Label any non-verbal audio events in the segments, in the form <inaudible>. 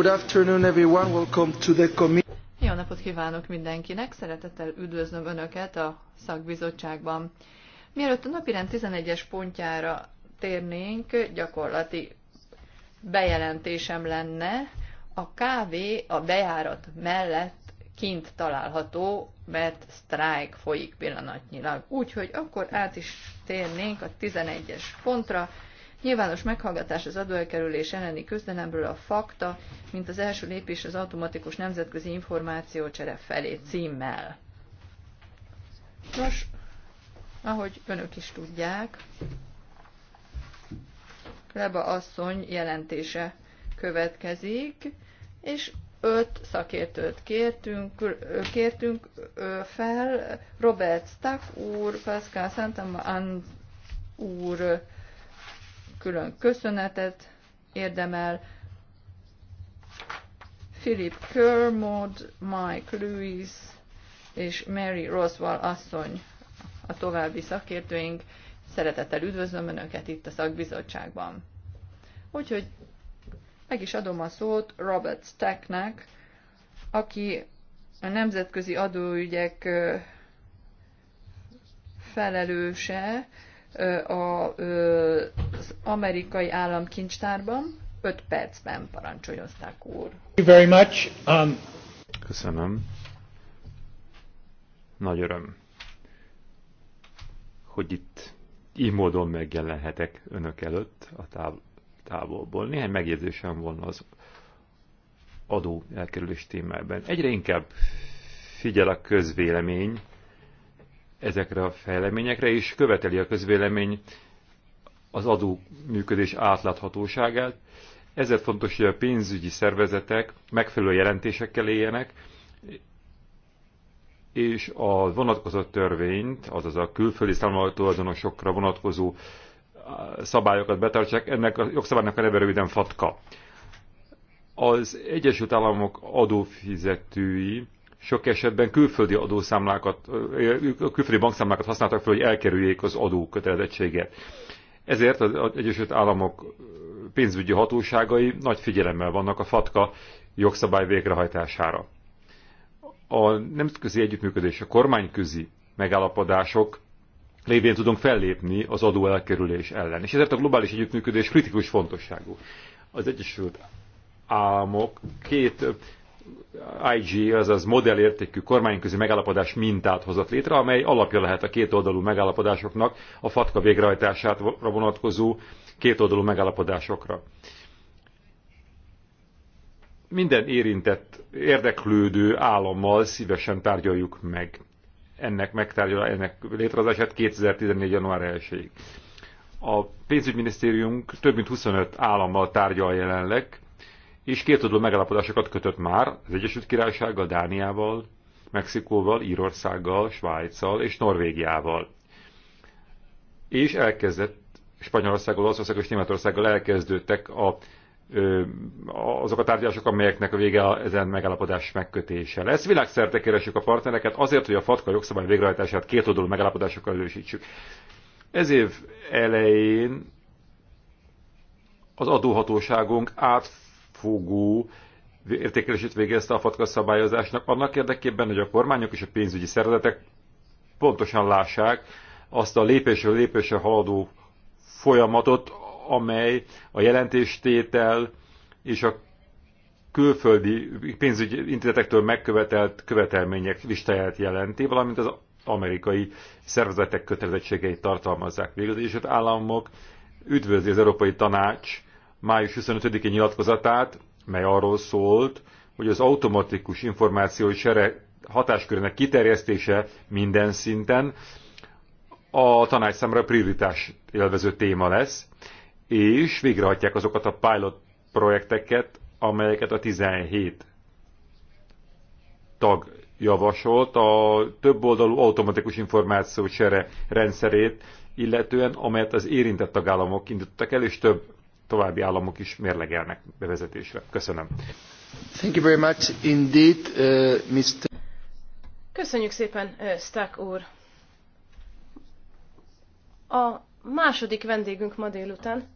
Good afternoon everyone, welcome to the committee. Jó napot kívánok mindenkinek, szeretettel üdvözlöm Önöket a szakbizottságban. Mielőtt a napirend 11-es pontjára térnénk, gyakorlati bejelentésem lenne, a kávé a bejárat mellett kint található, mert sztrájk folyik pillanatnyilag. Úgyhogy akkor át is térnénk a 11-es pontra, Nyilvános meghallgatás az adóelkerülés elleni küzdelemről a fakta, mint az első lépés az automatikus nemzetközi információcsere felé címmel. Nos, ahogy önök is tudják, Kleba asszony jelentése következik, és öt szakértőt kértünk, kértünk fel, Robert Stack úr, Pascal Santaman úr, külön köszönetet érdemel. Philip Kermod, Mike Lewis és Mary Roswell asszony a további szakértőink. Szeretettel üdvözlöm Önöket itt a szakbizottságban. Úgyhogy meg is adom a szót Robert Stacknek, aki a nemzetközi adóügyek felelőse, az amerikai államkincstárban. 5 percben parancsoljon úr. Very much. Um... Köszönöm. Nagy öröm, hogy itt így módon megjelenhetek önök előtt a táv- távolból. Néhány megjegyzésem volna az adó elkerülés témában. Egyre inkább figyel a közvélemény ezekre a fejleményekre, és követeli a közvélemény az adó működés átláthatóságát. Ezért fontos, hogy a pénzügyi szervezetek megfelelő jelentésekkel éljenek, és a vonatkozott törvényt, azaz a külföldi tulajdonosokra vonatkozó szabályokat betartsák, ennek a jogszabálynak a neve röviden FATKA. Az Egyesült Államok adófizetői sok esetben külföldi adószámlákat, külföldi bankszámlákat használtak fel, hogy elkerüljék az adókötelezettséget. Ezért az Egyesült Államok pénzügyi hatóságai nagy figyelemmel vannak a FATKA jogszabály végrehajtására. A nemzetközi együttműködés, a kormányközi megállapodások lévén tudunk fellépni az adó elkerülés ellen. És ezért a globális együttműködés kritikus fontosságú. Az Egyesült Államok két IG, azaz modellértékű kormányközi megállapodás mintát hozott létre, amely alapja lehet a kétoldalú megállapodásoknak, a FATKA végrehajtására vonatkozó kétoldalú megállapodásokra. Minden érintett, érdeklődő állammal szívesen tárgyaljuk meg ennek megtárgyal, ennek létrehozását 2014. január 1-ig. A pénzügyminisztérium több mint 25 állammal tárgyal jelenleg, és kétoldalú megállapodásokat kötött már az Egyesült Királysággal, Dániával, Mexikóval, Írországgal, Svájccal és Norvégiával. És elkezdett Spanyolországgal, Olaszországgal és Németországgal elkezdődtek a, ö, azok a tárgyalások, amelyeknek a vége ezen megállapodás megkötése lesz. Világszerte keresjük a partnereket azért, hogy a FATKA jogszabály végrehajtását oldalú megállapodásokkal elősítsük. Ez év elején az adóhatóságunk át átfogó értékelését végezte a fatka szabályozásnak, annak érdekében, hogy a kormányok és a pénzügyi szervezetek pontosan lássák azt a lépésről lépésre haladó folyamatot, amely a jelentéstétel és a külföldi pénzügyi intézetektől megkövetelt követelmények listáját jelenti, valamint az amerikai szervezetek kötelezettségeit tartalmazzák végül, az államok üdvözli az Európai Tanács május 25-i nyilatkozatát, mely arról szólt, hogy az automatikus információs sere hatáskörének kiterjesztése minden szinten a tanács számára prioritás élvező téma lesz, és végrehajtják azokat a pilot projekteket, amelyeket a 17 tag javasolt a többoldalú automatikus csere rendszerét, illetően amelyet az érintett tagállamok indítottak el, és több további államok is mérlegelnek bevezetésre. Köszönöm. Thank you very much indeed, uh, Mr. Köszönjük szépen, uh, Stack úr. A második vendégünk ma délután,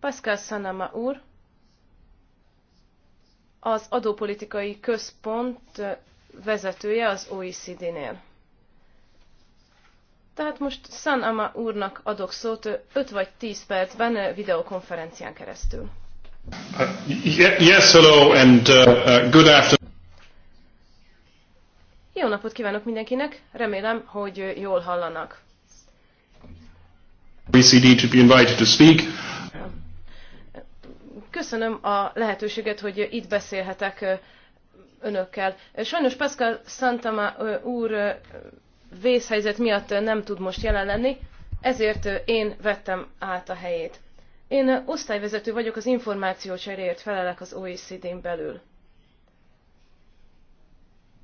Pascal Sanama úr, az adópolitikai központ uh, vezetője az OECD-nél. Tehát most Ama úrnak adok szót 5 vagy 10 percben videokonferencián keresztül. Uh, yes, hello, and uh, uh, good afternoon. Jó napot kívánok mindenkinek, remélem, hogy jól hallanak. bcd to be invited to speak. Köszönöm a lehetőséget, hogy itt beszélhetek önökkel. Sajnos Pascal Santama úr vészhelyzet miatt nem tud most jelen lenni, ezért én vettem át a helyét. Én osztályvezető vagyok, az információcseréért felelek az OECD-n belül.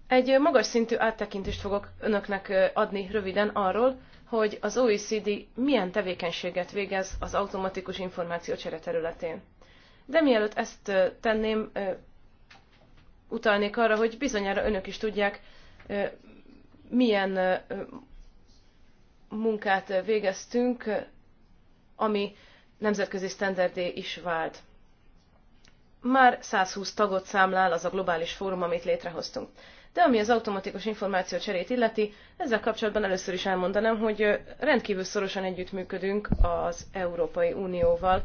Egy magas szintű áttekintést fogok önöknek adni röviden arról, hogy az OECD milyen tevékenységet végez az automatikus információcsere területén. De mielőtt ezt tenném, utalnék arra, hogy bizonyára önök is tudják, milyen munkát végeztünk, ami nemzetközi sztenderdé is vált. Már 120 tagot számlál az a globális fórum, amit létrehoztunk. De ami az automatikus információ cserét illeti, ezzel kapcsolatban először is elmondanám, hogy rendkívül szorosan együttműködünk az Európai Unióval.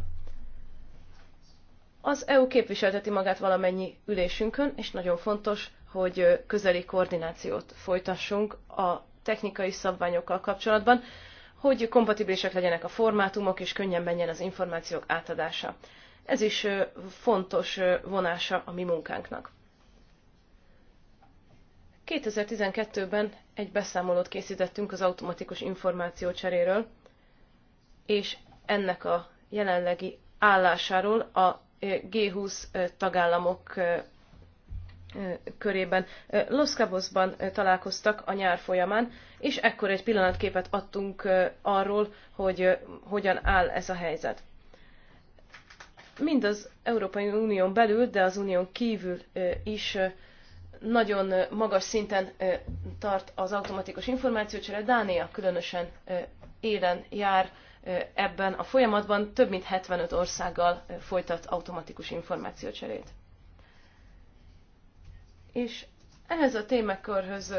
Az EU képviselteti magát valamennyi ülésünkön, és nagyon fontos, hogy közeli koordinációt folytassunk a technikai szabványokkal kapcsolatban, hogy kompatibilisek legyenek a formátumok, és könnyen menjen az információk átadása. Ez is fontos vonása a mi munkánknak. 2012-ben egy beszámolót készítettünk az automatikus információcseréről, és ennek a jelenlegi állásáról a G20 tagállamok körében. Los Cabosban találkoztak a nyár folyamán, és ekkor egy pillanatképet adtunk arról, hogy hogyan áll ez a helyzet. Mind az Európai Unión belül, de az Unión kívül is nagyon magas szinten tart az automatikus információcsere. Dánia különösen élen jár ebben a folyamatban, több mint 75 országgal folytat automatikus információcserét. És ehhez a témakörhöz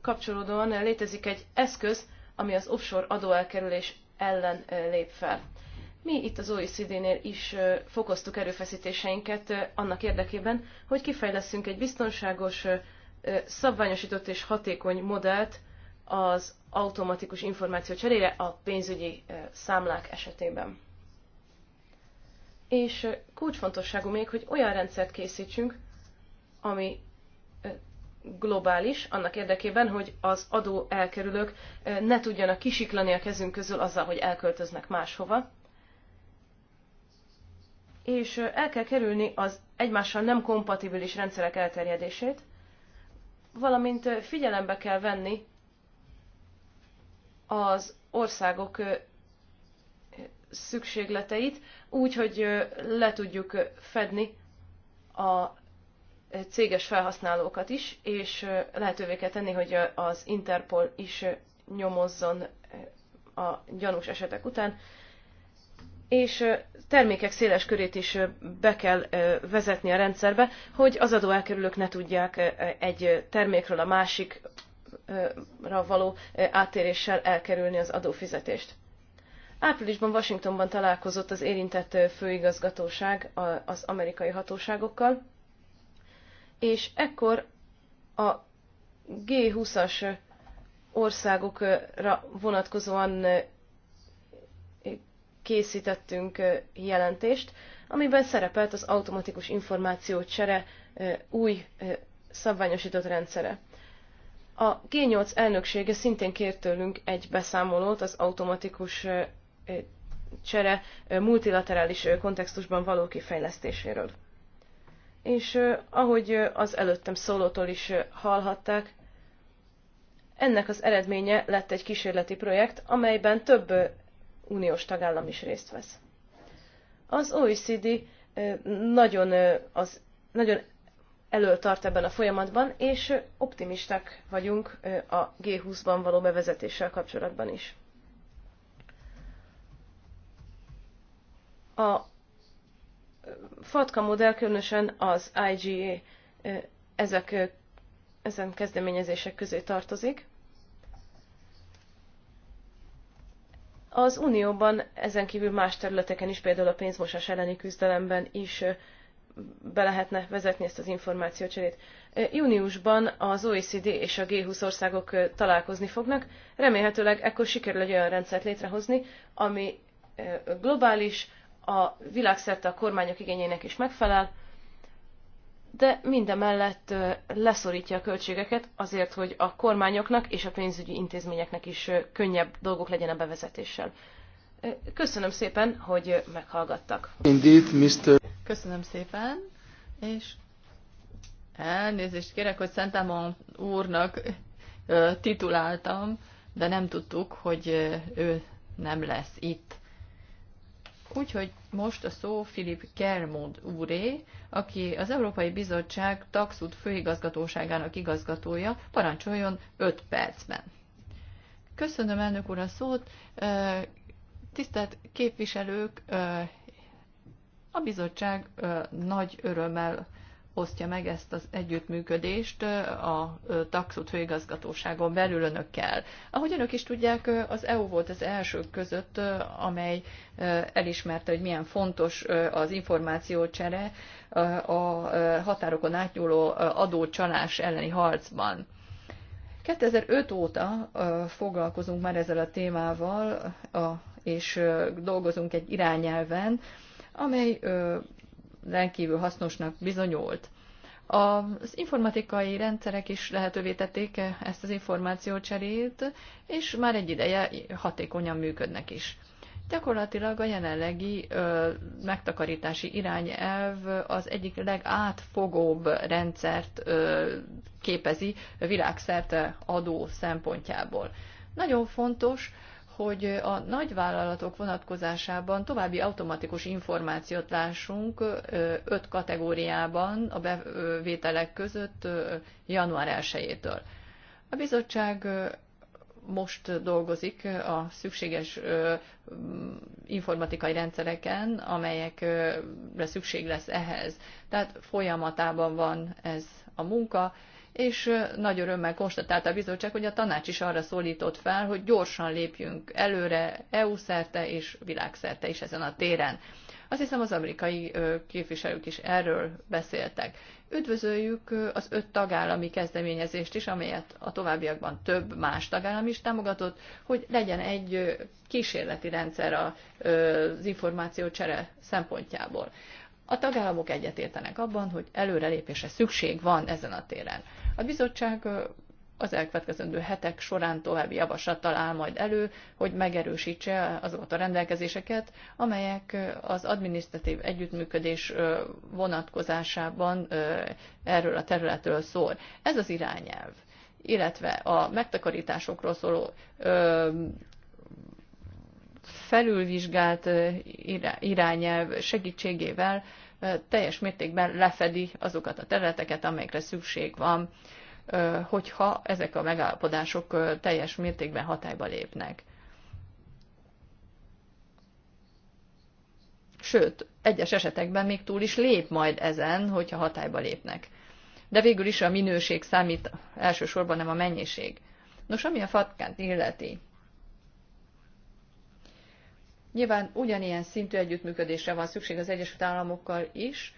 kapcsolódóan létezik egy eszköz, ami az offshore adóelkerülés ellen lép fel. Mi itt az OECD-nél is fokoztuk erőfeszítéseinket annak érdekében, hogy kifejleszünk egy biztonságos, szabványosított és hatékony modellt az automatikus információ cserére a pénzügyi számlák esetében. És kulcsfontosságú még, hogy olyan rendszert készítsünk, ami globális, annak érdekében, hogy az adó elkerülők eh, ne tudjanak kisiklani a kezünk közül azzal, hogy elköltöznek máshova. És eh, el kell kerülni az egymással nem kompatibilis rendszerek elterjedését, valamint eh, figyelembe kell venni az országok szükségleteit, úgy, hogy le tudjuk fedni a céges felhasználókat is, és lehetővé kell tenni, hogy az Interpol is nyomozzon a gyanús esetek után, és termékek széles körét is be kell vezetni a rendszerbe, hogy az adóelkerülők ne tudják egy termékről a másikra való áttéréssel elkerülni az adófizetést. Áprilisban Washingtonban találkozott az érintett főigazgatóság az amerikai hatóságokkal, és ekkor a G20-as országokra vonatkozóan eh, készítettünk eh, jelentést, amiben szerepelt az automatikus információcsere eh, új szabványosított rendszere. A G8 elnöksége szintén kért tőlünk egy beszámolót az automatikus csere multilaterális kontextusban való kifejlesztéséről és ahogy az előttem szólótól is hallhatták, ennek az eredménye lett egy kísérleti projekt, amelyben több uniós tagállam is részt vesz. Az OECD nagyon, az, nagyon elől tart ebben a folyamatban, és optimisták vagyunk a G20-ban való bevezetéssel kapcsolatban is. A FATKA modell különösen az IGA ezek, ezen kezdeményezések közé tartozik. Az Unióban ezen kívül más területeken is, például a pénzmosás elleni küzdelemben is be lehetne vezetni ezt az információcserét. Júniusban az OECD és a G20 országok találkozni fognak. Remélhetőleg ekkor sikerül egy olyan rendszert létrehozni, ami globális, a világszerte a kormányok igényének is megfelel, de mindemellett leszorítja a költségeket azért, hogy a kormányoknak és a pénzügyi intézményeknek is könnyebb dolgok legyen a bevezetéssel. Köszönöm szépen, hogy meghallgattak. Indeed, Mr. Köszönöm szépen, és elnézést kérek, hogy Amon úrnak tituláltam, de nem tudtuk, hogy ő nem lesz itt. Úgyhogy most a szó Filip Kermod úré, aki az Európai Bizottság taxud főigazgatóságának igazgatója, parancsoljon 5 percben. Köszönöm elnök úr a szót. Tisztelt képviselők, a bizottság nagy örömmel osztja meg ezt az együttműködést a taxut főigazgatóságon belül önökkel. Ahogy önök is tudják, az EU volt az elsők között, amely elismerte, hogy milyen fontos az információcsere a határokon átnyúló adócsalás elleni harcban. 2005 óta foglalkozunk már ezzel a témával, és dolgozunk egy irányelven, amely rendkívül hasznosnak bizonyult. Az informatikai rendszerek is lehetővé tették ezt az információcserét, és már egy ideje hatékonyan működnek is. Gyakorlatilag a jelenlegi ö, megtakarítási irányelv az egyik legátfogóbb rendszert ö, képezi világszerte adó szempontjából. Nagyon fontos, hogy a nagyvállalatok vonatkozásában további automatikus információt lássunk öt kategóriában a bevételek között január 1-től. A bizottság most dolgozik a szükséges informatikai rendszereken, amelyekre szükség lesz ehhez. Tehát folyamatában van ez a munka, és nagy örömmel konstatálta a bizottság, hogy a tanács is arra szólított fel, hogy gyorsan lépjünk előre EU-szerte és világszerte is ezen a téren. Azt hiszem az amerikai képviselők is erről beszéltek. Üdvözöljük az öt tagállami kezdeményezést is, amelyet a továbbiakban több más tagállam is támogatott, hogy legyen egy kísérleti rendszer az információcsere szempontjából. A tagállamok egyetértenek abban, hogy előrelépésre szükség van ezen a téren. A bizottság az elkövetkezendő hetek során további javaslattal áll majd elő, hogy megerősítse azokat a rendelkezéseket, amelyek az adminisztratív együttműködés vonatkozásában erről a területről szól. Ez az irányelv illetve a megtakarításokról szóló felülvizsgált irányelv segítségével teljes mértékben lefedi azokat a területeket, amelyekre szükség van, hogyha ezek a megállapodások teljes mértékben hatályba lépnek. Sőt, egyes esetekben még túl is lép majd ezen, hogyha hatályba lépnek. De végül is a minőség számít elsősorban, nem a mennyiség. Nos, ami a fatkát illeti, Nyilván ugyanilyen szintű együttműködésre van szükség az Egyesült Államokkal is,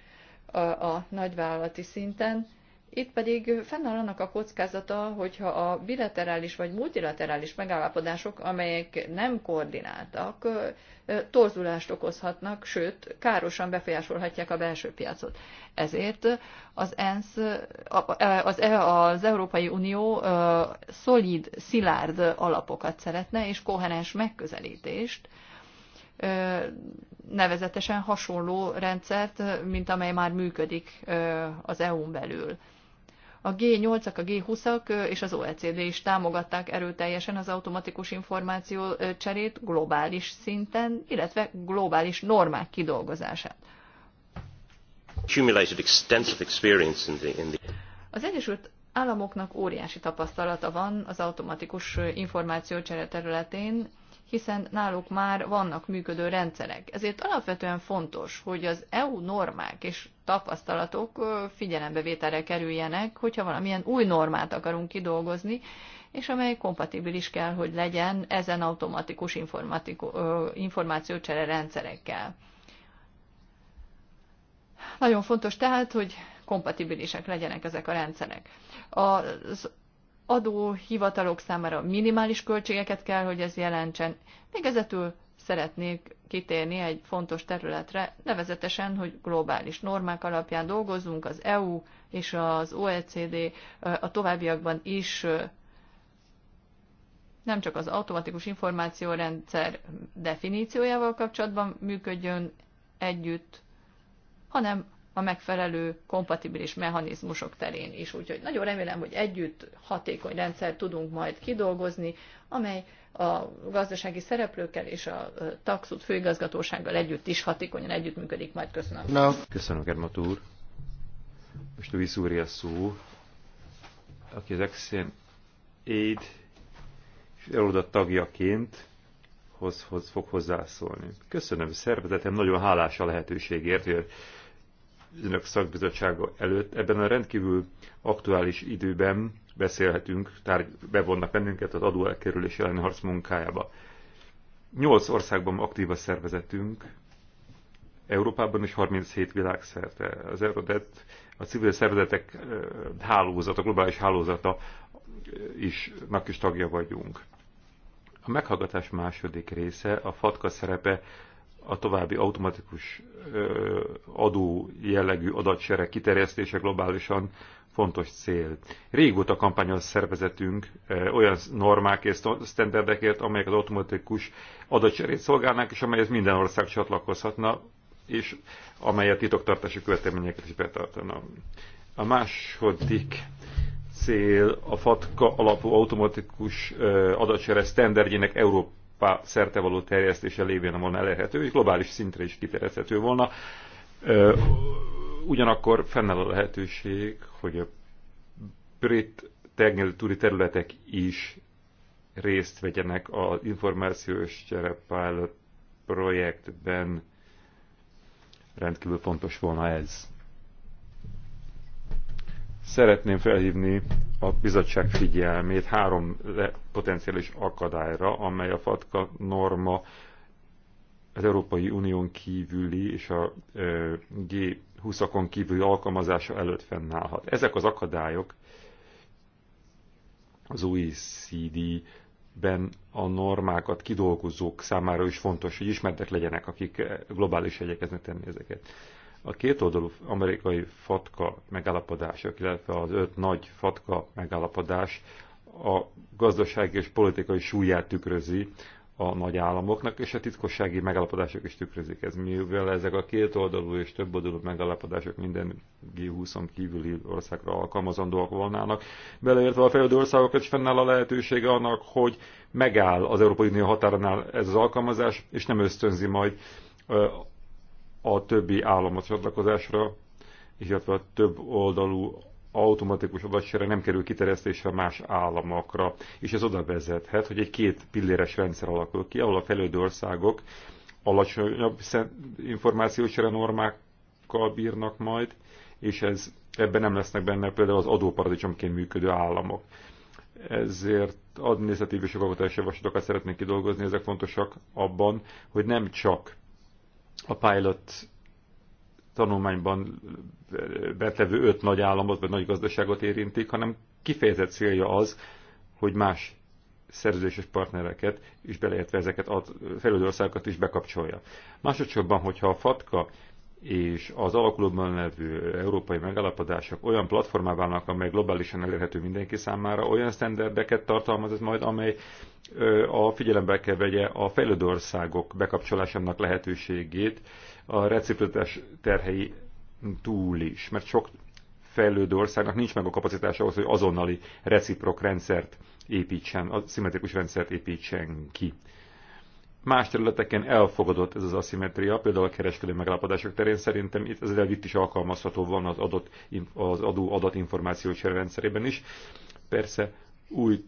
a, a nagyvállalati szinten. Itt pedig fennáll annak a kockázata, hogyha a bilaterális vagy multilaterális megállapodások, amelyek nem koordináltak, torzulást okozhatnak, sőt, károsan befolyásolhatják a belső piacot. Ezért az ENSZ, az, e, az Európai Unió szolid, szilárd alapokat szeretne, és koherens megközelítést, nevezetesen hasonló rendszert, mint amely már működik az EU-n belül. A G8-ak, a G20-ak és az OECD is támogatták erőteljesen az automatikus információ cserét globális szinten, illetve globális normák kidolgozását. Az Egyesült Államoknak óriási tapasztalata van az automatikus információcsere területén, hiszen náluk már vannak működő rendszerek. Ezért alapvetően fontos, hogy az EU normák és tapasztalatok figyelembevételre kerüljenek, hogyha valamilyen új normát akarunk kidolgozni, és amely kompatibilis kell, hogy legyen ezen automatikus információcsere rendszerekkel. Nagyon fontos tehát, hogy kompatibilisek legyenek ezek a rendszerek. Az adóhivatalok számára minimális költségeket kell, hogy ez jelentsen. Végezetül szeretnék kitérni egy fontos területre, nevezetesen, hogy globális normák alapján dolgozunk, az EU és az OECD a továbbiakban is nem csak az automatikus információrendszer definíciójával kapcsolatban működjön együtt, hanem a megfelelő kompatibilis mechanizmusok terén is. Úgyhogy nagyon remélem, hogy együtt hatékony rendszer tudunk majd kidolgozni, amely a gazdasági szereplőkkel és a taxut főigazgatósággal együtt is hatékonyan együttműködik. Majd köszönöm. No. Köszönöm, Germat úr. Most Luis úr a szó, aki az Exxon Aid és eloda tagjaként hoz, hoz, fog hozzászólni. Köszönöm szervezetem, nagyon hálás a lehetőségért, hogy önök szakbizottsága előtt ebben a rendkívül aktuális időben beszélhetünk, tárgy, bevonnak bennünket az adóelkerülés elleni harc munkájába. Nyolc országban aktív a szervezetünk, Európában is 37 világszerte. Az Eurodet, a civil szervezetek hálózata, globális hálózata is, is tagja vagyunk. A meghallgatás második része a FATKA szerepe a további automatikus adó jellegű adatsereg kiterjesztése globálisan fontos cél. Régóta kampányol szervezetünk olyan normák és sztenderdekért, amelyek az automatikus adatserét szolgálnák, és amelyhez minden ország csatlakozhatna, és amely a titoktartási követelményeket is betartana. A második cél a FATKA alapú automatikus adatsere sztenderdjének Európa Európa szerte való terjesztése lévén volna elérhető, és globális szintre is kiterjeszthető volna. Ugyanakkor fennáll a lehetőség, hogy a brit tengeri területek is részt vegyenek az információs cserepál projektben. Rendkívül fontos volna ez. Szeretném felhívni a bizottság figyelmét három potenciális akadályra, amely a FATKA norma az Európai Unión kívüli és a G20-akon kívüli alkalmazása előtt fennállhat. Ezek az akadályok az OECD-ben a normákat kidolgozók számára is fontos, hogy ismertek legyenek, akik globális egyeket tenni ezeket. A kétoldalú amerikai fatka megállapodások, illetve az öt nagy fatka megállapodás a gazdasági és politikai súlyát tükrözi a nagy államoknak, és a titkossági megállapodások is tükrözik ez. Mivel ezek a kétoldalú és többoldalú megállapodások minden g 20 kívüli országra alkalmazandóak volnának, beleértve a fejlődő országokat is fennáll a lehetősége annak, hogy megáll az Európai Unió határánál ez az alkalmazás, és nem ösztönzi majd a többi a csatlakozásra, illetve a több oldalú automatikus adatsere nem kerül kiterjesztésre más államokra, és ez oda vezethet, hogy egy két pilléres rendszer alakul ki, ahol a fejlődő országok alacsonyabb információsere normákkal bírnak majd, és ez, ebben nem lesznek benne például az adóparadicsomként működő államok. Ezért adminisztratív és okokatási javaslatokat szeretnék kidolgozni, ezek fontosak abban, hogy nem csak a pilot tanulmányban betevő öt nagy államot vagy nagy gazdaságot érintik, hanem kifejezett célja az, hogy más szerződéses partnereket, és beleértve ezeket a fejlődő országokat is bekapcsolja. Másodszorban, hogyha a FATKA és az alakulóban levő európai megállapodások olyan platformá válnak, amely globálisan elérhető mindenki számára, olyan sztenderdeket tartalmaz ez majd, amely a figyelembe kell vegye a fejlődő országok bekapcsolásának lehetőségét a reciprocitás terhei túl is, mert sok fejlődő országnak nincs meg a kapacitása ahhoz, hogy azonnali reciprok rendszert építsen, a szimmetrikus rendszert építsen ki. Más területeken elfogadott ez az aszimetria, például a kereskedő megállapodások terén szerintem itt ezzel itt is alkalmazható van az, adott, az adó adatinformációs rendszerében is. Persze új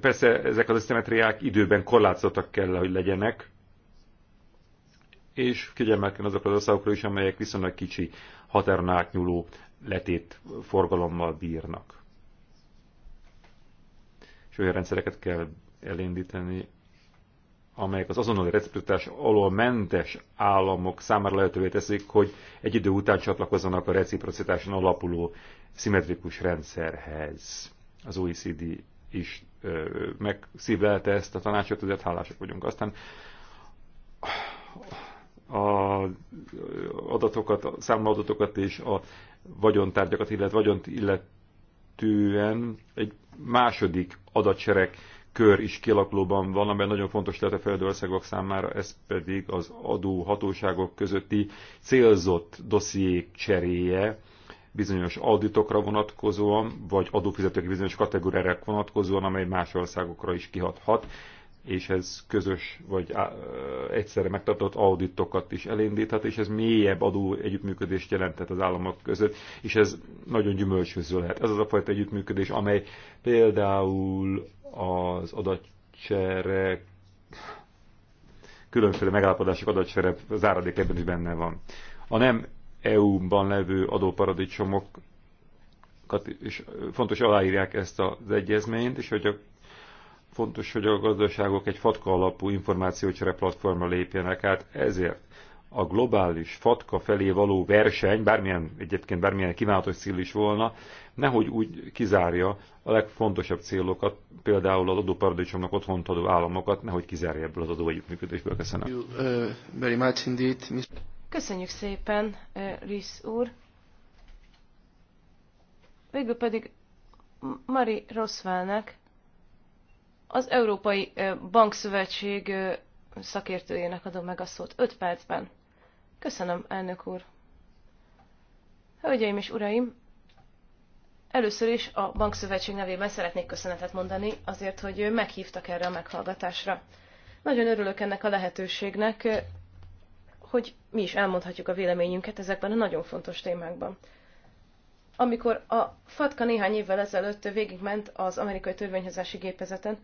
persze ezek az aszimetriák időben korlátozottak kell, hogy legyenek, és figyelmelken azokra az országokra is, amelyek viszonylag kicsi határon átnyúló letét forgalommal bírnak. És olyan rendszereket kell elindítani, amelyek az azonnali receptutás alól mentes államok számára lehetővé teszik, hogy egy idő után csatlakozzanak a reciprocitáson alapuló szimmetrikus rendszerhez. Az OECD is megszívlelte ezt a tanácsot, ezért hálásak vagyunk. Aztán a adatokat, a számlaadatokat és a vagyontárgyakat, illetve vagyont illetően egy második adatsereg kör is kialakulóban van, amely nagyon fontos lehet a fejlődő országok számára, ez pedig az adó hatóságok közötti célzott dossziék cseréje, bizonyos auditokra vonatkozóan, vagy adófizetők bizonyos kategóriára vonatkozóan, amely más országokra is kihathat, és ez közös vagy egyszerre megtartott auditokat is elindíthat, és ez mélyebb adó együttműködést jelentett az államok között, és ez nagyon gyümölcsöző lehet. Ez az a fajta együttműködés, amely például az adatcsere, különféle megállapodások adatcsere záradék ebben is benne van. A nem EU-ban levő adóparadicsomok és fontos aláírják ezt az egyezményt, és hogy a, fontos, hogy a gazdaságok egy fatka alapú információcsere platformra lépjenek át, ezért a globális fatka felé való verseny, bármilyen, egyébként bármilyen kívánatos cél is volna, nehogy úgy kizárja a legfontosabb célokat, például az adóparadicsomnak otthont adó államokat, nehogy kizárja ebből az adóegyüttműködésből. Köszönöm. Uh, Köszönjük szépen, uh, Rész úr. Végül pedig Mari Roswellnek, az Európai uh, Bankszövetség szakértőjének adom meg a szót 5 percben. Köszönöm, elnök úr. Hölgyeim és uraim, először is a Bankszövetség nevében szeretnék köszönetet mondani azért, hogy meghívtak erre a meghallgatásra. Nagyon örülök ennek a lehetőségnek, hogy mi is elmondhatjuk a véleményünket ezekben a nagyon fontos témákban. Amikor a FATKA néhány évvel ezelőtt végigment az amerikai törvényhozási gépezeten,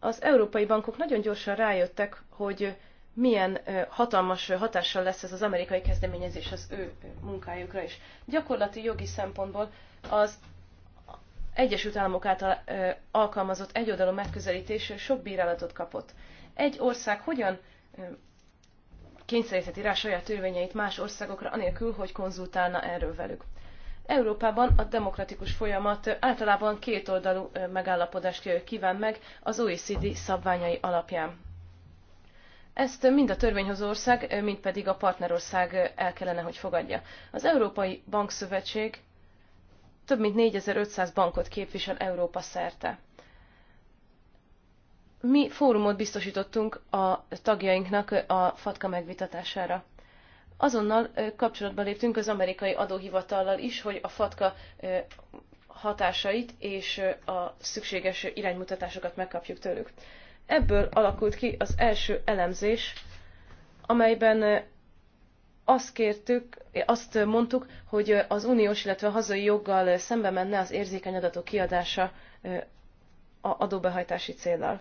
az európai bankok nagyon gyorsan rájöttek, hogy milyen hatalmas hatással lesz ez az amerikai kezdeményezés az ő munkájukra is. Gyakorlati jogi szempontból az Egyesült Államok által alkalmazott egyoldalú megközelítés sok bírálatot kapott. Egy ország hogyan kényszerítheti rá saját törvényeit más országokra, anélkül, hogy konzultálna erről velük. Európában a demokratikus folyamat általában kétoldalú megállapodást kíván meg az OECD szabványai alapján ezt mind a törvényhozó ország, mind pedig a partnerország el kellene, hogy fogadja. Az Európai Bankszövetség több mint 4500 bankot képvisel Európa szerte. Mi fórumot biztosítottunk a tagjainknak a FATKA megvitatására. Azonnal kapcsolatba léptünk az amerikai adóhivatallal is, hogy a FATKA hatásait és a szükséges iránymutatásokat megkapjuk tőlük ebből alakult ki az első elemzés, amelyben azt kértük, azt mondtuk, hogy az uniós, illetve a hazai joggal szembe menne az érzékeny adatok kiadása a adóbehajtási célral.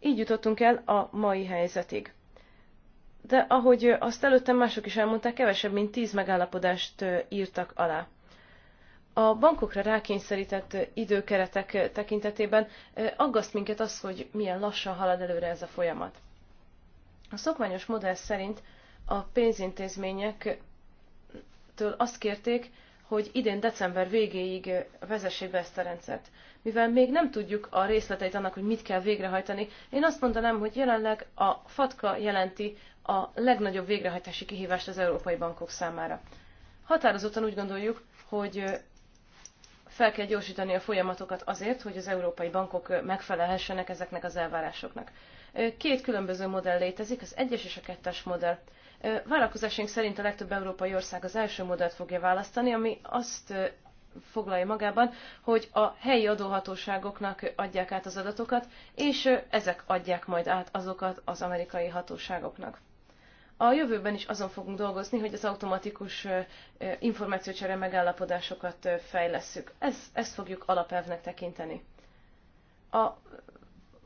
Így jutottunk el a mai helyzetig. De ahogy azt előttem mások is elmondták, kevesebb mint tíz megállapodást írtak alá. A bankokra rákényszerített időkeretek tekintetében aggaszt minket az, hogy milyen lassan halad előre ez a folyamat. A szokványos modell szerint a pénzintézményektől azt kérték, hogy idén december végéig vezessék be ezt a rendszert. Mivel még nem tudjuk a részleteit annak, hogy mit kell végrehajtani, én azt mondanám, hogy jelenleg a FATKA jelenti a legnagyobb végrehajtási kihívást az európai bankok számára. Határozottan úgy gondoljuk, hogy fel kell gyorsítani a folyamatokat azért, hogy az európai bankok megfelelhessenek ezeknek az elvárásoknak. Két különböző modell létezik, az egyes és a kettes modell. Vállalkozásaink szerint a legtöbb európai ország az első modellt fogja választani, ami azt foglalja magában, hogy a helyi adóhatóságoknak adják át az adatokat, és ezek adják majd át azokat az amerikai hatóságoknak. A jövőben is azon fogunk dolgozni, hogy az automatikus információcsere megállapodásokat fejlesszük. Ez, ezt fogjuk alapelvnek tekinteni. A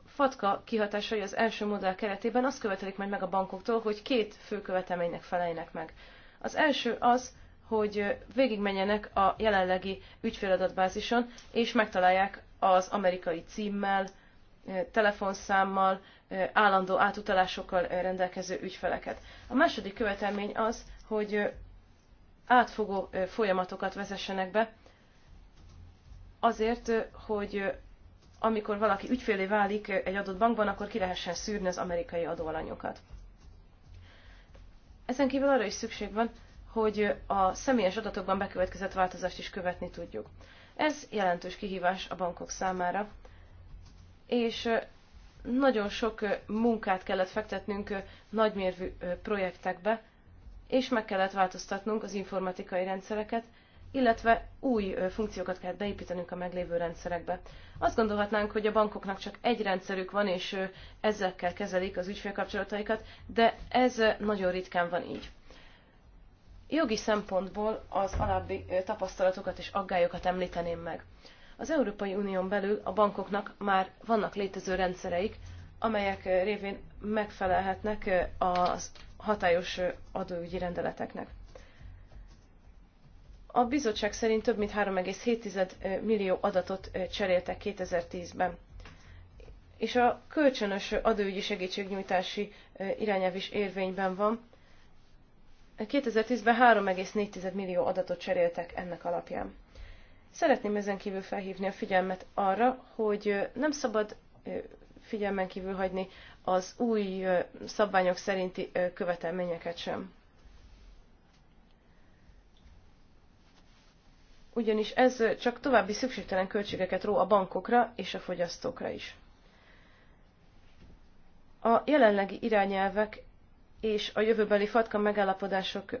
FATKA kihatásai az első modell keretében azt követelik majd meg a bankoktól, hogy két fő követelménynek felejnek meg. Az első az, hogy végigmenjenek a jelenlegi ügyféladatbázison, és megtalálják az amerikai címmel, telefonszámmal, állandó átutalásokkal rendelkező ügyfeleket. A második követelmény az, hogy átfogó folyamatokat vezessenek be, azért, hogy amikor valaki ügyfélé válik egy adott bankban, akkor ki lehessen szűrni az amerikai adóalanyokat. Ezen kívül arra is szükség van, hogy a személyes adatokban bekövetkezett változást is követni tudjuk. Ez jelentős kihívás a bankok számára, és nagyon sok munkát kellett fektetnünk nagymérvű projektekbe, és meg kellett változtatnunk az informatikai rendszereket, illetve új funkciókat kellett beépítenünk a meglévő rendszerekbe. Azt gondolhatnánk, hogy a bankoknak csak egy rendszerük van, és ezekkel kezelik az ügyfélkapcsolataikat, de ez nagyon ritkán van így. Jogi szempontból az alábbi tapasztalatokat és aggályokat említeném meg. Az Európai Unión belül a bankoknak már vannak létező rendszereik, amelyek révén megfelelhetnek a hatályos adóügyi rendeleteknek. A bizottság szerint több mint 3,7 millió adatot cseréltek 2010-ben. És a kölcsönös adóügyi segítségnyújtási irányelv is érvényben van. 2010-ben 3,4 millió adatot cseréltek ennek alapján. Szeretném ezen kívül felhívni a figyelmet arra, hogy nem szabad figyelmen kívül hagyni az új szabványok szerinti követelményeket sem. Ugyanis ez csak további szükségtelen költségeket ró a bankokra és a fogyasztókra is. A jelenlegi irányelvek és a jövőbeli fatka megállapodások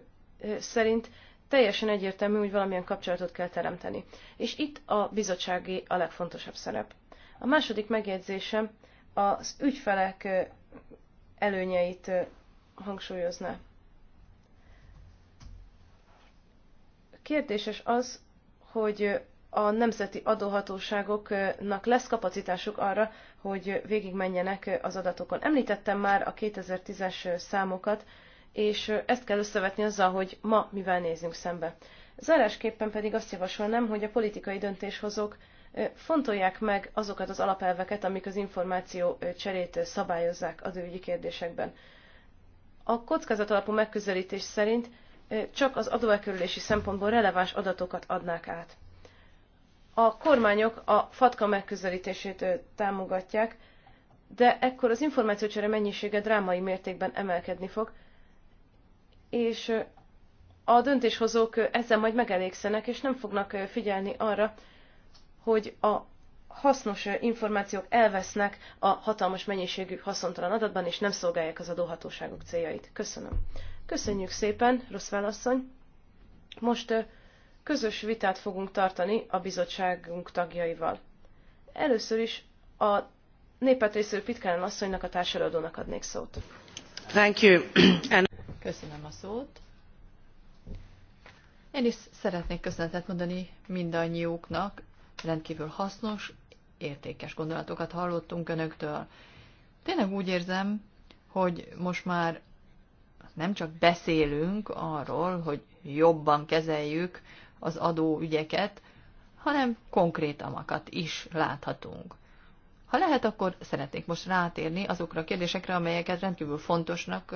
szerint teljesen egyértelmű, hogy valamilyen kapcsolatot kell teremteni. És itt a bizottsági a legfontosabb szerep. A második megjegyzésem az ügyfelek előnyeit hangsúlyozna. Kérdéses az, hogy a nemzeti adóhatóságoknak lesz kapacitásuk arra, hogy végigmenjenek az adatokon. Említettem már a 2010-es számokat, és ezt kell összevetni azzal, hogy ma mivel nézünk szembe. Zárásképpen pedig azt javasolnám, hogy a politikai döntéshozók fontolják meg azokat az alapelveket, amik az információ cserét szabályozzák az ügyi kérdésekben. A kockázat alapú megközelítés szerint csak az adóelkerülési szempontból releváns adatokat adnák át. A kormányok a FATKA megközelítését támogatják, de ekkor az információcsere mennyisége drámai mértékben emelkedni fog, és a döntéshozók ezzel majd megelégszenek, és nem fognak figyelni arra, hogy a hasznos információk elvesznek a hatalmas mennyiségű haszontalan adatban, és nem szolgálják az adóhatóságok céljait. Köszönöm. Köszönjük szépen, rossz asszony. Most közös vitát fogunk tartani a bizottságunk tagjaival. Először is a népet részéről Pitkán asszonynak a társadalmadónak adnék szót. Thank you. <clears throat> And Köszönöm a szót. Én is szeretnék köszönetet mondani mindannyiuknak. Rendkívül hasznos, értékes gondolatokat hallottunk önöktől. Tényleg úgy érzem, hogy most már nem csak beszélünk arról, hogy jobban kezeljük az adóügyeket, hanem konkrétamakat is láthatunk. Ha lehet, akkor szeretnék most rátérni azokra a kérdésekre, amelyeket rendkívül fontosnak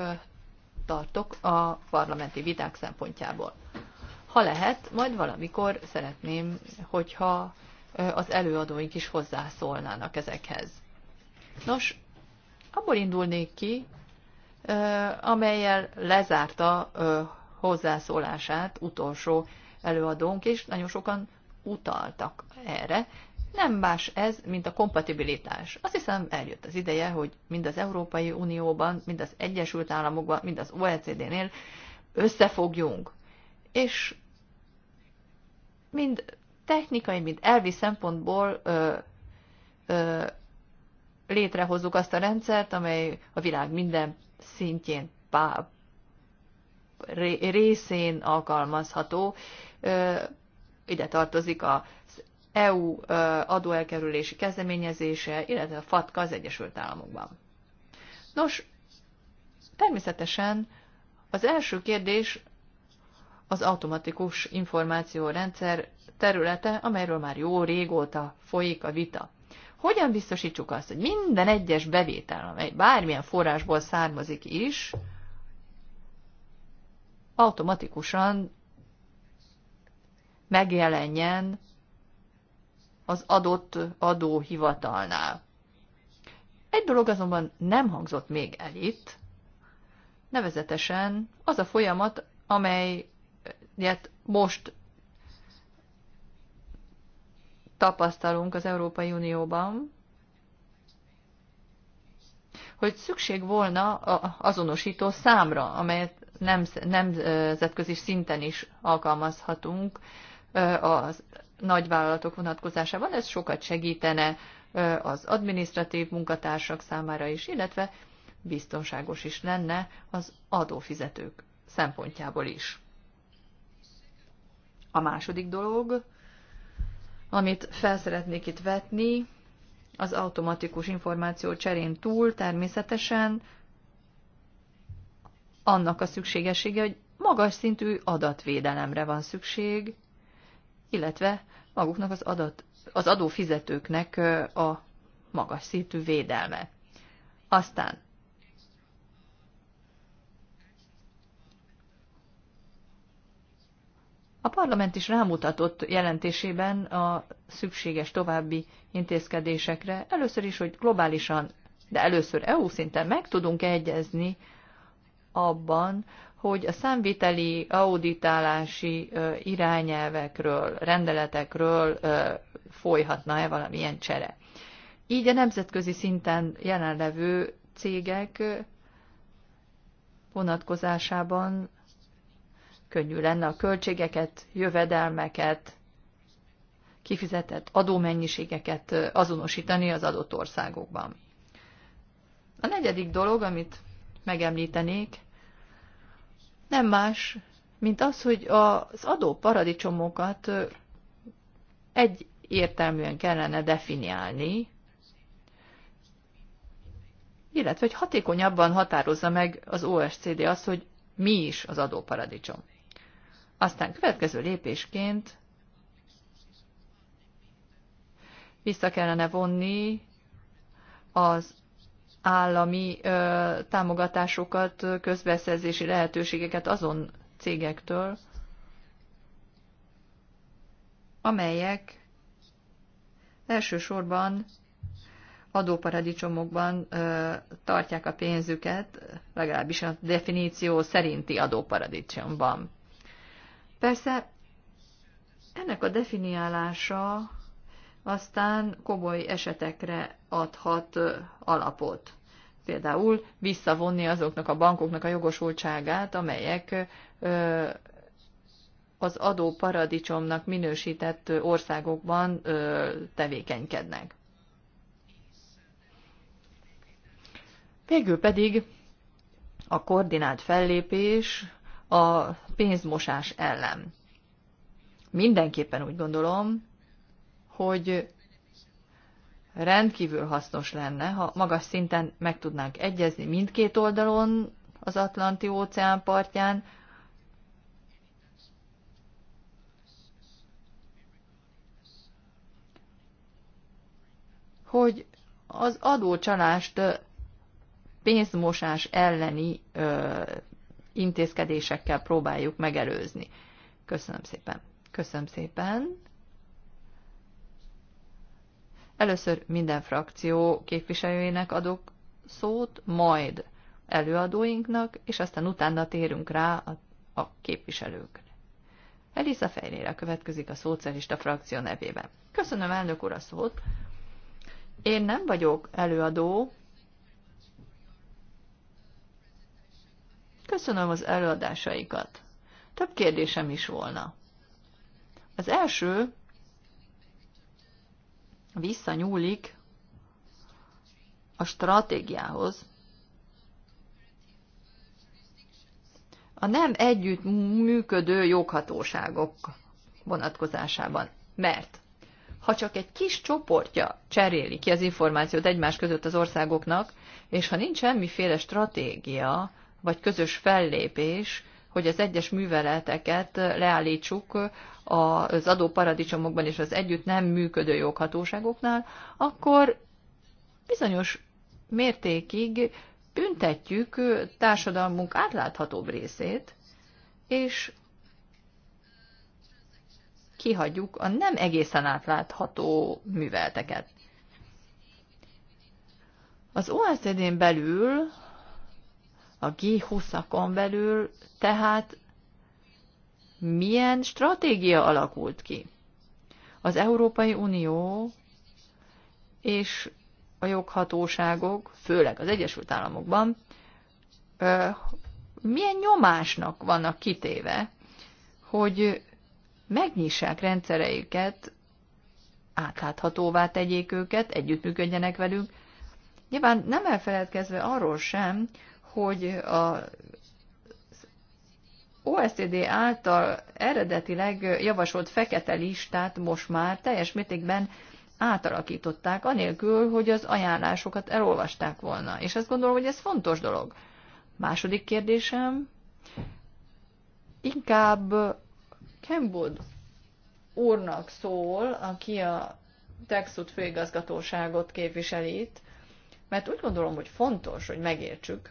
tartok a parlamenti viták szempontjából. Ha lehet, majd valamikor szeretném, hogyha az előadóink is hozzászólnának ezekhez. Nos, abból indulnék ki, amelyel lezárta hozzászólását utolsó előadónk, és nagyon sokan utaltak erre, nem más ez, mint a kompatibilitás. Azt hiszem eljött az ideje, hogy mind az Európai Unióban, mind az Egyesült Államokban, mind az OECD-nél összefogjunk. És mind technikai, mind elvi szempontból ö, ö, létrehozzuk azt a rendszert, amely a világ minden szintjén, pá, részén alkalmazható. Ö, ide tartozik a EU adóelkerülési kezdeményezése, illetve a FATKA az Egyesült Államokban. Nos, természetesen az első kérdés az automatikus információrendszer területe, amelyről már jó régóta folyik a vita. Hogyan biztosítsuk azt, hogy minden egyes bevétel, amely bármilyen forrásból származik is, automatikusan megjelenjen az adott adóhivatalnál. Egy dolog azonban nem hangzott még el itt, nevezetesen az a folyamat, amelyet most tapasztalunk az Európai Unióban, hogy szükség volna azonosító számra, amelyet nemzetközi szinten is alkalmazhatunk az nagyvállalatok vonatkozásában. Ez sokat segítene az adminisztratív munkatársak számára is, illetve biztonságos is lenne az adófizetők szempontjából is. A második dolog, amit felszeretnék itt vetni, az automatikus információ cserén túl természetesen annak a szükségessége, hogy magas szintű adatvédelemre van szükség, illetve maguknak az, adat, az adófizetőknek a magas szintű védelme. Aztán A parlament is rámutatott jelentésében a szükséges további intézkedésekre, először is, hogy globálisan, de először EU szinten meg tudunk egyezni abban, hogy a számviteli auditálási irányelvekről, rendeletekről folyhatna-e valamilyen csere. Így a nemzetközi szinten jelenlevő cégek vonatkozásában könnyű lenne a költségeket, jövedelmeket, kifizetett adómennyiségeket azonosítani az adott országokban. A negyedik dolog, amit megemlítenék, nem más, mint az, hogy az adó paradicsomokat egy értelműen kellene definiálni, illetve hogy hatékonyabban határozza meg az OSCD azt, hogy mi is az adóparadicsom. Aztán következő lépésként vissza kellene vonni az állami támogatásokat, közbeszerzési lehetőségeket azon cégektől, amelyek elsősorban adóparadicsomokban ö, tartják a pénzüket, legalábbis a definíció szerinti adóparadicsomban. Persze ennek a definiálása aztán komoly esetekre adhat alapot például visszavonni azoknak a bankoknak a jogosultságát, amelyek az adóparadicsomnak minősített országokban tevékenykednek. Végül pedig a koordinált fellépés a pénzmosás ellen. Mindenképpen úgy gondolom, hogy rendkívül hasznos lenne, ha magas szinten meg tudnánk egyezni mindkét oldalon az Atlanti óceán partján, hogy az adócsalást pénzmosás elleni ö, intézkedésekkel próbáljuk megelőzni. Köszönöm szépen. Köszönöm szépen. Először minden frakció képviselőjének adok szót, majd előadóinknak, és aztán utána térünk rá a, a képviselőkre. Elisa Fejnére következik a szocialista frakció nevében. Köszönöm elnök úr a szót. Én nem vagyok előadó. Köszönöm az előadásaikat. Több kérdésem is volna. Az első visszanyúlik a stratégiához, a nem együtt működő joghatóságok vonatkozásában. Mert ha csak egy kis csoportja cseréli ki az információt egymás között az országoknak, és ha nincs semmiféle stratégia vagy közös fellépés, hogy az egyes műveleteket leállítsuk az adóparadicsomokban és az együtt nem működő joghatóságoknál, akkor bizonyos mértékig büntetjük társadalmunk átláthatóbb részét, és kihagyjuk a nem egészen átlátható művelteket. Az OECD-n belül a G20-akon belül, tehát milyen stratégia alakult ki? Az Európai Unió és a joghatóságok, főleg az Egyesült Államokban, milyen nyomásnak vannak kitéve, hogy megnyissák rendszereiket, átláthatóvá tegyék őket, együttműködjenek velünk, nyilván nem elfeledkezve arról sem, hogy a OECD által eredetileg javasolt fekete listát most már teljes mértékben átalakították, anélkül, hogy az ajánlásokat elolvasták volna. És azt gondolom, hogy ez fontos dolog. Második kérdésem, inkább Kenwood úrnak szól, aki a Texut főigazgatóságot képviselít, mert úgy gondolom, hogy fontos, hogy megértsük,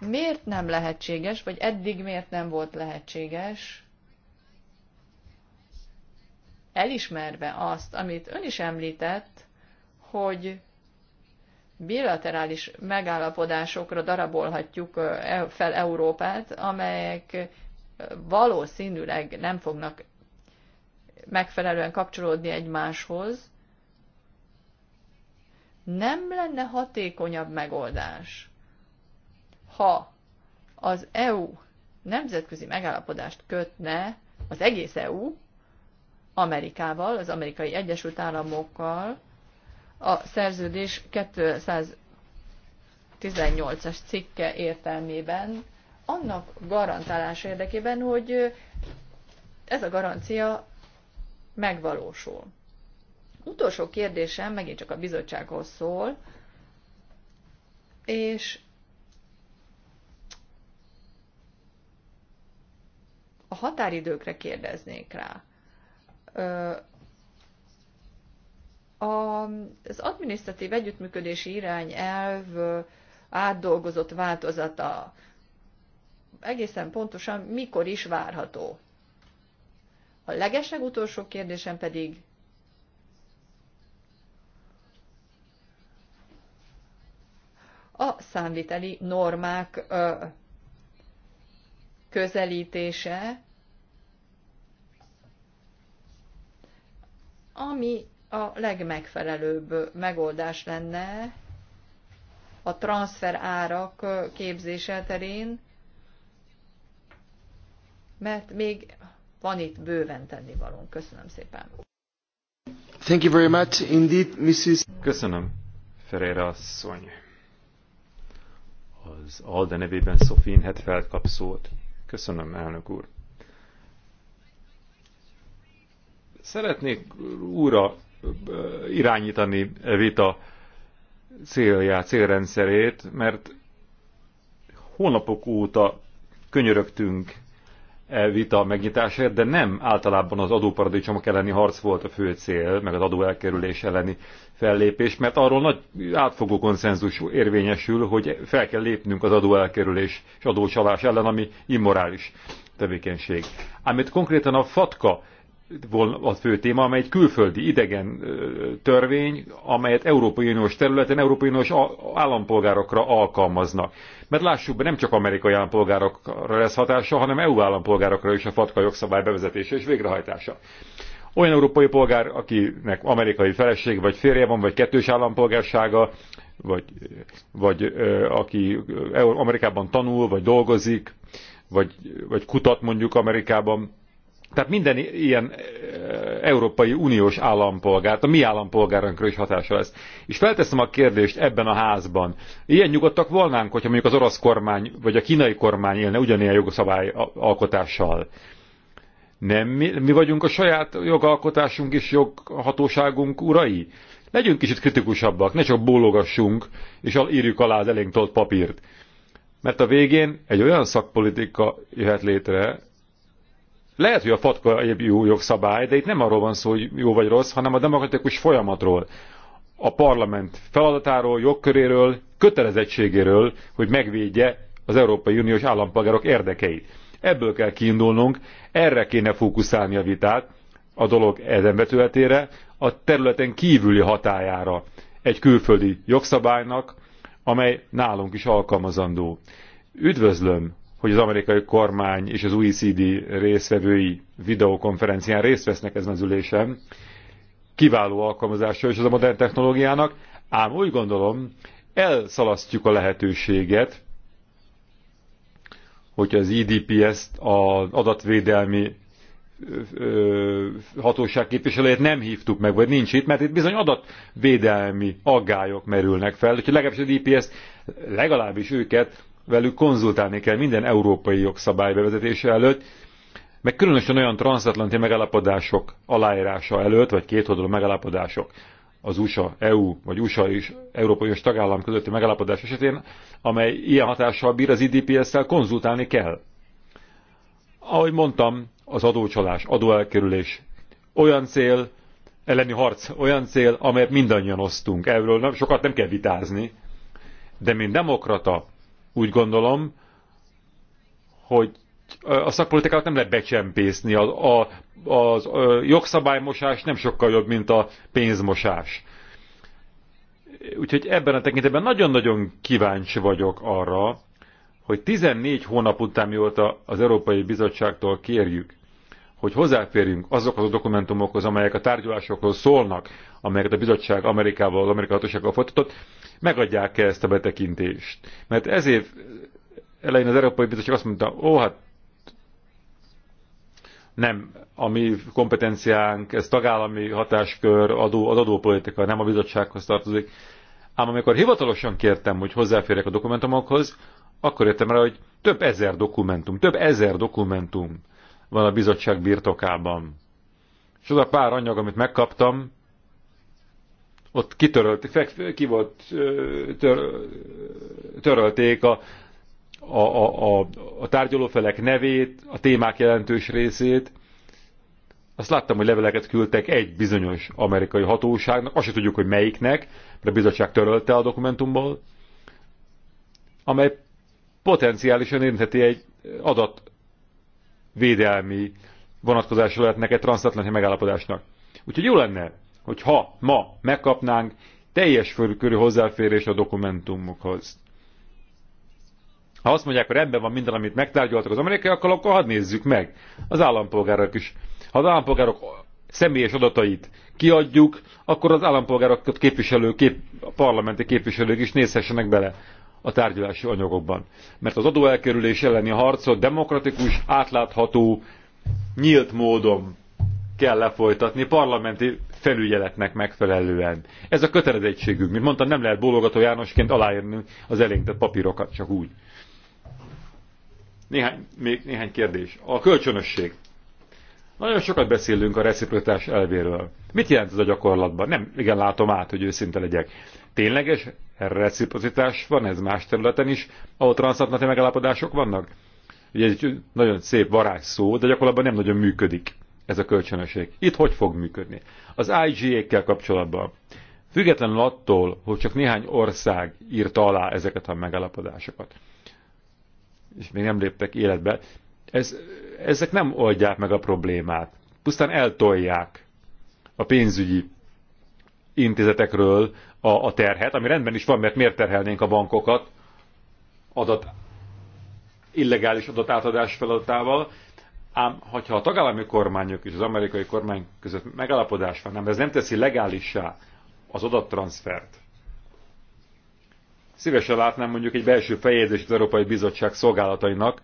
miért nem lehetséges, vagy eddig miért nem volt lehetséges, elismerve azt, amit ön is említett, hogy bilaterális megállapodásokra darabolhatjuk e, fel Európát, amelyek valószínűleg nem fognak megfelelően kapcsolódni egymáshoz, nem lenne hatékonyabb megoldás ha az EU nemzetközi megállapodást kötne, az egész EU, Amerikával, az Amerikai Egyesült Államokkal, a szerződés 218-as cikke értelmében, annak garantálás érdekében, hogy ez a garancia megvalósul. Utolsó kérdésem megint csak a bizottsághoz szól, és a határidőkre kérdeznék rá. Az adminisztratív együttműködési irányelv átdolgozott változata egészen pontosan mikor is várható. A legesleg utolsó kérdésem pedig a számviteli normák közelítése, ami a legmegfelelőbb megoldás lenne a transfer árak képzése terén, mert még van itt bőven tennivalónk. Köszönöm szépen. Thank you very much indeed, Mrs. Köszönöm, Ferreira asszony. Az Alda nevében Sofin Hetfeld kap szót. Köszönöm, elnök úr. Szeretnék újra irányítani e vita célját, célrendszerét, mert hónapok óta könyörögtünk E vita megnyitásáért, de nem általában az adóparadicsomok elleni harc volt a fő cél, meg az adó elkerülés elleni fellépés, mert arról nagy átfogó konszenzus érvényesül, hogy fel kell lépnünk az adó elkerülés és adócsalás ellen, ami immorális tevékenység. amit konkrétan a FATKA a fő téma, amely egy külföldi, idegen törvény, amelyet Európai Uniós területen Európai Uniós állampolgárokra alkalmaznak. Mert lássuk be, nem csak amerikai állampolgárokra lesz hatása, hanem EU állampolgárokra is a FATKA jogszabály bevezetése és végrehajtása. Olyan európai polgár, akinek amerikai feleség vagy férje van, vagy kettős állampolgársága, vagy, vagy aki Amerikában tanul, vagy dolgozik, vagy, vagy kutat mondjuk Amerikában, tehát minden ilyen e, Európai Uniós állampolgárt, a mi állampolgárunkra is hatása lesz. És felteszem a kérdést ebben a házban. Ilyen nyugodtak volnánk, hogyha mondjuk az orosz kormány vagy a kínai kormány élne ugyanilyen jogszabály alkotással. Nem, mi, mi vagyunk a saját jogalkotásunk és joghatóságunk urai? Legyünk kicsit kritikusabbak, ne csak bólogassunk, és írjuk alá az elénk tolt papírt. Mert a végén egy olyan szakpolitika jöhet létre, lehet, hogy a fatka egy jó jogszabály, de itt nem arról van szó, hogy jó vagy rossz, hanem a demokratikus folyamatról, a parlament feladatáról, jogköréről, kötelezettségéről, hogy megvédje az Európai Uniós állampolgárok érdekeit. Ebből kell kiindulnunk, erre kéne fókuszálni a vitát, a dolog ezen vetületére, a területen kívüli hatájára egy külföldi jogszabálynak, amely nálunk is alkalmazandó. Üdvözlöm hogy az amerikai kormány és az OECD részvevői videokonferencián részt vesznek ezen az ülésen, kiváló alkalmazása is az a modern technológiának, ám úgy gondolom, elszalasztjuk a lehetőséget, hogy az IDPS-t e az adatvédelmi hatóság képviselőjét nem hívtuk meg, vagy nincs itt, mert itt bizony adatvédelmi aggályok merülnek fel, úgyhogy legalábbis az IPS e legalábbis őket velük konzultálni kell minden európai jogszabály bevezetése előtt, meg különösen olyan transatlanti megállapodások aláírása előtt, vagy kétoldalú megállapodások az USA, EU, vagy USA és Európai és tagállam közötti megállapodás esetén, amely ilyen hatással bír az IDPS-szel, konzultálni kell. Ahogy mondtam, az adócsalás, adóelkerülés olyan cél, elleni harc olyan cél, amelyet mindannyian osztunk. Erről nem, sokat nem kell vitázni. De mint demokrata, úgy gondolom, hogy a szakpolitikát nem lehet becsempészni. A, a, az a jogszabálymosás nem sokkal jobb, mint a pénzmosás. Úgyhogy ebben a tekintetben nagyon-nagyon kíváncsi vagyok arra, hogy 14 hónap után, mióta az Európai Bizottságtól kérjük, hogy hozzáférjünk azokhoz a dokumentumokhoz, amelyek a tárgyalásokról szólnak, amelyeket a bizottság Amerikával, az amerikai hatósággal folytatott, megadják-e ezt a betekintést. Mert ezért elején az Európai Bizottság azt mondta, ó, hát nem a mi kompetenciánk, ez tagállami hatáskör, adó, az adópolitika, nem a bizottsághoz tartozik. Ám amikor hivatalosan kértem, hogy hozzáférjek a dokumentumokhoz, akkor értem rá, hogy több ezer dokumentum, több ezer dokumentum van a bizottság birtokában. És az a pár anyag, amit megkaptam, ott kitörölt, fek, ki volt, tör, törölték a, a, a, a, a tárgyalófelek nevét, a témák jelentős részét. Azt láttam, hogy leveleket küldtek egy bizonyos amerikai hatóságnak, azt sem tudjuk, hogy melyiknek, mert a bizottság törölte a dokumentumból, amely potenciálisan érintheti egy adatvédelmi vonatkozásra lehet neked transatlanti megállapodásnak. Úgyhogy jó lenne hogy ha ma megkapnánk teljes körű hozzáférés a dokumentumokhoz. Ha azt mondják, hogy rendben van minden, amit megtárgyaltak az amerikaiakkal, akkor hadd nézzük meg. Az állampolgárok is. Ha az állampolgárok személyes adatait kiadjuk, akkor az állampolgárokat képviselő, kép, a parlamenti képviselők is nézhessenek bele a tárgyalási anyagokban. Mert az adóelkerülés elleni harcot demokratikus, átlátható, nyílt módon kell lefolytatni parlamenti felügyeletnek megfelelően. Ez a kötelezettségünk. Mint mondtam, nem lehet bólogató Jánosként aláírni az elénk papírokat, csak úgy. Néhány, még néhány kérdés. A kölcsönösség. Nagyon sokat beszélünk a reciprocitás elvéről. Mit jelent ez a gyakorlatban? Nem igen látom át, hogy őszinte legyek. Tényleges reciprocitás van ez más területen is, ahol transzatlanti megállapodások vannak? Ugye ez egy nagyon szép szó, de gyakorlatban nem nagyon működik ez a kölcsönösség. Itt hogy fog működni? Az IGA-kkel kapcsolatban. Függetlenül attól, hogy csak néhány ország írta alá ezeket a megállapodásokat, és még nem léptek életbe, ez, ezek nem oldják meg a problémát. Pusztán eltolják a pénzügyi intézetekről a, a terhet, ami rendben is van, mert miért terhelnénk a bankokat adat, illegális adatátadás feladatával, Ám, hogyha a tagállami kormányok és az amerikai kormány között megállapodás van, nem, ez nem teszi legálissá az adattranszfert. Szívesen látnám mondjuk egy belső fejezés az Európai Bizottság szolgálatainak,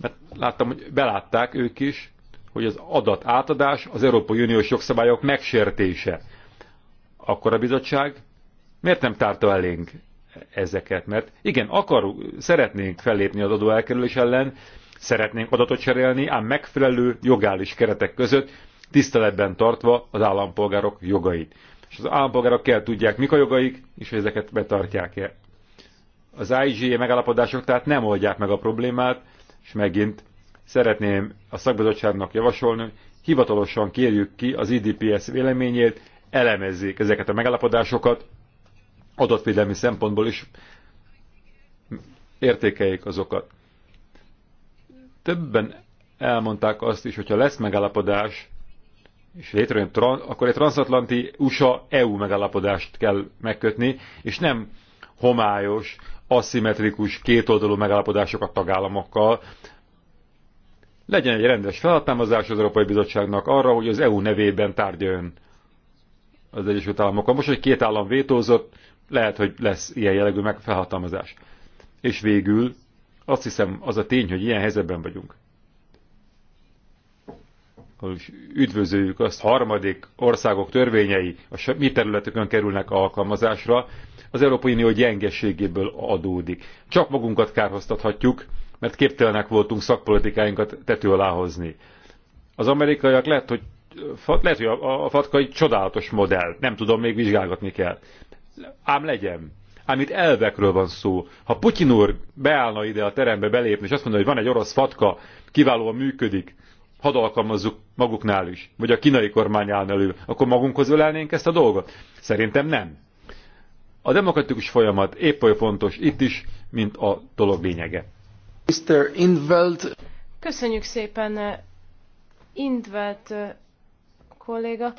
mert láttam, hogy belátták ők is, hogy az adat átadás az Európai Uniós jogszabályok megsértése. Akkor a bizottság miért nem tárta elénk ezeket? Mert igen, akarunk, szeretnénk fellépni az adó elkerülés ellen, Szeretnénk adatot cserélni, ám megfelelő jogális keretek között, tiszteletben tartva az állampolgárok jogait. És az állampolgárok kell tudják, mik a jogaik, és hogy ezeket betartják-e. Az IGA megállapodások tehát nem oldják meg a problémát, és megint szeretném a szakbizottságnak javasolni, hogy hivatalosan kérjük ki az IDPS véleményét, elemezzék ezeket a megállapodásokat, adatvédelmi szempontból is értékeljék azokat. Többen elmondták azt is, hogyha lesz megállapodás, és létrejön, akkor egy transatlanti USA-EU megállapodást kell megkötni, és nem homályos, aszimmetrikus, kétoldalú megállapodások a tagállamokkal. Legyen egy rendes felhatalmazás az Európai Bizottságnak arra, hogy az EU nevében tárgyaljon az Egyesült Államokkal. Most, hogy két állam vétózott, lehet, hogy lesz ilyen jellegű megfelhatalmazás. És végül azt hiszem, az a tény, hogy ilyen helyzetben vagyunk. Hogy üdvözöljük azt, harmadik országok törvényei a mi területükön kerülnek alkalmazásra, az Európai Unió gyengeségéből adódik. Csak magunkat kárhoztathatjuk, mert képtelenek voltunk szakpolitikáinkat tető alá hozni. Az amerikaiak lehet, hogy lehet, hogy a, a fatka egy csodálatos modell, nem tudom, még vizsgálgatni kell. Ám legyen ám itt elvekről van szó. Ha Putyin úr beállna ide a terembe belépni, és azt mondja, hogy van egy orosz fatka, kiválóan működik, hadd alkalmazzuk maguknál is, vagy a kínai kormány állna elő, akkor magunkhoz ölelnénk ezt a dolgot? Szerintem nem. A demokratikus folyamat épp olyan fontos itt is, mint a dolog lényege. Mr. Indveld. Köszönjük szépen, eh, Indvelt eh, kolléga.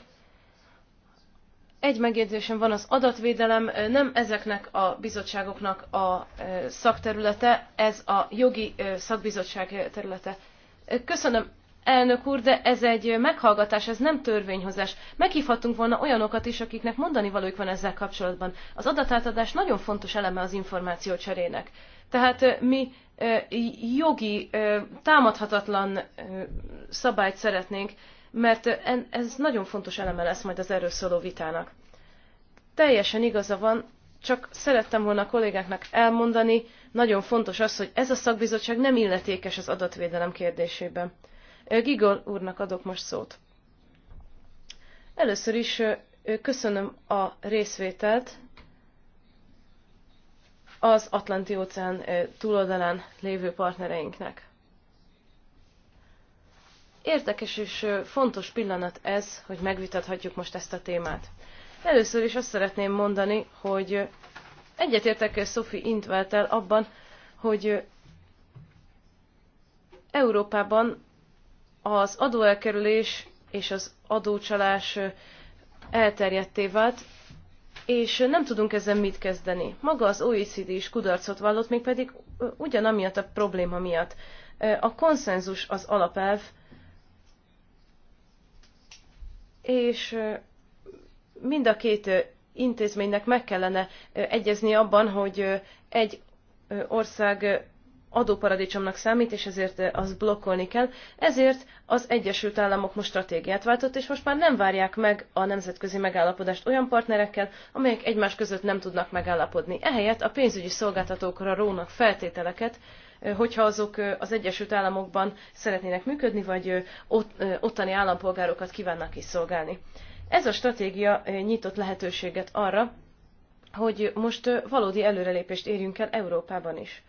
Egy megjegyzésem van, az adatvédelem nem ezeknek a bizottságoknak a szakterülete, ez a jogi szakbizottság területe. Köszönöm, elnök úr, de ez egy meghallgatás, ez nem törvényhozás. Meghívhattunk volna olyanokat is, akiknek mondani valójuk van ezzel kapcsolatban. Az adatátadás nagyon fontos eleme az információ cserének. Tehát mi jogi, támadhatatlan szabályt szeretnénk, mert ez nagyon fontos eleme lesz majd az erről szóló vitának. Teljesen igaza van, csak szerettem volna a kollégáknak elmondani, nagyon fontos az, hogy ez a szakbizottság nem illetékes az adatvédelem kérdésében. Gigol úrnak adok most szót. Először is köszönöm a részvételt az Atlanti óceán túloldalán lévő partnereinknek. Érdekes és fontos pillanat ez, hogy megvitathatjuk most ezt a témát. Először is azt szeretném mondani, hogy egyetértek Sophie Intveltel abban, hogy Európában az adóelkerülés és az adócsalás elterjedté vált, és nem tudunk ezzel mit kezdeni. Maga az OECD is kudarcot vallott, mégpedig ugyanamiatt a probléma miatt. A konszenzus az alapelv, és mind a két intézménynek meg kellene egyezni abban, hogy egy ország adóparadicsomnak számít, és ezért az blokkolni kell. Ezért az Egyesült Államok most stratégiát váltott, és most már nem várják meg a nemzetközi megállapodást olyan partnerekkel, amelyek egymás között nem tudnak megállapodni. Ehelyett a pénzügyi szolgáltatókra rónak feltételeket, hogyha azok az Egyesült Államokban szeretnének működni, vagy ott, ottani állampolgárokat kívánnak is szolgálni. Ez a stratégia nyitott lehetőséget arra, hogy most valódi előrelépést érjünk el Európában is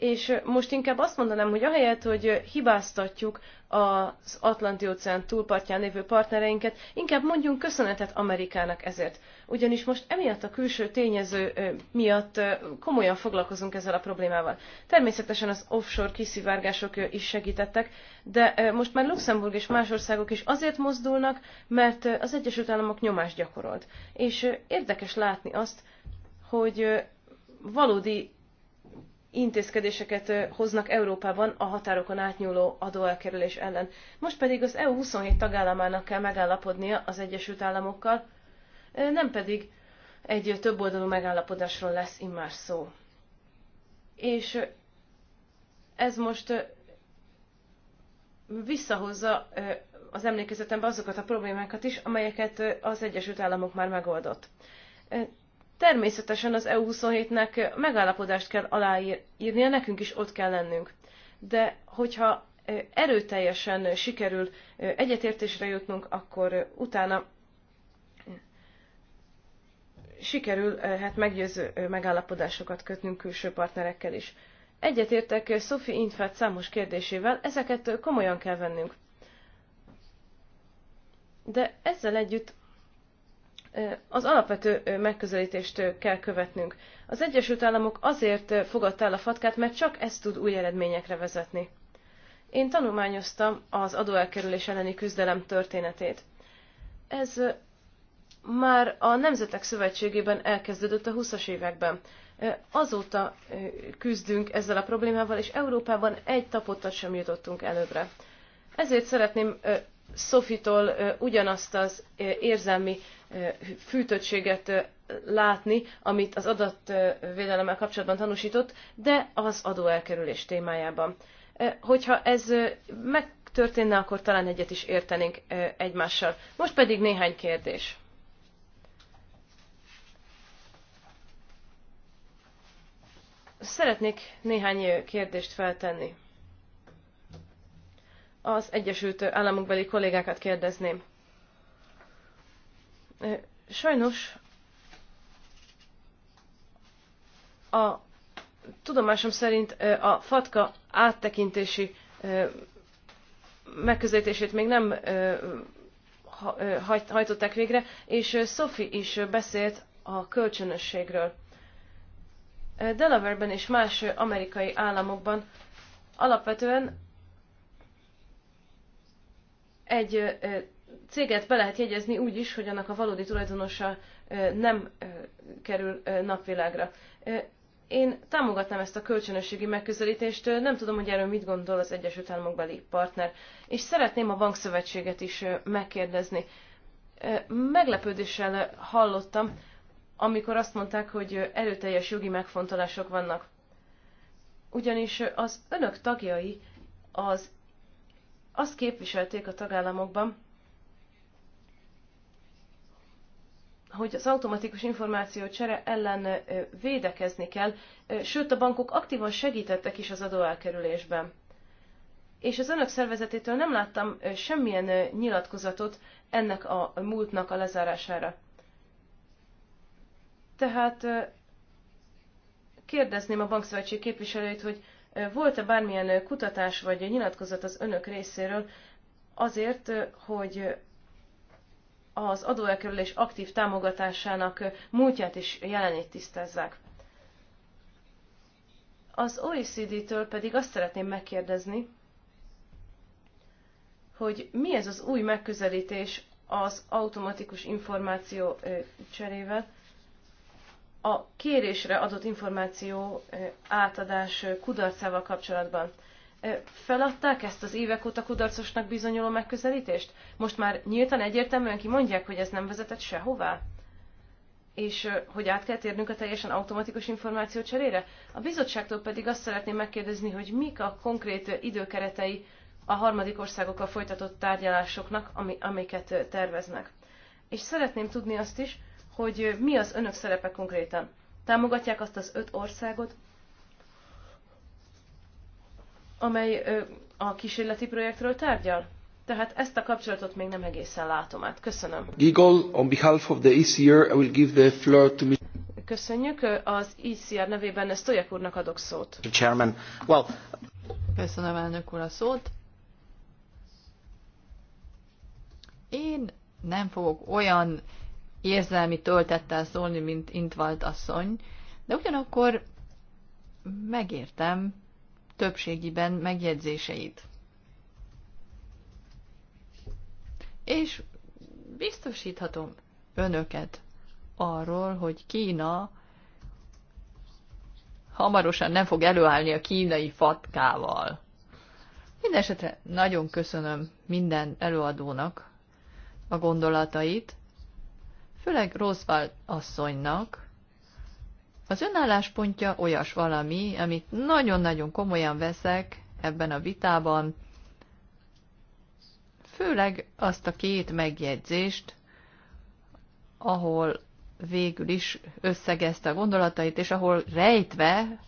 és most inkább azt mondanám, hogy ahelyett, hogy hibáztatjuk az Atlanti-óceán túlpartján lévő partnereinket, inkább mondjunk köszönetet Amerikának ezért. Ugyanis most emiatt a külső tényező miatt komolyan foglalkozunk ezzel a problémával. Természetesen az offshore kiszivárgások is segítettek, de most már Luxemburg és más országok is azért mozdulnak, mert az Egyesült Államok nyomást gyakorolt. És érdekes látni azt, hogy valódi intézkedéseket hoznak Európában a határokon átnyúló adóelkerülés ellen. Most pedig az EU 27 tagállamának kell megállapodnia az Egyesült Államokkal, nem pedig egy többoldalú megállapodásról lesz immár szó. És ez most visszahozza az emlékezetembe azokat a problémákat is, amelyeket az Egyesült Államok már megoldott. Természetesen az EU27-nek megállapodást kell aláírnia, nekünk is ott kell lennünk. De hogyha erőteljesen sikerül egyetértésre jutnunk, akkor utána sikerül hát meggyőző megállapodásokat kötnünk külső partnerekkel is. Egyetértek Sophie Intfeld számos kérdésével, ezeket komolyan kell vennünk. De ezzel együtt az alapvető megközelítést kell követnünk. Az Egyesült Államok azért fogadta el a fatkát, mert csak ez tud új eredményekre vezetni. Én tanulmányoztam az adóelkerülés elleni küzdelem történetét. Ez már a Nemzetek Szövetségében elkezdődött a 20-as években. Azóta küzdünk ezzel a problémával, és Európában egy tapottat sem jutottunk előbbre. Ezért szeretném Sofitól ugyanazt az érzelmi fűtöttséget látni, amit az adatvédelemmel kapcsolatban tanúsított, de az adóelkerülés témájában. Hogyha ez megtörténne, akkor talán egyet is értenénk egymással. Most pedig néhány kérdés. Szeretnék néhány kérdést feltenni. Az Egyesült Államokbeli kollégákat kérdezném. Sajnos a tudomásom szerint a FATKA áttekintési megközelítését még nem hajtották végre, és Sophie is beszélt a kölcsönösségről. Delawareben és más amerikai államokban alapvetően egy céget be lehet jegyezni úgy is, hogy annak a valódi tulajdonosa nem kerül napvilágra. Én támogatnám ezt a kölcsönösségi megközelítést, nem tudom, hogy erről mit gondol az Egyesült Államok beli partner, és szeretném a bankszövetséget is megkérdezni. Meglepődéssel hallottam, amikor azt mondták, hogy erőteljes jogi megfontolások vannak. Ugyanis az önök tagjai az azt képviselték a tagállamokban, hogy az automatikus információcsere ellen védekezni kell, sőt a bankok aktívan segítettek is az adóelkerülésben. És az önök szervezetétől nem láttam semmilyen nyilatkozatot ennek a múltnak a lezárására. Tehát kérdezném a bankszövetség képviselőit, hogy volt-e bármilyen kutatás vagy nyilatkozat az önök részéről azért, hogy az adóelkerülés aktív támogatásának múltját és jelenét tisztázzák. Az OECD-től pedig azt szeretném megkérdezni, hogy mi ez az új megközelítés az automatikus információ cserével, a kérésre adott információ átadás kudarcával kapcsolatban feladták ezt az évek óta kudarcosnak bizonyuló megközelítést? Most már nyíltan egyértelműen kimondják, hogy ez nem vezetett sehová? És hogy át kell térnünk a teljesen automatikus információ cserére? A bizottságtól pedig azt szeretném megkérdezni, hogy mik a konkrét időkeretei a harmadik országokkal folytatott tárgyalásoknak, ami, amiket terveznek. És szeretném tudni azt is, hogy mi az önök szerepe konkrétan. Támogatják azt az öt országot, amely a kísérleti projektről tárgyal? Tehát ezt a kapcsolatot még nem egészen látom át. Köszönöm. Giggle, on behalf of the ECR, I will give the floor to Köszönjük. Az ECR nevében Stojak úrnak adok szót. Chairman. Well... Köszönöm elnök úr a szót. Én nem fogok olyan érzelmi töltettel szólni, mint Intvald asszony, de ugyanakkor megértem, többségiben megjegyzéseit. És biztosíthatom önöket arról, hogy Kína hamarosan nem fog előállni a kínai fatkával. Mindenesetre nagyon köszönöm minden előadónak a gondolatait, főleg Roswald asszonynak, az önálláspontja olyas valami, amit nagyon-nagyon komolyan veszek ebben a vitában, főleg azt a két megjegyzést, ahol végül is összegezte a gondolatait, és ahol rejtve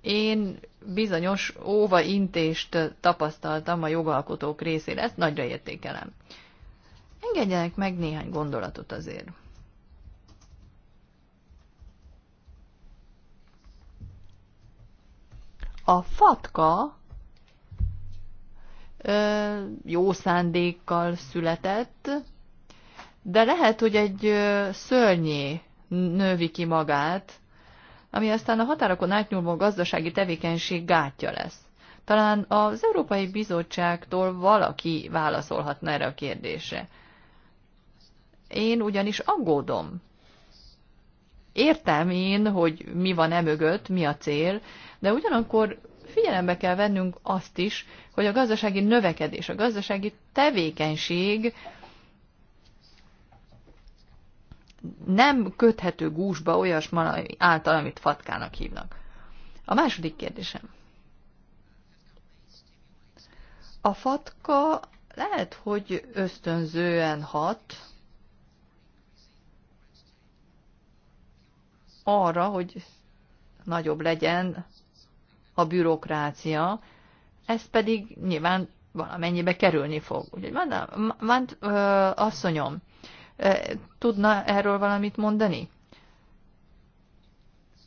én bizonyos óvaintést tapasztaltam a jogalkotók részére. Ezt nagyra értékelem. Engedjenek meg néhány gondolatot azért. a fatka ö, jó szándékkal született, de lehet, hogy egy ö, szörnyé növi ki magát, ami aztán a határokon átnyúlva gazdasági tevékenység gátja lesz. Talán az Európai Bizottságtól valaki válaszolhatna erre a kérdésre. Én ugyanis aggódom. Értem én, hogy mi van e mögött, mi a cél, de ugyanakkor figyelembe kell vennünk azt is, hogy a gazdasági növekedés, a gazdasági tevékenység nem köthető gúzsba olyas által, amit fatkának hívnak. A második kérdésem. A fatka lehet, hogy ösztönzően hat arra, hogy nagyobb legyen a bürokrácia, ez pedig nyilván valamennyibe kerülni fog. Úgyhogy van, van ö, asszonyom, ö, tudna erről valamit mondani?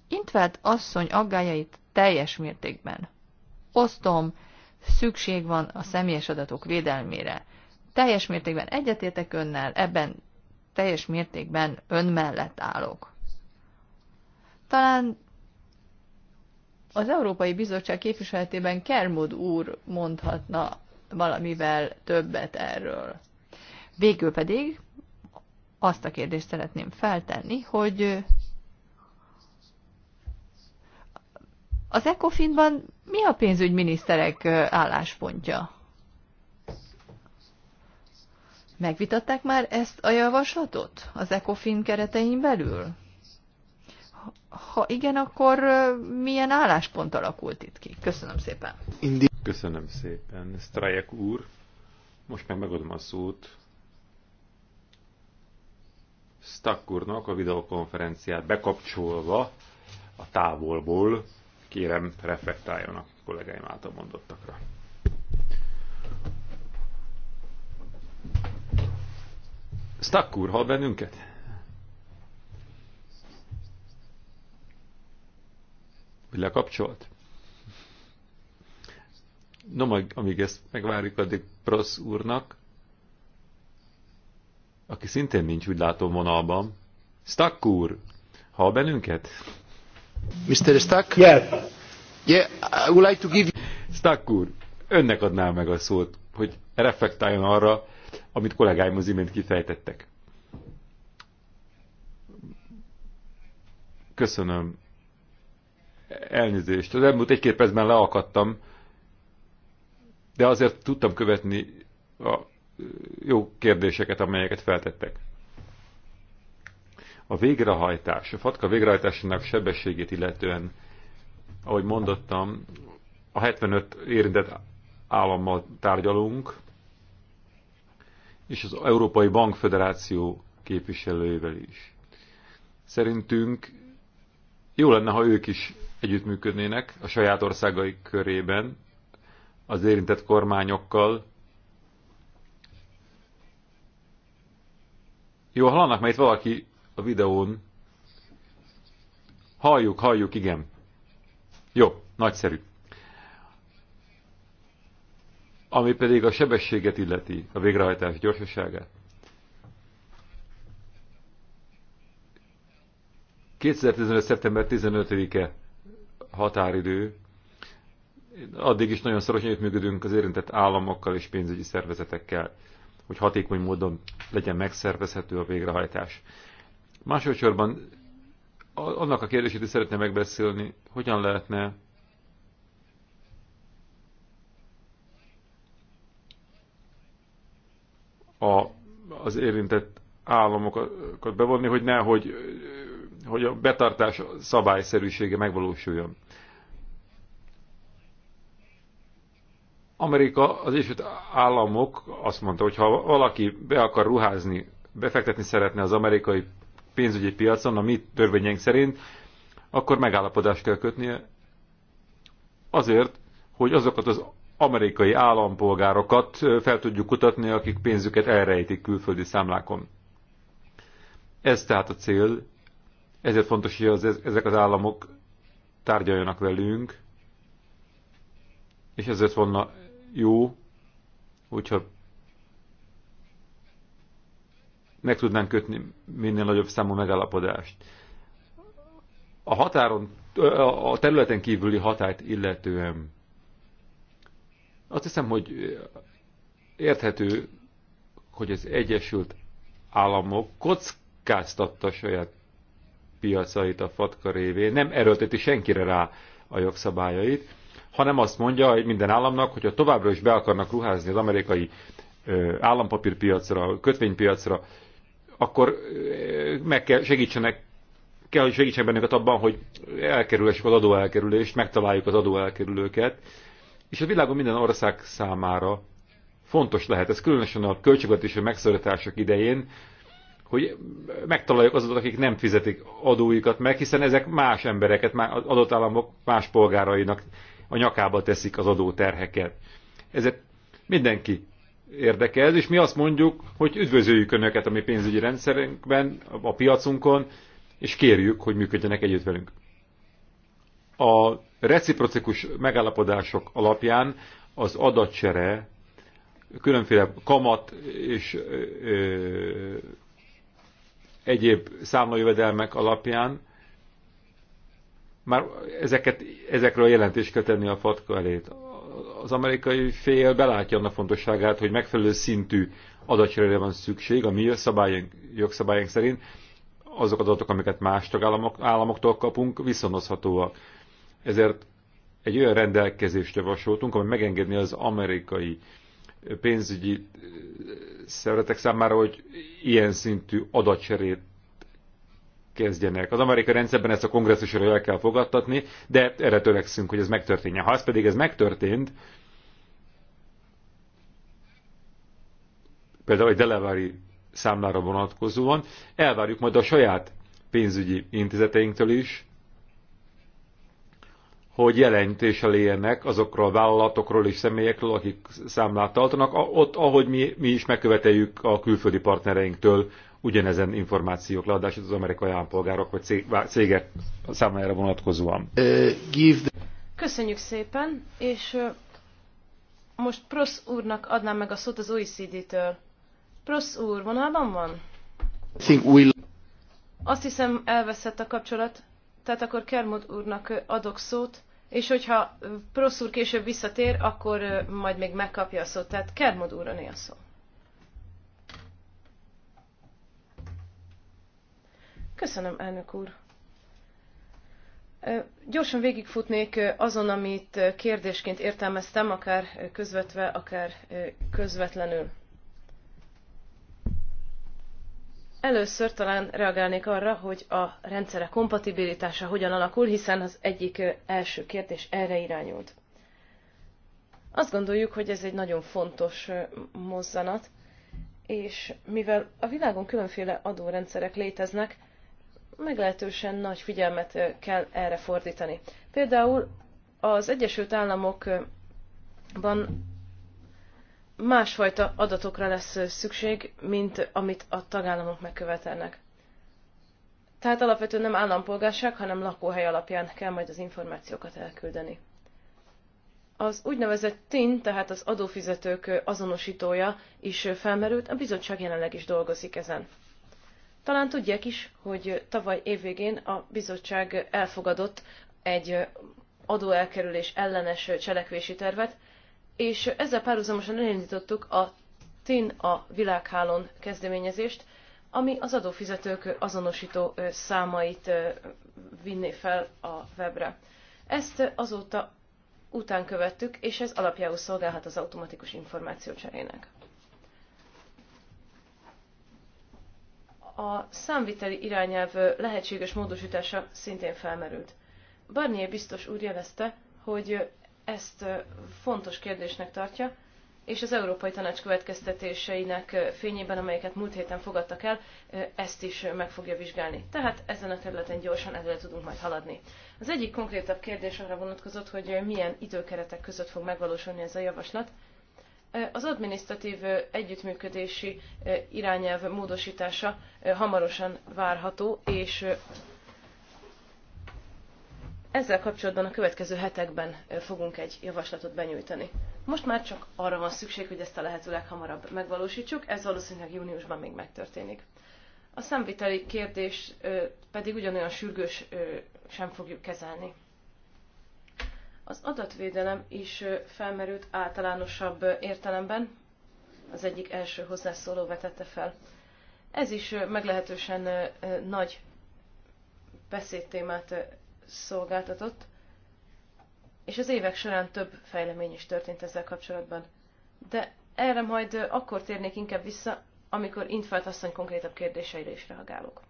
Intvelt asszony aggájait teljes mértékben. Osztom, szükség van a személyes adatok védelmére. Teljes mértékben egyetértek önnel, ebben teljes mértékben ön mellett állok. Talán az Európai Bizottság képviseletében Kermod úr mondhatna valamivel többet erről. Végül pedig azt a kérdést szeretném feltenni, hogy az ECOFIN-ban mi a pénzügyminiszterek álláspontja? Megvitatták már ezt a javaslatot az ECOFIN keretein belül? Ha igen, akkor milyen álláspont alakult itt ki? Köszönöm szépen. Indi Köszönöm szépen, Strajek úr. Most meg megadom a szót Stack úrnak a videokonferenciát bekapcsolva a távolból. Kérem, reflektáljon a kollégáim által mondottakra. Stack úr, hall bennünket? Lekapcsolt? No, majd, amíg ezt megvárjuk, addig Prosz úrnak, aki szintén nincs úgy látom vonalban. Stack úr, hall bennünket? Mr. Stack? Yeah. Yeah, I would like to give you... Stack úr, önnek adnám meg a szót, hogy reflektáljon arra, amit kollégáim az imént kifejtettek. Köszönöm Elnézést. Az elmúlt egy-két percben leakadtam, de azért tudtam követni a jó kérdéseket, amelyeket feltettek. A végrehajtás, a fatka végrehajtásának sebességét illetően, ahogy mondottam, a 75 érintett állammal tárgyalunk, és az Európai Bankfederáció képviselőjével is. Szerintünk jó lenne, ha ők is együttműködnének a saját országai körében az érintett kormányokkal. Jó, hallanak, mert itt valaki a videón. Halljuk, halljuk, igen. Jó, nagyszerű. Ami pedig a sebességet illeti, a végrehajtás gyorsaságát. 2015. szeptember 15-e határidő. Addig is nagyon szorosan működünk az érintett államokkal és pénzügyi szervezetekkel, hogy hatékony módon legyen megszervezhető a végrehajtás. Másodszorban annak a kérdését is szeretném megbeszélni, hogyan lehetne a, az érintett államokat bevonni, hogy nehogy hogy a betartás szabályszerűsége megvalósuljon. Amerika, az Egyesült Államok azt mondta, hogy ha valaki be akar ruházni, befektetni szeretne az amerikai pénzügyi piacon, a mi törvényeink szerint, akkor megállapodást kell kötnie azért, hogy azokat az amerikai állampolgárokat fel tudjuk kutatni, akik pénzüket elrejtik külföldi számlákon. Ez tehát a cél, ezért fontos, hogy az, ezek az államok tárgyaljanak velünk, és ezért volna jó, hogyha meg tudnánk kötni minél nagyobb számú megállapodást. A határon, a területen kívüli hatályt illetően azt hiszem, hogy érthető, hogy az Egyesült Államok kockáztatta saját piacait a fatka révén, nem erőlteti senkire rá a jogszabályait, hanem azt mondja hogy minden államnak, hogyha továbbra is be akarnak ruházni az amerikai állampapírpiacra, kötvénypiacra, akkor meg kell segítsenek kell, hogy segítsenek bennünket abban, hogy elkerülhessük az adóelkerülést, megtaláljuk az adóelkerülőket, és a világon minden ország számára fontos lehet. Ez különösen a költségvetési megszorítások idején hogy megtaláljuk azokat, akik nem fizetik adóikat meg, hiszen ezek más embereket, az adott államok más polgárainak a nyakába teszik az adóterheket. Ezért mindenki érdekel, és mi azt mondjuk, hogy üdvözöljük Önöket a mi pénzügyi rendszerünkben, a piacunkon, és kérjük, hogy működjenek együtt velünk. A reciprocikus megállapodások alapján az adatsere különféle kamat és ö, egyéb számlajövedelmek alapján, már ezeket, ezekről jelentést kell tenni a fatka elét. Az amerikai fél belátja annak fontosságát, hogy megfelelő szintű adatcserére van szükség, a mi jogszabályunk szerint azok az adatok, amiket más tagállamok, államoktól kapunk, viszonozhatóak. Ezért egy olyan rendelkezést javasoltunk, ami megengedni az amerikai pénzügyi szervezetek számára, hogy ilyen szintű adatcserét kezdjenek. Az amerikai rendszerben ezt a kongresszusra el kell fogadtatni, de erre törekszünk, hogy ez megtörténjen. Ha ez pedig ez megtörtént, például egy delevári számlára vonatkozóan, elvárjuk majd a saját pénzügyi intézeteinktől is, hogy jelentéssel éljenek azokról a vállalatokról és személyekről, akik számlát tartanak, ott, ahogy mi, mi is megköveteljük a külföldi partnereinktől ugyanezen információk leadását az amerikai állampolgárok vagy cégek számára vonatkozóan. Köszönjük szépen, és most Prosz úrnak adnám meg a szót az OECD-től. Prosz úr, vonalban van? Azt hiszem elveszett a kapcsolat tehát akkor Kermod úrnak adok szót, és hogyha Prosz úr később visszatér, akkor majd még megkapja a szót. Tehát Kermod úr a szó. Köszönöm, elnök úr. Gyorsan végigfutnék azon, amit kérdésként értelmeztem, akár közvetve, akár közvetlenül. Először talán reagálnék arra, hogy a rendszerek kompatibilitása hogyan alakul, hiszen az egyik első kérdés erre irányult. Azt gondoljuk, hogy ez egy nagyon fontos mozzanat, és mivel a világon különféle adórendszerek léteznek, meglehetősen nagy figyelmet kell erre fordítani. Például az Egyesült Államokban másfajta adatokra lesz szükség, mint amit a tagállamok megkövetelnek. Tehát alapvetően nem állampolgárság, hanem lakóhely alapján kell majd az információkat elküldeni. Az úgynevezett TIN, tehát az adófizetők azonosítója is felmerült, a bizottság jelenleg is dolgozik ezen. Talán tudják is, hogy tavaly évvégén a bizottság elfogadott egy adóelkerülés ellenes cselekvési tervet, és ezzel párhuzamosan elindítottuk a TIN a világhálón kezdeményezést, ami az adófizetők azonosító számait vinné fel a webre. Ezt azóta után követtük, és ez alapjául szolgálhat az automatikus információcserének. A számviteli irányelv lehetséges módosítása szintén felmerült. Barnier biztos úr jelezte, hogy ezt fontos kérdésnek tartja, és az Európai Tanács következtetéseinek fényében, amelyeket múlt héten fogadtak el, ezt is meg fogja vizsgálni. Tehát ezen a területen gyorsan előre tudunk majd haladni. Az egyik konkrétabb kérdés arra vonatkozott, hogy milyen időkeretek között fog megvalósulni ez a javaslat. Az adminisztratív együttműködési irányelv módosítása hamarosan várható, és ezzel kapcsolatban a következő hetekben fogunk egy javaslatot benyújtani. Most már csak arra van szükség, hogy ezt a lehető leghamarabb megvalósítsuk, ez valószínűleg júniusban még megtörténik. A számviteli kérdés pedig ugyanolyan sürgős sem fogjuk kezelni. Az adatvédelem is felmerült általánosabb értelemben, az egyik első hozzászóló vetette fel. Ez is meglehetősen nagy beszédtémát szolgáltatott, és az évek során több fejlemény is történt ezzel kapcsolatban. De erre majd akkor térnék inkább vissza, amikor Intfelt asszony konkrétabb kérdéseire is reagálok.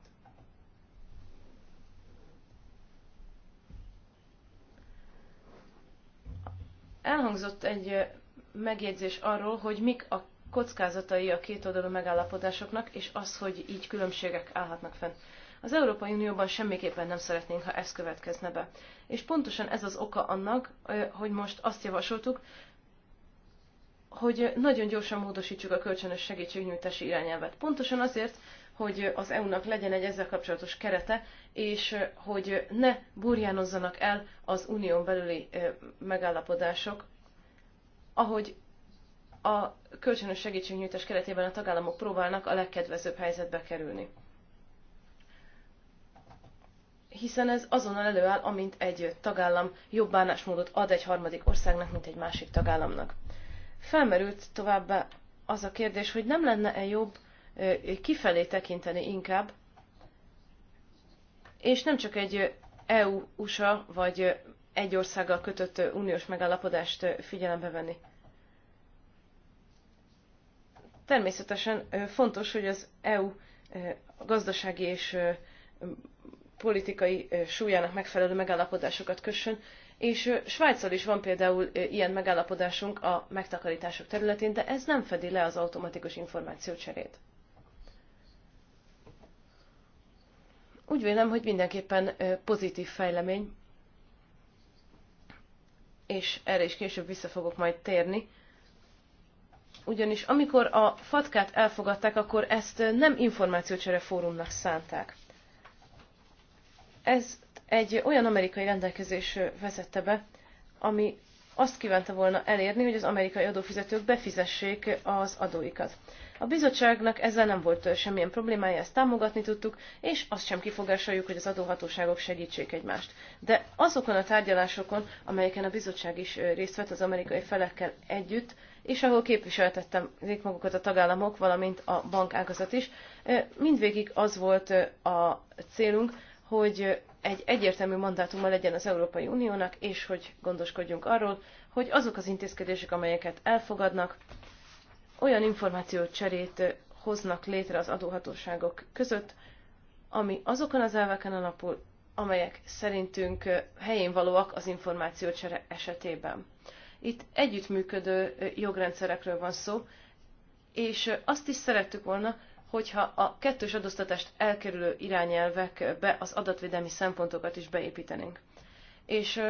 Elhangzott egy megjegyzés arról, hogy mik a kockázatai a két oldalú megállapodásoknak, és az, hogy így különbségek állhatnak fenn. Az Európai Unióban semmiképpen nem szeretnénk, ha ez következne be. És pontosan ez az oka annak, hogy most azt javasoltuk, hogy nagyon gyorsan módosítsuk a kölcsönös segítségnyújtási irányelvet. Pontosan azért, hogy az EU-nak legyen egy ezzel kapcsolatos kerete, és hogy ne burjánozzanak el az unión belüli megállapodások, ahogy a kölcsönös segítségnyújtás keretében a tagállamok próbálnak a legkedvezőbb helyzetbe kerülni hiszen ez azonnal előáll, amint egy tagállam jobb bánásmódot ad egy harmadik országnak, mint egy másik tagállamnak. Felmerült továbbá az a kérdés, hogy nem lenne-e jobb kifelé tekinteni inkább, és nem csak egy EU-USA vagy egy országgal kötött uniós megállapodást figyelembe venni. Természetesen fontos, hogy az EU gazdasági és politikai súlyának megfelelő megállapodásokat kössön, és Svájccal is van például ilyen megállapodásunk a megtakarítások területén, de ez nem fedi le az automatikus információcserét. Úgy vélem, hogy mindenképpen pozitív fejlemény, és erre is később vissza fogok majd térni, ugyanis amikor a fatkát elfogadták, akkor ezt nem információcsere fórumnak szánták. Ez egy olyan amerikai rendelkezés vezette be, ami azt kívánta volna elérni, hogy az amerikai adófizetők befizessék az adóikat. A bizottságnak ezzel nem volt semmilyen problémája, ezt támogatni tudtuk, és azt sem kifogásoljuk, hogy az adóhatóságok segítsék egymást. De azokon a tárgyalásokon, amelyeken a bizottság is részt vett az amerikai felekkel együtt, és ahol képviseltették magukat a tagállamok, valamint a bankágazat is, mindvégig az volt a célunk, hogy egy egyértelmű mandátuma legyen az Európai Uniónak, és hogy gondoskodjunk arról, hogy azok az intézkedések, amelyeket elfogadnak, olyan információcserét hoznak létre az adóhatóságok között, ami azokon az elveken alapul, amelyek szerintünk helyén valóak az információcsere esetében. Itt együttműködő jogrendszerekről van szó, és azt is szerettük volna, hogyha a kettős adóztatást elkerülő irányelvekbe az adatvédelmi szempontokat is beépítenénk. És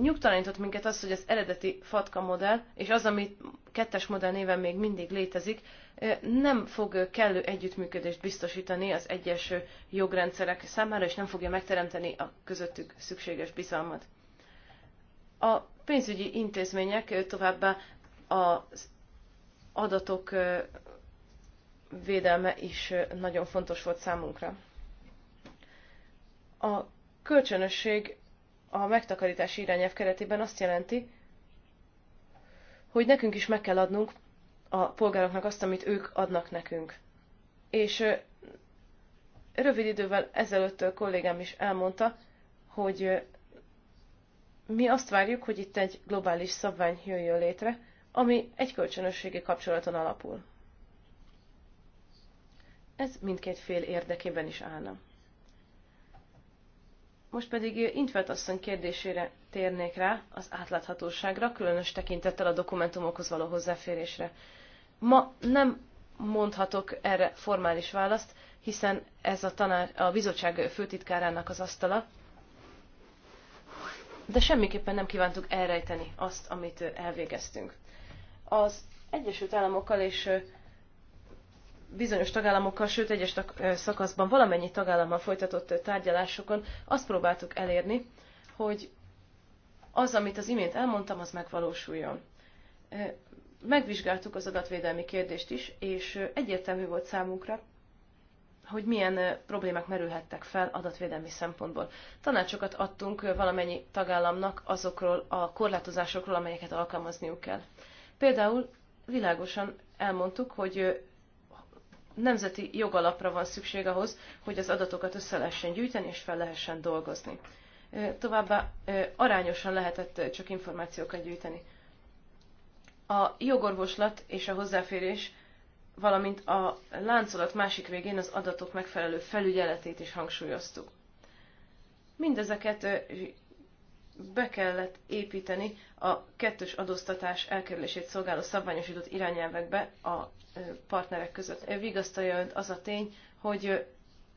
nyugtalanított minket az, hogy az eredeti FATKA modell, és az, ami kettes modell néven még mindig létezik, nem fog kellő együttműködést biztosítani az egyes jogrendszerek számára, és nem fogja megteremteni a közöttük szükséges bizalmat. A pénzügyi intézmények továbbá az adatok védelme is nagyon fontos volt számunkra. A kölcsönösség a megtakarítási irányelv keretében azt jelenti, hogy nekünk is meg kell adnunk a polgároknak azt, amit ők adnak nekünk. És rövid idővel ezelőtt a kollégám is elmondta, hogy mi azt várjuk, hogy itt egy globális szabvány jöjjön létre, ami egy kölcsönösségi kapcsolaton alapul. Ez mindkét fél érdekében is állna. Most pedig Intvet asszony kérdésére térnék rá, az átláthatóságra, különös tekintettel a dokumentumokhoz való hozzáférésre. Ma nem mondhatok erre formális választ, hiszen ez a, tanár, a bizottság főtitkárának az asztala, de semmiképpen nem kívántuk elrejteni azt, amit elvégeztünk. Az Egyesült Államokkal és bizonyos tagállamokkal, sőt egyes szakaszban valamennyi tagállammal folytatott tárgyalásokon azt próbáltuk elérni, hogy az, amit az imént elmondtam, az megvalósuljon. Megvizsgáltuk az adatvédelmi kérdést is, és egyértelmű volt számunkra, hogy milyen problémák merülhettek fel adatvédelmi szempontból. Tanácsokat adtunk valamennyi tagállamnak azokról a korlátozásokról, amelyeket alkalmazniuk kell. Például világosan elmondtuk, hogy nemzeti jogalapra van szükség ahhoz, hogy az adatokat össze lehessen gyűjteni és fel lehessen dolgozni. Továbbá arányosan lehetett csak információkat gyűjteni. A jogorvoslat és a hozzáférés, valamint a láncolat másik végén az adatok megfelelő felügyeletét is hangsúlyoztuk. Mindezeket be kellett építeni a kettős adóztatás elkerülését szolgáló szabványosított irányelvekbe a partnerek között. Vigasztalja önt az a tény, hogy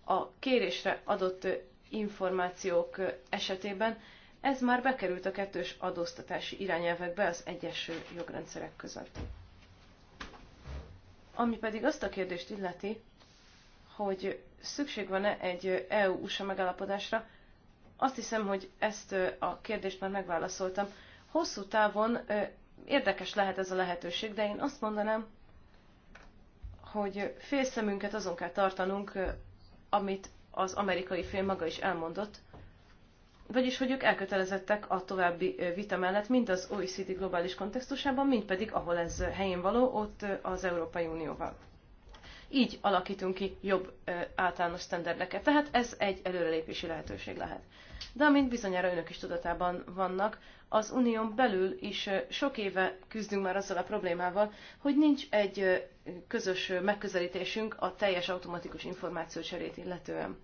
a kérésre adott információk esetében ez már bekerült a kettős adóztatási irányelvekbe az egyes jogrendszerek között. Ami pedig azt a kérdést illeti, hogy szükség van-e egy EU-USA megállapodásra, azt hiszem, hogy ezt a kérdést már megválaszoltam. Hosszú távon érdekes lehet ez a lehetőség, de én azt mondanám, hogy félszemünket azon kell tartanunk, amit az amerikai fél maga is elmondott, vagyis hogy ők elkötelezettek a további vita mellett, mind az OECD globális kontextusában, mind pedig, ahol ez helyén való, ott az Európai Unióval így alakítunk ki jobb ö, általános sztenderdeket. Tehát ez egy előrelépési lehetőség lehet. De amint bizonyára önök is tudatában vannak, az unión belül is sok éve küzdünk már azzal a problémával, hogy nincs egy közös megközelítésünk a teljes automatikus információcserét illetően.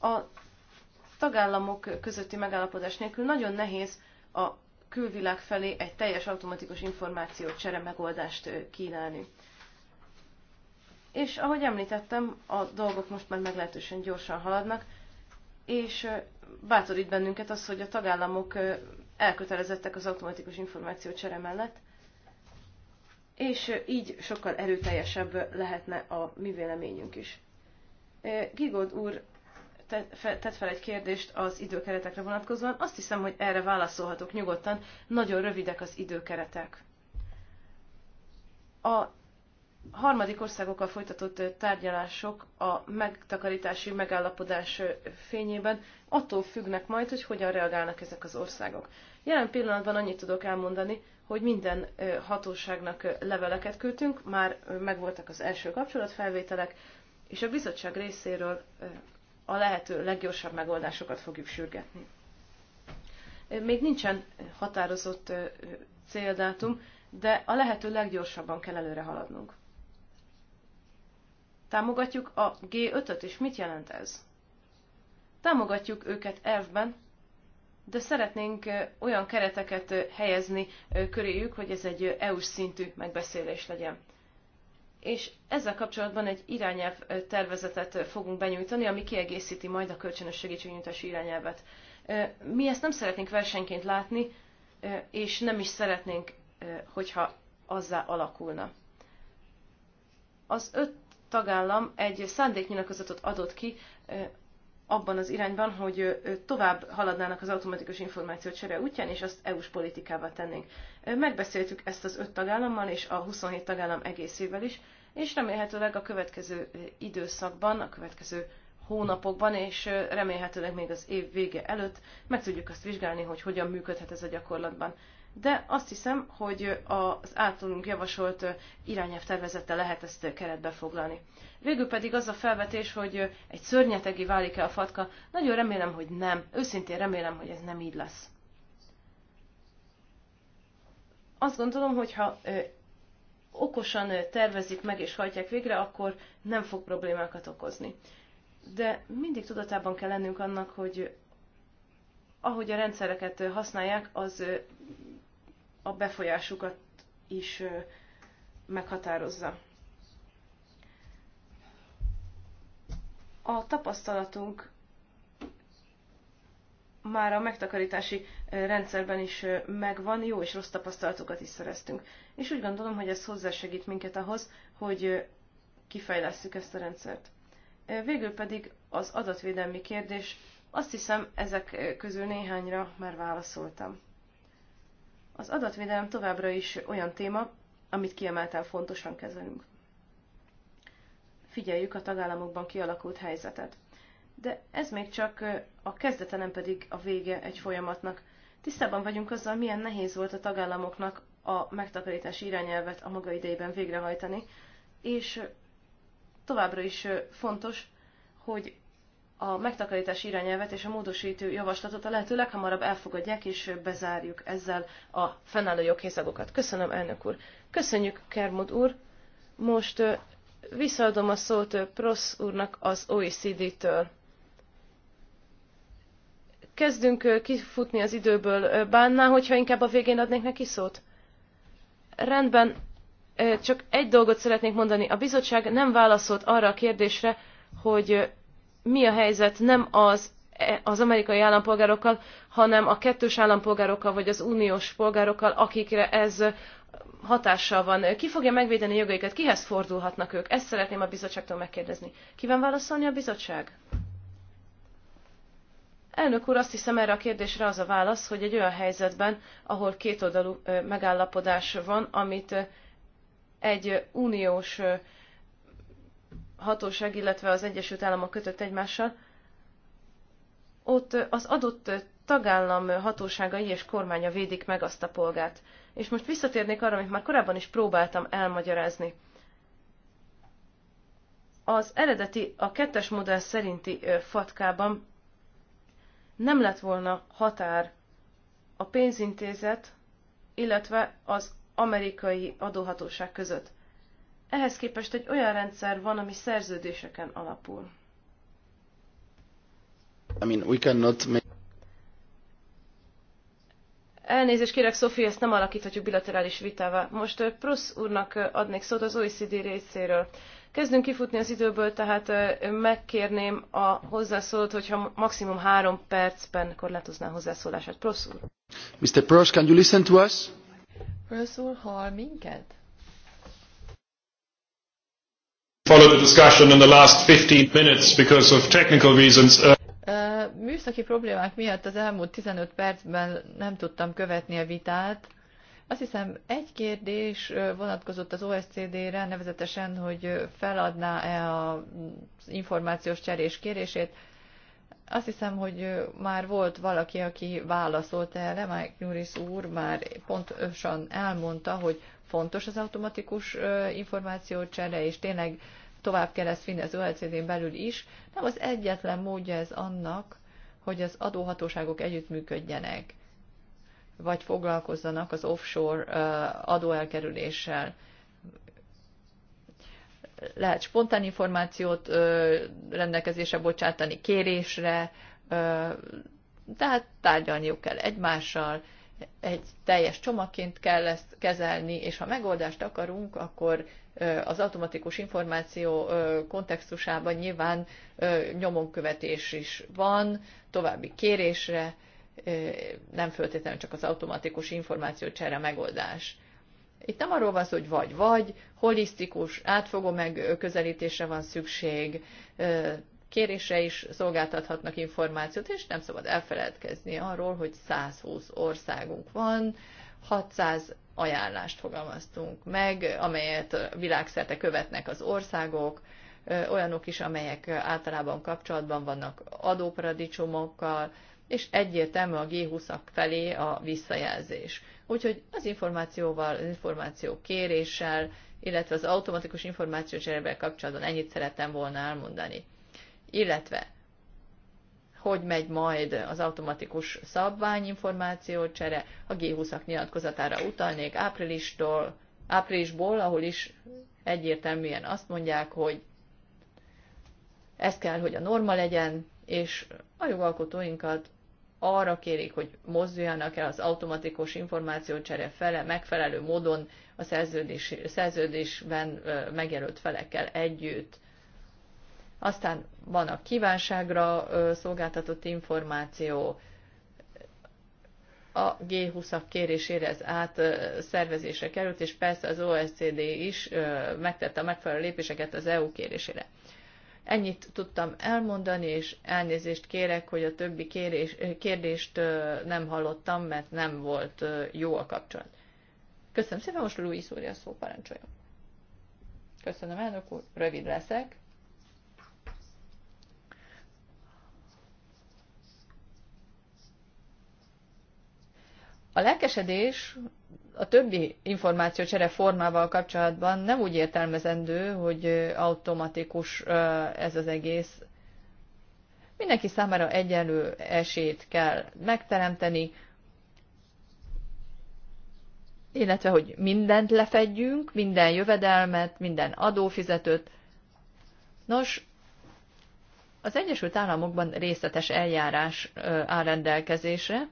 A tagállamok közötti megállapodás nélkül nagyon nehéz a külvilág felé egy teljes automatikus információcsere megoldást kínálni és ahogy említettem, a dolgok most már meglehetősen gyorsan haladnak, és bátorít bennünket az, hogy a tagállamok elkötelezettek az automatikus információcsere mellett, és így sokkal erőteljesebb lehetne a mi véleményünk is. Gigod úr tett fel egy kérdést az időkeretekre vonatkozóan. Azt hiszem, hogy erre válaszolhatok nyugodtan. Nagyon rövidek az időkeretek. A harmadik országokkal folytatott tárgyalások a megtakarítási megállapodás fényében attól függnek majd, hogy hogyan reagálnak ezek az országok. Jelen pillanatban annyit tudok elmondani, hogy minden hatóságnak leveleket küldtünk, már megvoltak az első kapcsolatfelvételek, és a bizottság részéről a lehető leggyorsabb megoldásokat fogjuk sürgetni. Még nincsen határozott céldátum, de a lehető leggyorsabban kell előre haladnunk. Támogatjuk a G5-öt, és mit jelent ez? Támogatjuk őket elvben, de szeretnénk olyan kereteket helyezni köréjük, hogy ez egy EU-s szintű megbeszélés legyen. És ezzel kapcsolatban egy irányelv tervezetet fogunk benyújtani, ami kiegészíti majd a kölcsönös segítségnyújtási irányelvet. Mi ezt nem szeretnénk versenyként látni, és nem is szeretnénk, hogyha azzá alakulna. Az öt tagállam egy szándéknyilatkozatot adott ki abban az irányban, hogy tovább haladnának az automatikus információcsere útján, és azt EU-s politikával tennénk. Megbeszéltük ezt az öt tagállammal és a 27 tagállam egészével is, és remélhetőleg a következő időszakban, a következő hónapokban, és remélhetőleg még az év vége előtt meg tudjuk azt vizsgálni, hogy hogyan működhet ez a gyakorlatban de azt hiszem, hogy az általunk javasolt irányelv tervezete lehet ezt keretbe foglalni. Végül pedig az a felvetés, hogy egy szörnyetegi válik-e a fatka. Nagyon remélem, hogy nem. Őszintén remélem, hogy ez nem így lesz. Azt gondolom, hogy ha okosan tervezik meg és hajtják végre, akkor nem fog problémákat okozni. De mindig tudatában kell lennünk annak, hogy ahogy a rendszereket használják, az a befolyásukat is meghatározza. A tapasztalatunk már a megtakarítási rendszerben is megvan, jó és rossz tapasztalatokat is szereztünk. És úgy gondolom, hogy ez hozzásegít minket ahhoz, hogy kifejlesszük ezt a rendszert. Végül pedig az adatvédelmi kérdés, azt hiszem ezek közül néhányra már válaszoltam. Az adatvédelem továbbra is olyan téma, amit kiemelten fontosan kezelünk. Figyeljük a tagállamokban kialakult helyzetet. De ez még csak a kezdete, nem pedig a vége egy folyamatnak. Tisztában vagyunk azzal, milyen nehéz volt a tagállamoknak a megtakarítás irányelvet a maga idejében végrehajtani, és továbbra is fontos, hogy a megtakarítás irányelvet és a módosító javaslatot a lehető leghamarabb elfogadják, és bezárjuk ezzel a fennálló joghézagokat. Köszönöm, elnök úr. Köszönjük, Kermod úr. Most visszaadom a szót Prosz úrnak az OECD-től. Kezdünk kifutni az időből. Bánná, hogyha inkább a végén adnék neki szót? Rendben, csak egy dolgot szeretnék mondani. A bizottság nem válaszolt arra a kérdésre, hogy mi a helyzet nem az, e, az amerikai állampolgárokkal, hanem a kettős állampolgárokkal vagy az uniós polgárokkal, akikre ez hatással van. Ki fogja megvédeni jogaikat? Kihez fordulhatnak ők? Ezt szeretném a bizottságtól megkérdezni. Kíván válaszolni a bizottság? Elnök úr, azt hiszem erre a kérdésre az a válasz, hogy egy olyan helyzetben, ahol kétoldalú megállapodás van, amit egy uniós hatóság, illetve az Egyesült Államok kötött egymással, ott az adott tagállam hatóságai és kormánya védik meg azt a polgát. És most visszatérnék arra, amit már korábban is próbáltam elmagyarázni. Az eredeti, a kettes modell szerinti fatkában nem lett volna határ a pénzintézet, illetve az amerikai adóhatóság között. Ehhez képest egy olyan rendszer van, ami szerződéseken alapul. I mean, we cannot make... Elnézést kérek, Szofi, ezt nem alakíthatjuk bilaterális vitává. Most Prusz úrnak adnék szót az OECD részéről. Kezdünk kifutni az időből, tehát megkérném a hozzászólót, hogyha maximum három percben korlátozná hozzászólását. Prusz úr. Mr. Prusz, can you listen to us? Prusz úr, hall minket? follow the discussion in the last 15 minutes because of technical reasons. Uh, műszaki problémák miatt az elmúlt 15 percben nem tudtam követni a vitát. Azt hiszem, egy kérdés vonatkozott az OSCD-re, nevezetesen, hogy feladná-e az információs cserés kérését. Azt hiszem, hogy már volt valaki, aki válaszolt erre, Mike Nuris úr már pontosan elmondta, hogy fontos az automatikus információcsere, és tényleg tovább kell ezt vinni az OECD-n belül is, nem az egyetlen módja ez annak, hogy az adóhatóságok együttműködjenek, vagy foglalkozzanak az offshore adóelkerüléssel. Lehet spontán információt rendelkezésre bocsátani, kérésre, tehát tárgyalniuk kell egymással, egy teljes csomagként kell ezt kezelni, és ha megoldást akarunk, akkor az automatikus információ kontextusában nyilván nyomonkövetés is van, további kérésre, nem föltétlenül csak az automatikus csere megoldás. Itt nem arról van szó, hogy vagy-vagy, holisztikus, átfogó megközelítésre van szükség, kérésre is szolgáltathatnak információt, és nem szabad elfeledkezni arról, hogy 120 országunk van, 600 ajánlást fogalmaztunk meg, amelyet világszerte követnek az országok, olyanok is, amelyek általában kapcsolatban vannak adóparadicsomokkal, és egyértelmű a G20-ak felé a visszajelzés. Úgyhogy az információval, az információ kéréssel, illetve az automatikus információcserével kapcsolatban ennyit szerettem volna elmondani illetve hogy megy majd az automatikus szabványinformáció csere, a G20-ak nyilatkozatára utalnék áprilistól, áprilisból, ahol is egyértelműen azt mondják, hogy ez kell, hogy a norma legyen, és a jogalkotóinkat arra kérik, hogy mozduljanak el az automatikus információcsere fele megfelelő módon a szerződés, szerződésben megjelölt felekkel együtt. Aztán van a kívánságra szolgáltatott információ, a G20-ak kérésére ez át szervezésre került, és persze az OSCD is megtette a megfelelő lépéseket az EU kérésére. Ennyit tudtam elmondani, és elnézést kérek, hogy a többi kérés, kérdést nem hallottam, mert nem volt jó a kapcsolat. Köszönöm szépen, most Louis úr a szó parancsoljon. Köszönöm, elnök úr, rövid leszek. A lelkesedés a többi információcsere formával kapcsolatban nem úgy értelmezendő, hogy automatikus ez az egész. Mindenki számára egyenlő esélyt kell megteremteni, illetve hogy mindent lefedjünk, minden jövedelmet, minden adófizetőt. Nos, az Egyesült Államokban részletes eljárás áll rendelkezésre,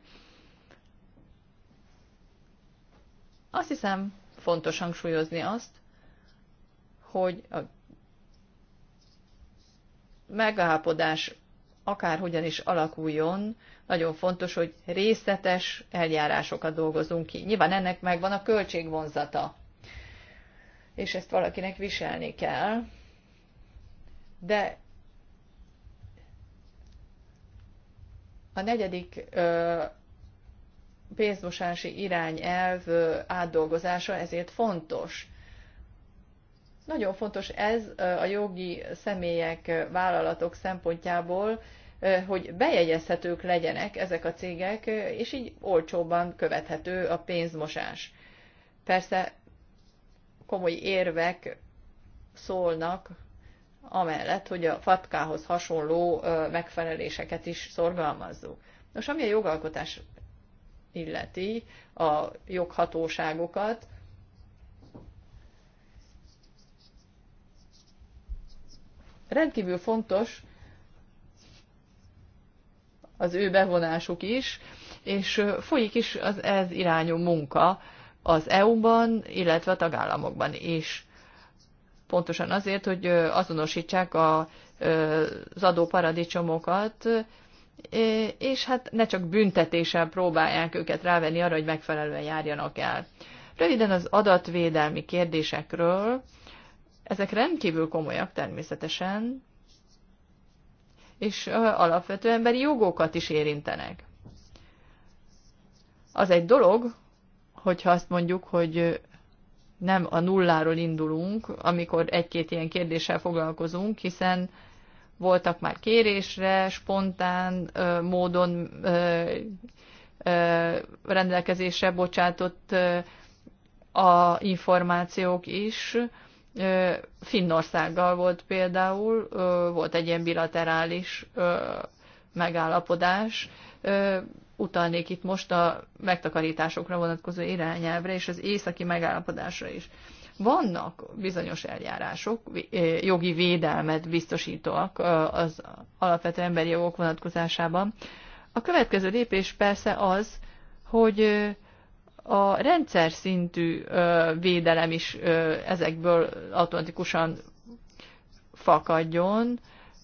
Azt hiszem fontos hangsúlyozni azt, hogy a megállapodás akárhogyan is alakuljon, nagyon fontos, hogy részletes eljárásokat dolgozunk ki. Nyilván ennek megvan a költségvonzata, és ezt valakinek viselni kell, de a negyedik pénzmosási irányelv átdolgozása ezért fontos. Nagyon fontos ez a jogi személyek, vállalatok szempontjából, hogy bejegyezhetők legyenek ezek a cégek, és így olcsóban követhető a pénzmosás. Persze komoly érvek szólnak amellett, hogy a fatkához hasonló megfeleléseket is szorgalmazzuk. Nos, ami a jogalkotás illeti a joghatóságokat, rendkívül fontos az ő bevonásuk is, és folyik is az ez irányú munka az EU-ban, illetve a tagállamokban is. Pontosan azért, hogy azonosítsák az adóparadicsomokat, és hát ne csak büntetéssel próbálják őket rávenni arra, hogy megfelelően járjanak el. Röviden az adatvédelmi kérdésekről, ezek rendkívül komolyak természetesen, és alapvető emberi jogokat is érintenek. Az egy dolog, hogyha azt mondjuk, hogy nem a nulláról indulunk, amikor egy-két ilyen kérdéssel foglalkozunk, hiszen voltak már kérésre, spontán ö, módon ö, ö, rendelkezésre bocsátott ö, a információk is. Ö, Finnországgal volt például, ö, volt egy ilyen bilaterális ö, megállapodás. Ö, utalnék itt most a megtakarításokra vonatkozó irányelvre és az északi megállapodásra is. Ö, vannak bizonyos eljárások, eh, jogi védelmet biztosítóak az alapvető emberi jogok vonatkozásában. A következő lépés persze az, hogy a rendszer szintű védelem is ezekből automatikusan fakadjon,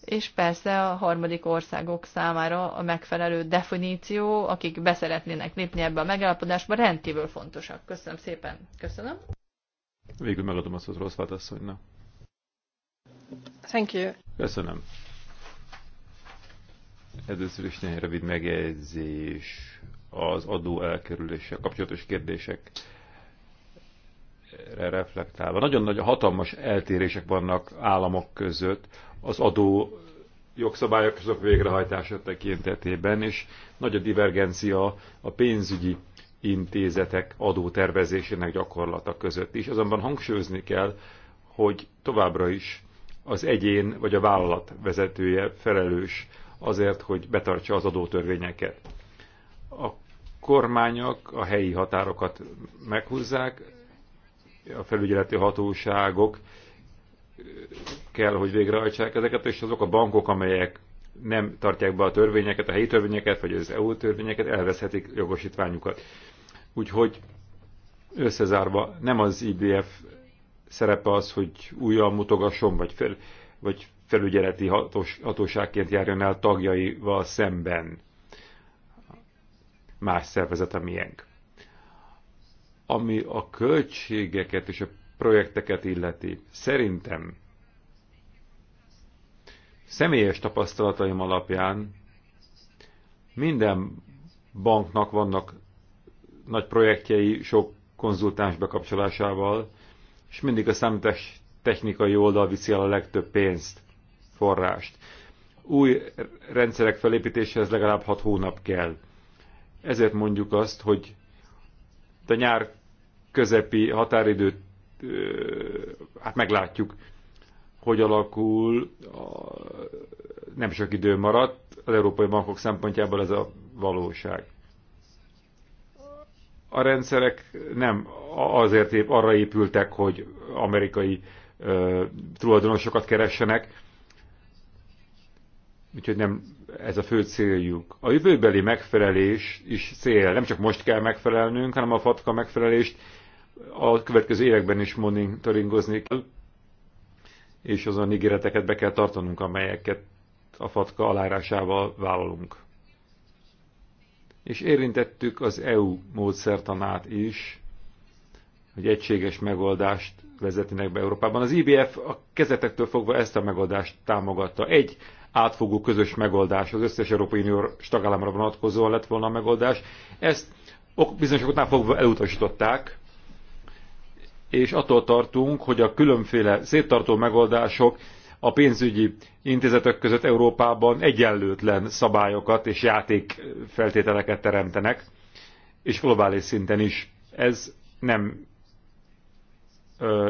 és persze a harmadik országok számára a megfelelő definíció, akik beszeretnének lépni ebbe a megállapodásba, rendkívül fontosak. Köszönöm szépen. Köszönöm. Végül megadom azt az rossz válaszasszonynak. Thank you. Köszönöm. Először is néhány rövid megjegyzés az adó elkerülése, kapcsolatos kérdések reflektálva. Nagyon nagy, hatalmas eltérések vannak államok között az adó jogszabályok azok végrehajtása tekintetében, és nagy a divergencia a pénzügyi intézetek adótervezésének gyakorlata között is. Azonban hangsúlyozni kell, hogy továbbra is az egyén vagy a vállalat vezetője felelős azért, hogy betartsa az adótörvényeket. A kormányok a helyi határokat meghúzzák, a felügyeleti hatóságok kell, hogy végrehajtsák ezeket, és azok a bankok, amelyek nem tartják be a törvényeket, a helyi törvényeket, vagy az EU törvényeket, elveszhetik jogosítványukat. Úgyhogy összezárva nem az IBF szerepe az, hogy újjal mutogasson, vagy, fel, vagy felügyeleti hatós, hatóságként járjon el tagjaival szemben más szervezet a miénk. Ami a költségeket és a projekteket illeti, szerintem Személyes tapasztalataim alapján minden banknak vannak nagy projektjei sok konzultáns bekapcsolásával, és mindig a számítás technikai oldal viszi el a legtöbb pénzt, forrást. Új rendszerek felépítéséhez legalább 6 hónap kell. Ezért mondjuk azt, hogy a nyár közepi határidőt, hát meglátjuk, hogy alakul, nem sok idő maradt, az európai bankok szempontjából ez a valóság. A rendszerek nem azért épp arra épültek, hogy amerikai ö, tulajdonosokat keressenek, úgyhogy nem ez a fő céljuk. A jövőbeli megfelelés is cél. Nem csak most kell megfelelnünk, hanem a fatka megfelelést a következő években is monitoringozni kell és azon ígéreteket be kell tartanunk, amelyeket a fatka alárásával vállalunk. És érintettük az EU módszertanát is, hogy egységes megoldást vezetnek be Európában. Az IBF a kezetektől fogva ezt a megoldást támogatta. Egy átfogó közös megoldás az összes Európai Unió tagállamra vonatkozóan lett volna a megoldás. Ezt ok, bizonyos fogva elutasították, és attól tartunk, hogy a különféle széttartó megoldások a pénzügyi intézetek között Európában egyenlőtlen szabályokat és játékfeltételeket teremtenek, és globális szinten is. Ez nem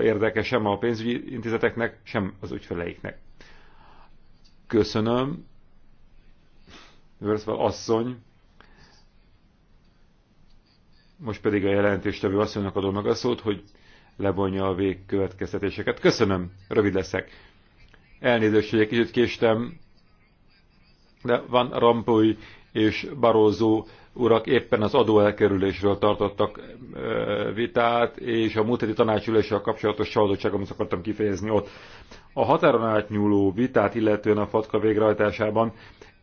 érdekes sem a pénzügyi intézeteknek, sem az ügyfeleiknek. Köszönöm. Wörthval asszony. Most pedig a jelentéstevő asszonynak adom meg a szót, hogy levonja a végkövetkeztetéseket. Köszönöm, rövid leszek. Elnézést, hogy egy kicsit késtem, de van Rampuy és Barózó urak éppen az adóelkerülésről tartottak vitát, és a múlt heti tanácsüléssel kapcsolatos csalódottságomat akartam kifejezni ott. A határon átnyúló vitát, illetően a FATKA végrehajtásában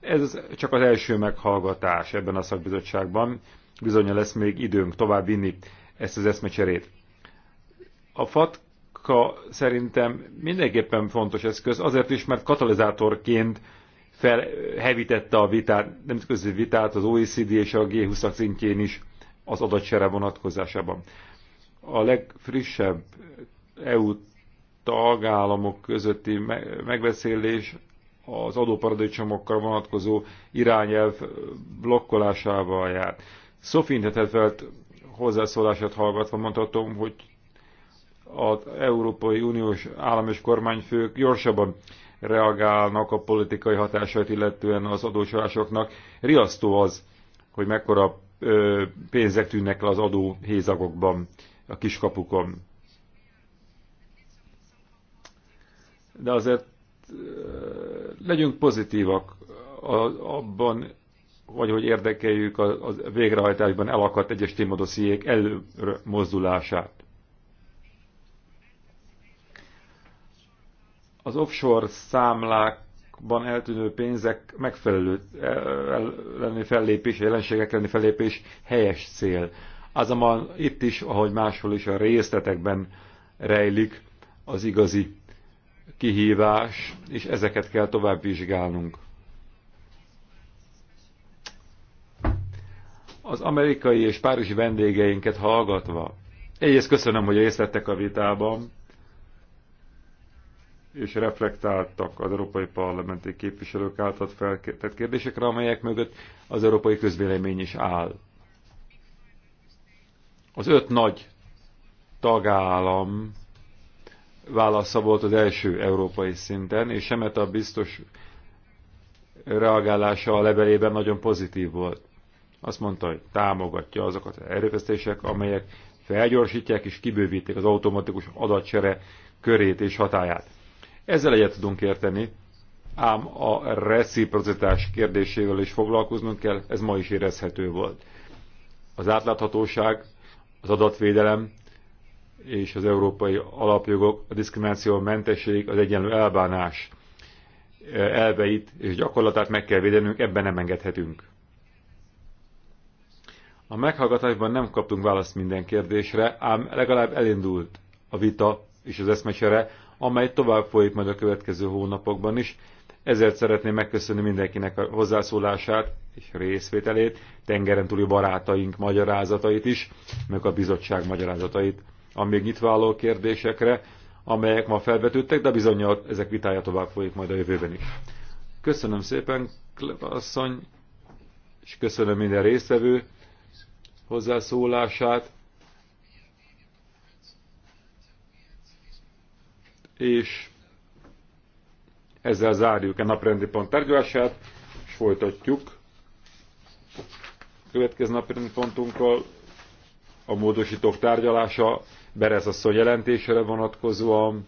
ez csak az első meghallgatás ebben a szakbizottságban. Bizonyja lesz még időnk tovább vinni ezt az eszmecserét. A FATKA szerintem mindenképpen fontos eszköz, azért is, mert katalizátorként felhevítette a vitát, nemzetközi vitát az OECD és a G20-ak szintjén is az adatsere vonatkozásában. A legfrissebb EU tagállamok közötti megbeszélés az adóparadicsomokkal vonatkozó irányelv blokkolásával járt. Sophie Intetetfeld hozzászólását hallgatva mondhatom, hogy az Európai Uniós állam és kormányfők gyorsabban reagálnak a politikai hatásait, illetően az adócsalásoknak. Riasztó az, hogy mekkora ö, pénzek tűnnek le az adóhézagokban, a kiskapukon. De azért ö, legyünk pozitívak abban, vagy hogy érdekeljük a, a végrehajtásban elakadt egyes témadossziék előmozdulását. az offshore számlákban eltűnő pénzek megfelelő lenni fellépés, jelenségek lenni fellépés helyes cél. Azonban itt is, ahogy máshol is a részletekben rejlik az igazi kihívás, és ezeket kell tovább vizsgálnunk. Az amerikai és párizsi vendégeinket hallgatva, egyrészt köszönöm, hogy részt vettek a vitában, és reflektáltak az európai parlamenti képviselők által feltett kérdésekre, amelyek mögött az európai közvélemény is áll. Az öt nagy tagállam válasza volt az első európai szinten, és Semeta a biztos reagálása a levelében nagyon pozitív volt. Azt mondta, hogy támogatja azokat az erőfeszítések, amelyek felgyorsítják és kibővítik az automatikus adatcsere körét és hatáját. Ezzel egyet tudunk érteni, ám a reciprocitás kérdésével is foglalkoznunk kell, ez ma is érezhető volt. Az átláthatóság, az adatvédelem és az európai alapjogok, a diszkrimináció mentesség, az egyenlő elbánás elveit és gyakorlatát meg kell védenünk, ebben nem engedhetünk. A meghallgatásban nem kaptunk választ minden kérdésre, ám legalább elindult a vita és az eszmecsere amely tovább folyik majd a következő hónapokban is. Ezért szeretném megköszönni mindenkinek a hozzászólását és részvételét, tengeren túli barátaink magyarázatait is, meg a bizottság magyarázatait amíg nyitva álló kérdésekre, amelyek ma felvetődtek, de bizony ezek vitája tovább folyik majd a jövőben is. Köszönöm szépen, asszony, és köszönöm minden résztvevő hozzászólását. és ezzel zárjuk a naprendi pont tárgyalását, és folytatjuk a következő naprendi pontunkkal a módosítók tárgyalása, Berez asszony jelentésére vonatkozóan,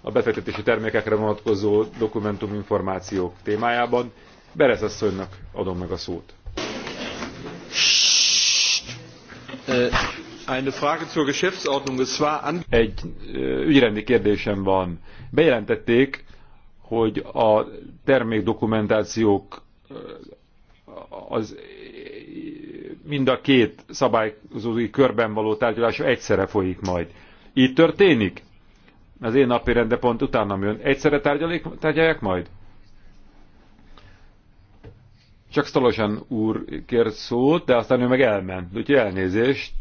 a befektetési termékekre vonatkozó dokumentum információk témájában. Berez asszonynak adom meg a szót. Ö egy ügyrendi kérdésem van. Bejelentették, hogy a termékdokumentációk az mind a két szabályozói körben való tárgyalása egyszerre folyik majd. Így történik? Az én napi rendepont utánam jön. Egyszerre tárgyalják majd? Csak Stolosan úr kér szót, de aztán ő meg elment. Úgyhogy elnézést,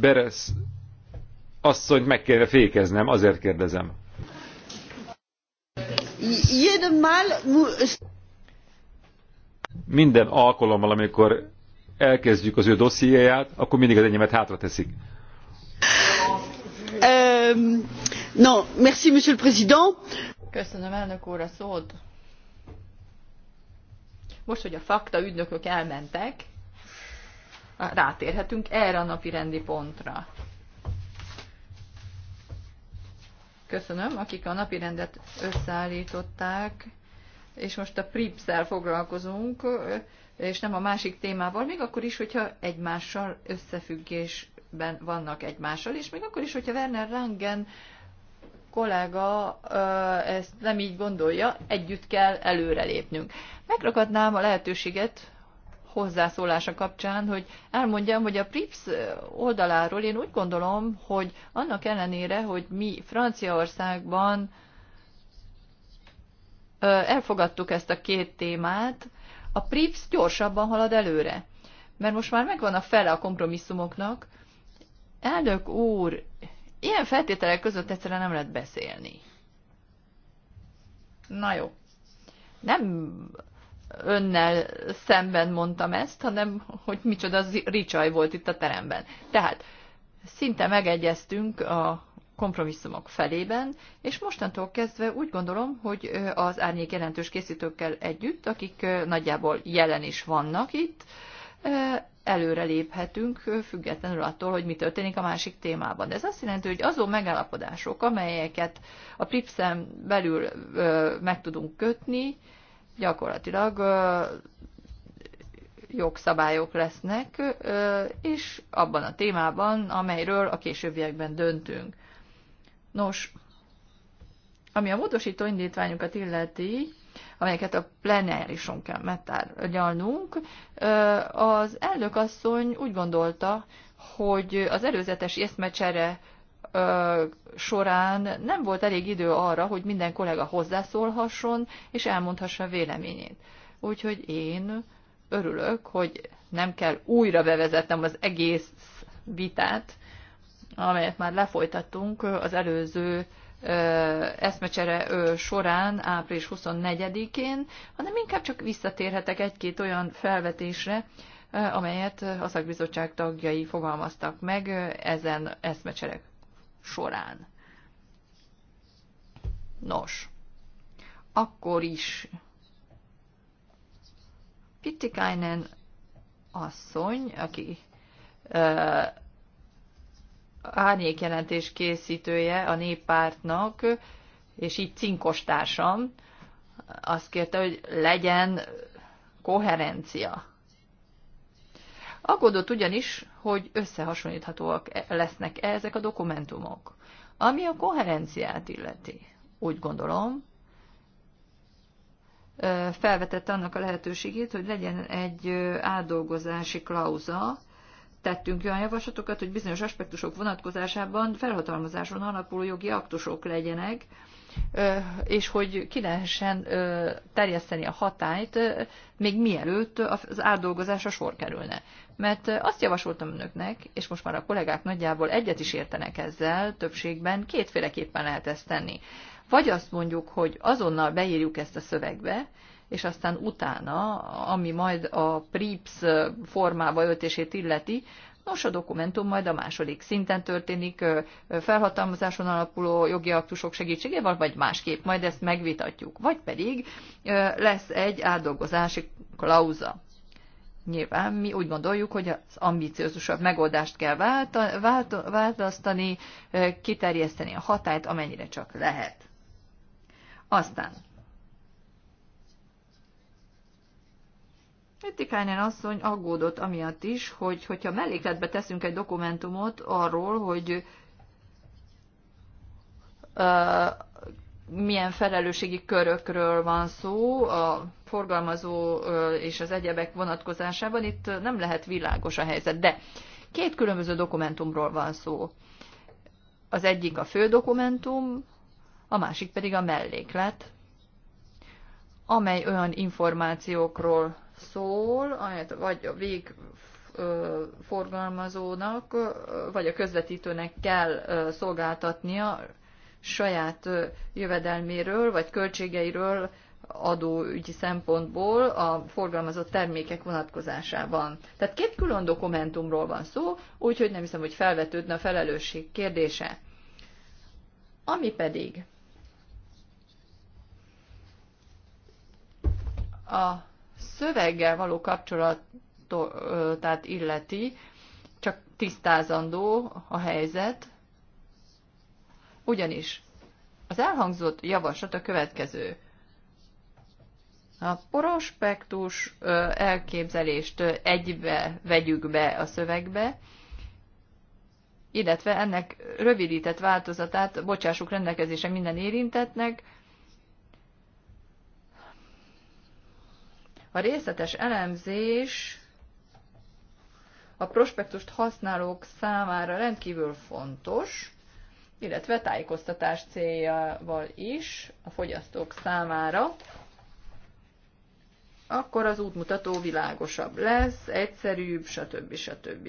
Beres asszonyt meg kell fékeznem, azért kérdezem. Minden alkalommal, amikor elkezdjük az ő dossziéját, akkor mindig az enyémet hátra teszik. Um, merci, monsieur le président. Köszönöm, elnök úr, a szót. Most, hogy a fakta ügynökök elmentek, rátérhetünk erre a napi rendi pontra. Köszönöm, akik a napi rendet összeállították, és most a PRIPS-el foglalkozunk, és nem a másik témával, még akkor is, hogyha egymással összefüggésben vannak egymással, és még akkor is, hogyha Werner Rangen kollega ezt nem így gondolja, együtt kell előrelépnünk. Megrakadnám a lehetőséget, hozzászólása kapcsán, hogy elmondjam, hogy a PRIPS oldaláról én úgy gondolom, hogy annak ellenére, hogy mi Franciaországban elfogadtuk ezt a két témát, a PRIPS gyorsabban halad előre. Mert most már megvan a fele a kompromisszumoknak. Elnök úr, ilyen feltételek között egyszerűen nem lehet beszélni. Na jó. Nem önnel szemben mondtam ezt, hanem hogy micsoda ricsaj volt itt a teremben. Tehát szinte megegyeztünk a kompromisszumok felében, és mostantól kezdve úgy gondolom, hogy az árnyék jelentős készítőkkel együtt, akik nagyjából jelen is vannak itt, előre léphetünk, függetlenül attól, hogy mi történik a másik témában. De ez azt jelenti, hogy azon megállapodások, amelyeket a PRIPSZEN belül meg tudunk kötni, gyakorlatilag jogszabályok lesznek, és abban a témában, amelyről a későbbiekben döntünk. Nos, ami a módosító indítványokat illeti, amelyeket a plenárison kell megtárgyalnunk, az elnök asszony úgy gondolta, hogy az előzetes észmecsere során nem volt elég idő arra, hogy minden kollega hozzászólhasson és elmondhassa véleményét. Úgyhogy én örülök, hogy nem kell újra bevezetnem az egész vitát, amelyet már lefolytattunk az előző eszmecsere során, április 24-én, hanem inkább csak visszatérhetek egy-két olyan felvetésre, amelyet a szakbizottság tagjai fogalmaztak meg ezen eszmecserek során. Nos, akkor is Pittikainen asszony, aki uh, árnyékjelentés készítője a néppártnak, és így cinkostársam, azt kérte, hogy legyen koherencia Aggódott ugyanis, hogy összehasonlíthatóak e- lesznek -e ezek a dokumentumok. Ami a koherenciát illeti, úgy gondolom, felvetette annak a lehetőségét, hogy legyen egy átdolgozási klauza, tettünk olyan javaslatokat, hogy bizonyos aspektusok vonatkozásában felhatalmazáson alapuló jogi aktusok legyenek, és hogy ki lehessen terjeszteni a hatályt, még mielőtt az áldolgozásra sor kerülne. Mert azt javasoltam önöknek, és most már a kollégák nagyjából egyet is értenek ezzel, többségben kétféleképpen lehet ezt tenni. Vagy azt mondjuk, hogy azonnal beírjuk ezt a szövegbe, és aztán utána, ami majd a PRIPS formába öltését illeti, Nos, a dokumentum majd a második szinten történik, felhatalmazáson alapuló jogi aktusok segítségével, vagy másképp, majd ezt megvitatjuk. Vagy pedig lesz egy átdolgozási klauza. Nyilván mi úgy gondoljuk, hogy az ambiciózusabb megoldást kell vált, vált, választani, kiterjeszteni a hatályt, amennyire csak lehet. Aztán Pittikánen asszony aggódott amiatt is, hogy hogyha mellékletbe teszünk egy dokumentumot arról, hogy uh, milyen felelősségi körökről van szó a forgalmazó és az egyebek vonatkozásában, itt nem lehet világos a helyzet. De két különböző dokumentumról van szó. Az egyik a fő dokumentum, a másik pedig a melléklet, amely olyan információkról szól, amelyet vagy a vég forgalmazónak, vagy a közvetítőnek kell szolgáltatnia saját jövedelméről, vagy költségeiről adóügyi szempontból a forgalmazott termékek vonatkozásában. Tehát két külön dokumentumról van szó, úgyhogy nem hiszem, hogy felvetődne a felelősség kérdése. Ami pedig a szöveggel való kapcsolatát illeti, csak tisztázandó a helyzet, ugyanis az elhangzott javaslat a következő. A prospektus elképzelést egybe vegyük be a szövegbe, illetve ennek rövidített változatát bocsássuk rendelkezése minden érintetnek, A részletes elemzés a prospektust használók számára rendkívül fontos, illetve tájékoztatás céljával is a fogyasztók számára, akkor az útmutató világosabb lesz, egyszerűbb, stb. stb.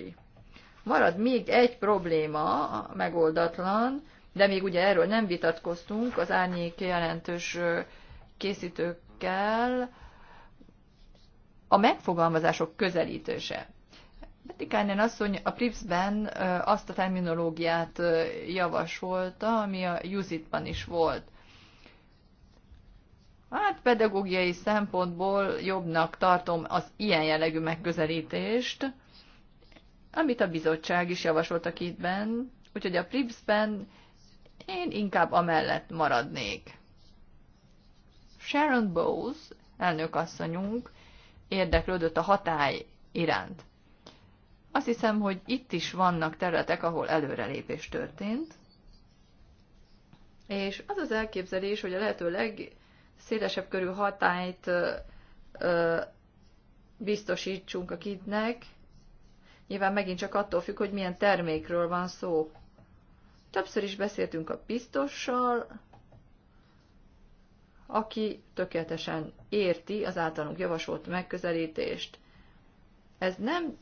Marad még egy probléma megoldatlan, de még ugye erről nem vitatkoztunk az árnyék jelentős készítőkkel, a megfogalmazások közelítőse. Betikánen asszony a Pripsben azt a terminológiát javasolta, ami a Jusitban is volt. Hát pedagógiai szempontból jobbnak tartom az ilyen jellegű megközelítést, amit a bizottság is javasolt a kitben, úgyhogy a Pripsben én inkább amellett maradnék. Sharon Bowes, elnök asszonyunk, érdeklődött a hatály iránt. Azt hiszem, hogy itt is vannak területek, ahol előrelépés történt, és az az elképzelés, hogy a lehető legszélesebb körű hatályt ö, biztosítsunk a kidnek, nyilván megint csak attól függ, hogy milyen termékről van szó. Többször is beszéltünk a biztossal, aki tökéletesen érti az általunk javasolt megközelítést. Ez nem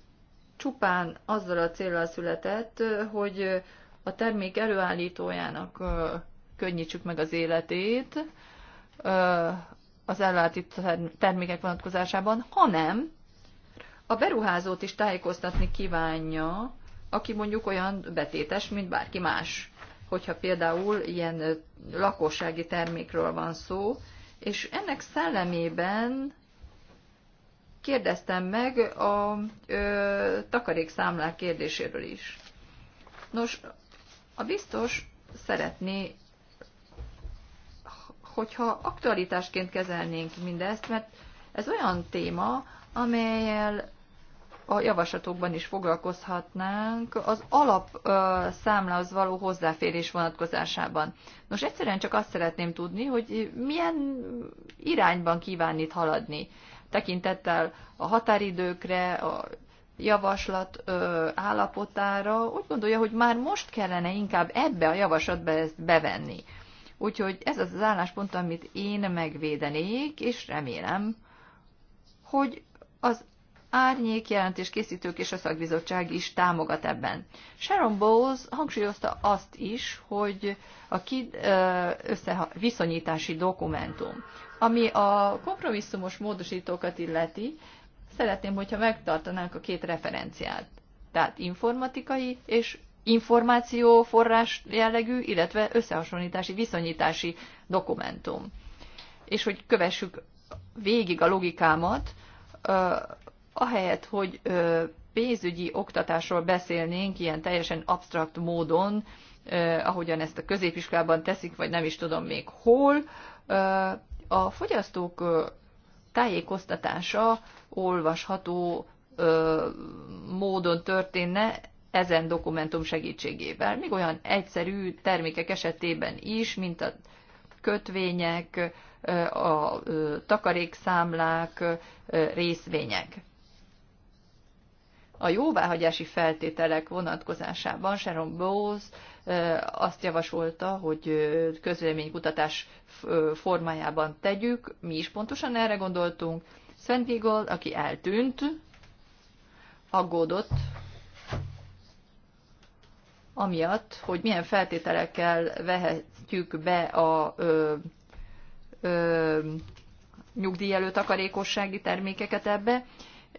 csupán azzal a célral született, hogy a termék előállítójának könnyítsük meg az életét az elláti termékek vonatkozásában, hanem a beruházót is tájékoztatni kívánja, aki mondjuk olyan betétes, mint bárki más hogyha például ilyen lakossági termékről van szó, és ennek szellemében kérdeztem meg a ö, takarékszámlák kérdéséről is. Nos, a biztos szeretné, hogyha aktualitásként kezelnénk mindezt, mert ez olyan téma, amelyel a javaslatokban is foglalkozhatnánk az alapszámlához való hozzáférés vonatkozásában. Nos, egyszerűen csak azt szeretném tudni, hogy milyen irányban kíván itt haladni. Tekintettel a határidőkre, a javaslat ö, állapotára, úgy gondolja, hogy már most kellene inkább ebbe a javaslatba ezt bevenni. Úgyhogy ez az az álláspont, amit én megvédenék, és remélem, hogy az árnyék jelentés készítők és a szakbizottság is támogat ebben. Sharon Bowles hangsúlyozta azt is, hogy a KID összeviszonyítási dokumentum, ami a kompromisszumos módosítókat illeti, szeretném, hogyha megtartanánk a két referenciát, tehát informatikai és információforrás jellegű, illetve összehasonlítási, viszonyítási dokumentum. És hogy kövessük végig a logikámat, ahelyett, hogy pénzügyi oktatásról beszélnénk ilyen teljesen absztrakt módon, ahogyan ezt a középiskolában teszik, vagy nem is tudom még hol, a fogyasztók tájékoztatása olvasható módon történne ezen dokumentum segítségével, még olyan egyszerű termékek esetében is, mint a kötvények, a takarékszámlák, részvények. A jóváhagyási feltételek vonatkozásában Sharon Bowles azt javasolta, hogy közvéleménykutatás formájában tegyük. Mi is pontosan erre gondoltunk. Szent Eagle, aki eltűnt, aggódott, amiatt, hogy milyen feltételekkel vehetjük be a ö, ö, nyugdíj előtakarékossági termékeket ebbe.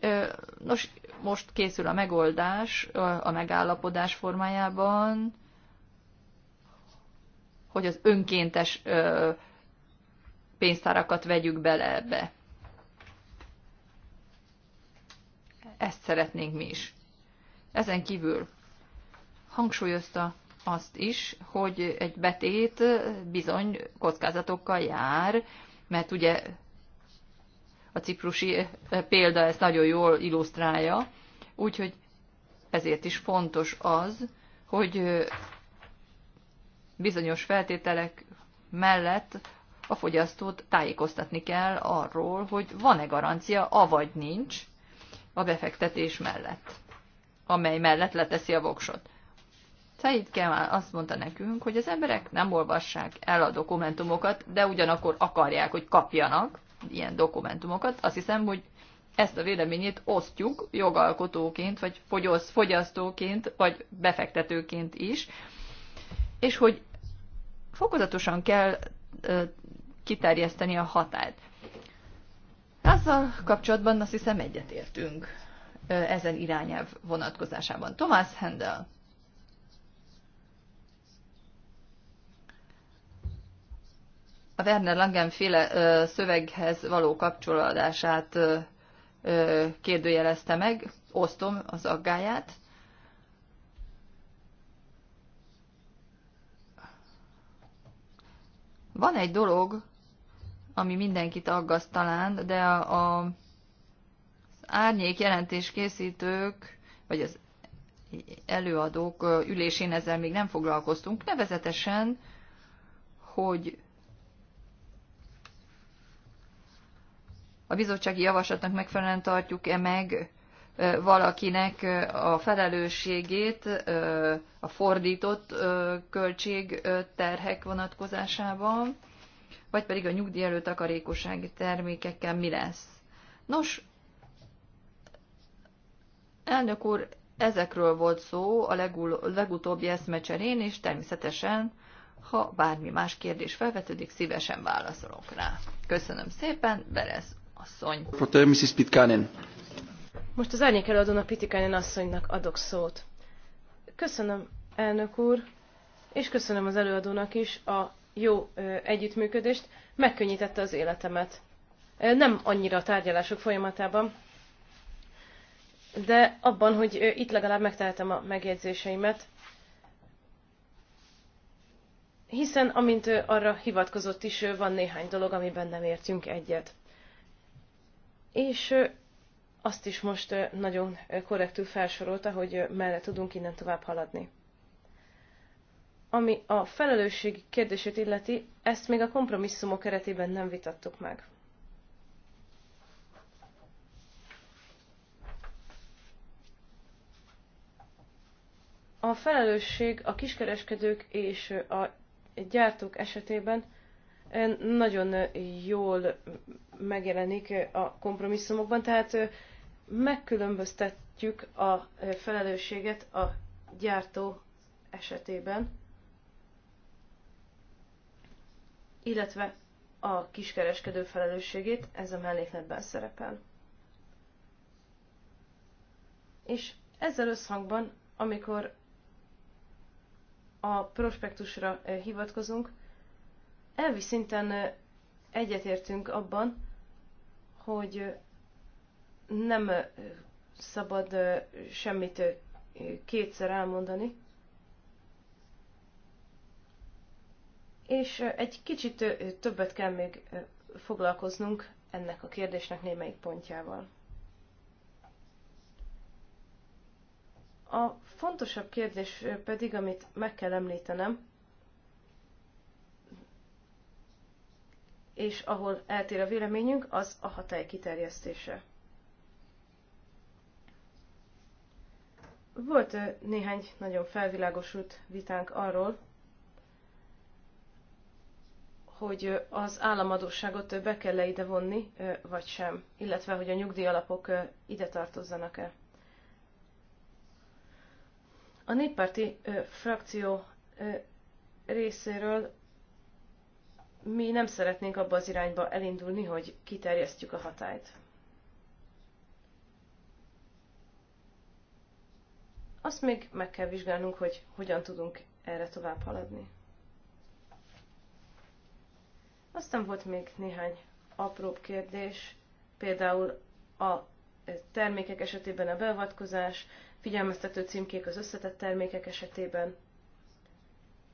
Ö, nos, most készül a megoldás a megállapodás formájában, hogy az önkéntes pénztárakat vegyük bele ebbe. Ezt szeretnénk mi is. Ezen kívül hangsúlyozta azt is, hogy egy betét bizony kockázatokkal jár, mert ugye a ciprusi eh, példa ezt nagyon jól illusztrálja, úgyhogy ezért is fontos az, hogy eh, bizonyos feltételek mellett a fogyasztót tájékoztatni kell arról, hogy van-e garancia, avagy nincs a befektetés mellett, amely mellett leteszi a voksot. Said Kemal azt mondta nekünk, hogy az emberek nem olvassák el a dokumentumokat, de ugyanakkor akarják, hogy kapjanak, ilyen dokumentumokat. Azt hiszem, hogy ezt a véleményét osztjuk jogalkotóként, vagy fogyasz, fogyasztóként, vagy befektetőként is, és hogy fokozatosan kell ö, kiterjeszteni a határt. Azzal kapcsolatban azt hiszem egyetértünk ezen irányelv vonatkozásában. Thomas Hendel a Werner Langen féle szöveghez való kapcsolódását kérdőjelezte meg, osztom az aggáját. Van egy dolog, ami mindenkit aggaszt talán, de a, a árnyék jelentés készítők, vagy az előadók ülésén ezzel még nem foglalkoztunk, nevezetesen, hogy a bizottsági javaslatnak megfelelően tartjuk-e meg valakinek a felelősségét a fordított költségterhek vonatkozásában, vagy pedig a nyugdíj takarékossági termékekkel mi lesz. Nos, elnök úr, ezekről volt szó a legutóbbi eszmecserén, és természetesen, ha bármi más kérdés felvetődik, szívesen válaszolok rá. Köszönöm szépen, Berez asszony. Mrs. Pitkanen. Most az árnyék előadónak Pitikanen asszonynak adok szót. Köszönöm, elnök úr, és köszönöm az előadónak is a jó együttműködést, megkönnyítette az életemet. Nem annyira a tárgyalások folyamatában, de abban, hogy itt legalább megtehetem a megjegyzéseimet, hiszen amint arra hivatkozott is, van néhány dolog, amiben nem értünk egyet és azt is most nagyon korrektül felsorolta, hogy merre tudunk innen tovább haladni. Ami a felelősség kérdését illeti, ezt még a kompromisszumok keretében nem vitattuk meg. A felelősség a kiskereskedők és a gyártók esetében nagyon jól megjelenik a kompromisszumokban, tehát megkülönböztetjük a felelősséget a gyártó esetében, illetve a kiskereskedő felelősségét, ez a mellékletben szerepel. És ezzel összhangban, amikor a prospektusra hivatkozunk, elvi szinten egyetértünk abban, hogy nem szabad semmit kétszer elmondani. És egy kicsit többet kell még foglalkoznunk ennek a kérdésnek némelyik pontjával. A fontosabb kérdés pedig, amit meg kell említenem, és ahol eltér a véleményünk, az a hatály kiterjesztése. Volt néhány nagyon felvilágosult vitánk arról, hogy az államadóságot be kell -e ide vonni, vagy sem, illetve hogy a nyugdíjalapok ide tartozzanak-e. A néppárti frakció részéről mi nem szeretnénk abba az irányba elindulni, hogy kiterjesztjük a hatályt. Azt még meg kell vizsgálnunk, hogy hogyan tudunk erre tovább haladni. Aztán volt még néhány apróbb kérdés, például a termékek esetében a beavatkozás, figyelmeztető címkék az összetett termékek esetében,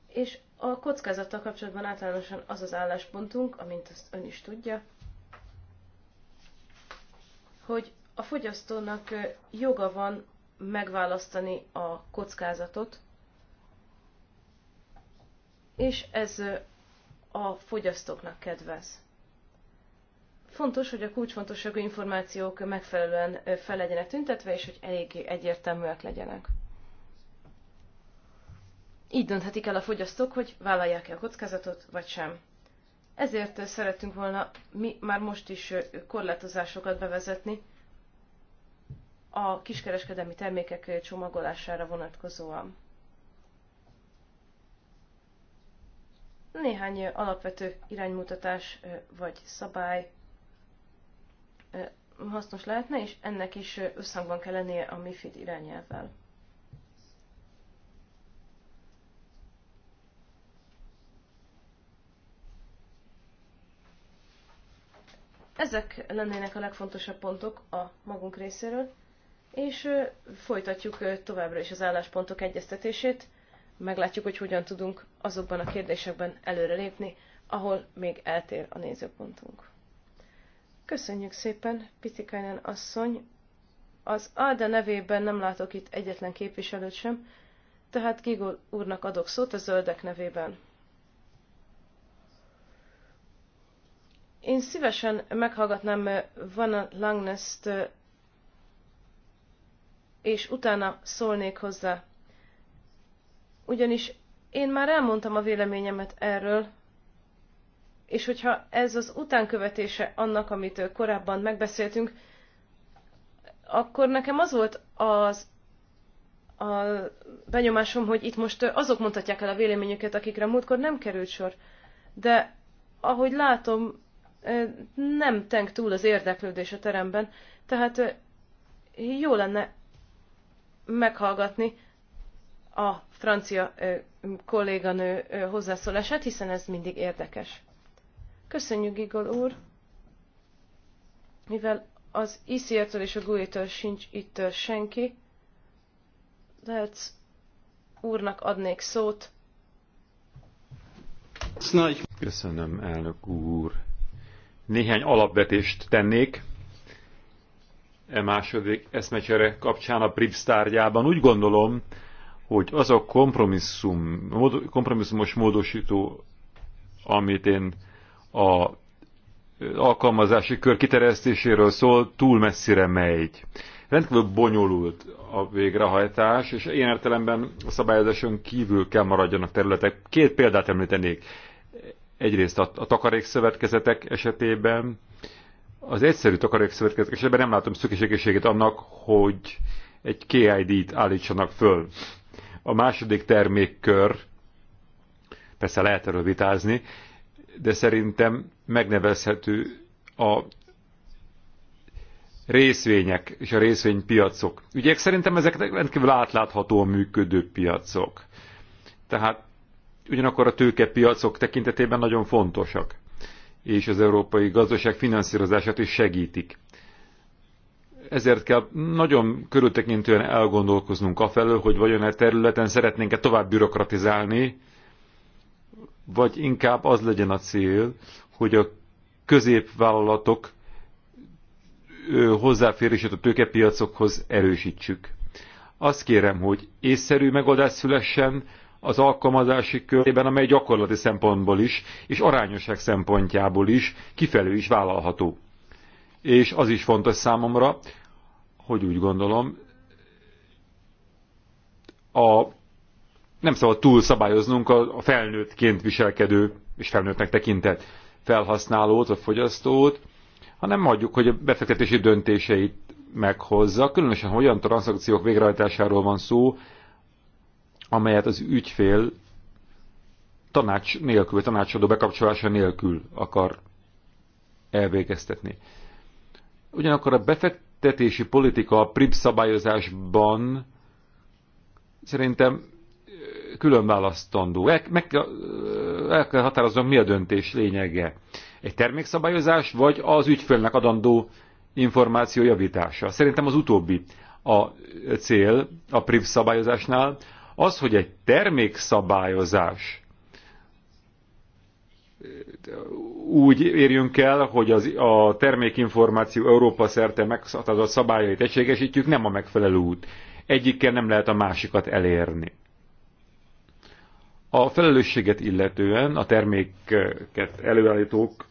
és a kockázattal kapcsolatban általánosan az az álláspontunk, amint azt ön is tudja, hogy a fogyasztónak joga van megválasztani a kockázatot, és ez a fogyasztóknak kedvez. Fontos, hogy a kulcsfontosságú információk megfelelően fel legyenek tüntetve, és hogy eléggé egyértelműek legyenek. Így dönthetik el a fogyasztók, hogy vállalják-e a kockázatot, vagy sem. Ezért szeretünk volna mi már most is korlátozásokat bevezetni a kiskereskedelmi termékek csomagolására vonatkozóan. Néhány alapvető iránymutatás vagy szabály hasznos lehetne, és ennek is összhangban kell lennie a MIFID irányelvvel. Ezek lennének a legfontosabb pontok a magunk részéről, és folytatjuk továbbra is az álláspontok egyeztetését. Meglátjuk, hogy hogyan tudunk azokban a kérdésekben előrelépni, ahol még eltér a nézőpontunk. Köszönjük szépen, Pitikainen asszony. Az Alda nevében nem látok itt egyetlen képviselőt sem, tehát Gigol úrnak adok szót a zöldek nevében. Én szívesen meghallgatnám eh, Van Langnest, eh, és utána szólnék hozzá. Ugyanis én már elmondtam a véleményemet erről, és hogyha ez az utánkövetése annak, amit eh, korábban megbeszéltünk, akkor nekem az volt az a benyomásom, hogy itt most azok mondhatják el a véleményüket, akikre múltkor nem került sor. De ahogy látom, nem tenk túl az érdeklődés a teremben, tehát jó lenne meghallgatni a francia kolléganő hozzászólását, hiszen ez mindig érdekes. Köszönjük, Igor úr! Mivel az ICR-től és a GUI-től sincs itt senki, lehet úrnak adnék szót. Köszönöm, elnök úr! Néhány alapvetést tennék e második eszmecsere kapcsán a PRIPS tárgyában. Úgy gondolom, hogy az a kompromisszum, kompromisszumos módosító, amit én a alkalmazási kör kiterjesztéséről szól, túl messzire megy. Rendkívül bonyolult a végrehajtás, és ilyen értelemben a szabályozáson kívül kell maradjanak területek. Két példát említenék. Egyrészt a, a takarékszövetkezetek esetében, az egyszerű takarékszövetkezetek esetében nem látom szükségességét annak, hogy egy KID-t állítsanak föl. A második termékkör, persze lehet erről vitázni, de szerintem megnevezhető a részvények és a részvénypiacok. Ugye szerintem ezek rendkívül a működő piacok. Tehát ugyanakkor a tőkepiacok tekintetében nagyon fontosak, és az európai gazdaság finanszírozását is segítik. Ezért kell nagyon körültekintően elgondolkoznunk afelől, hogy vajon e területen szeretnénk-e tovább bürokratizálni, vagy inkább az legyen a cél, hogy a középvállalatok hozzáférését a tőkepiacokhoz erősítsük. Azt kérem, hogy észszerű megoldás szülessen, az alkalmazási körében, amely gyakorlati szempontból is, és arányosság szempontjából is, kifelő is vállalható. És az is fontos számomra, hogy úgy gondolom, a, nem szabad túl szabályoznunk a, a felnőttként viselkedő és felnőttnek tekintett felhasználót a fogyasztót, hanem hagyjuk, hogy a befektetési döntéseit meghozza, különösen olyan transzakciók végrehajtásáról van szó, amelyet az ügyfél tanács nélkül, tanácsadó bekapcsolása nélkül akar elvégeztetni. Ugyanakkor a befektetési politika a PRIB szabályozásban szerintem választandó. El, meg, el kell határoznom, mi a döntés lényege. Egy termékszabályozás, vagy az ügyfélnek adandó információ javítása. Szerintem az utóbbi a cél a PRIV szabályozásnál, az, hogy egy termékszabályozás úgy érjünk el, hogy az, a termékinformáció Európa szerte megszatazott szabályait egységesítjük, nem a megfelelő út. Egyikkel nem lehet a másikat elérni. A felelősséget illetően a terméket előállítók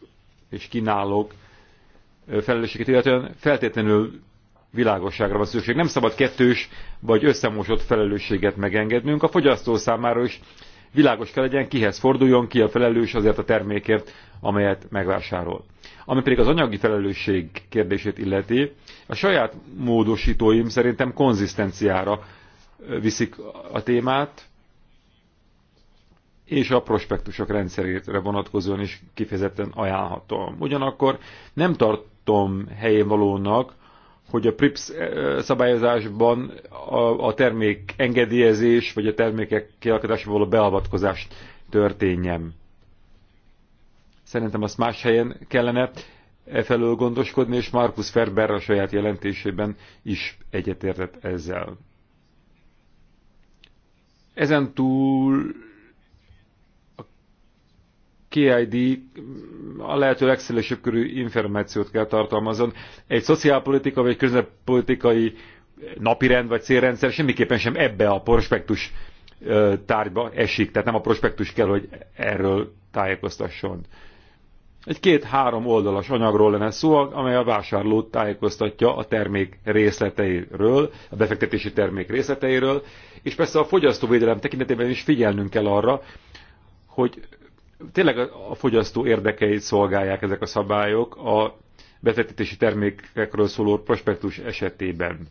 és kínálók felelősséget illetően feltétlenül világosságra van szükség. Nem szabad kettős vagy összemosott felelősséget megengednünk. A fogyasztó számára is világos kell legyen, kihez forduljon, ki a felelős azért a termékért, amelyet megvásárol. Ami pedig az anyagi felelősség kérdését illeti, a saját módosítóim szerintem konzisztenciára viszik a témát, és a prospektusok rendszerére vonatkozóan is kifejezetten ajánlhatom. Ugyanakkor nem tartom helyén valónak, hogy a PRIPS eh, szabályozásban a, a termék engedélyezés, vagy a termékek kialakításával való beavatkozás történjen. Szerintem azt más helyen kellene e felől gondoskodni, és Markus Ferber a saját jelentésében is egyetértett ezzel. Ezen túl KID a lehető legszélesebb körű információt kell tartalmazon. Egy szociálpolitika vagy egy napirend vagy célrendszer semmiképpen sem ebbe a prospektus tárgyba esik, tehát nem a prospektus kell, hogy erről tájékoztasson. Egy két-három oldalas anyagról lenne szó, amely a vásárlót tájékoztatja a termék részleteiről, a befektetési termék részleteiről, és persze a fogyasztóvédelem tekintetében is figyelnünk kell arra, hogy tényleg a fogyasztó érdekeit szolgálják ezek a szabályok a befektetési termékekről szóló prospektus esetében.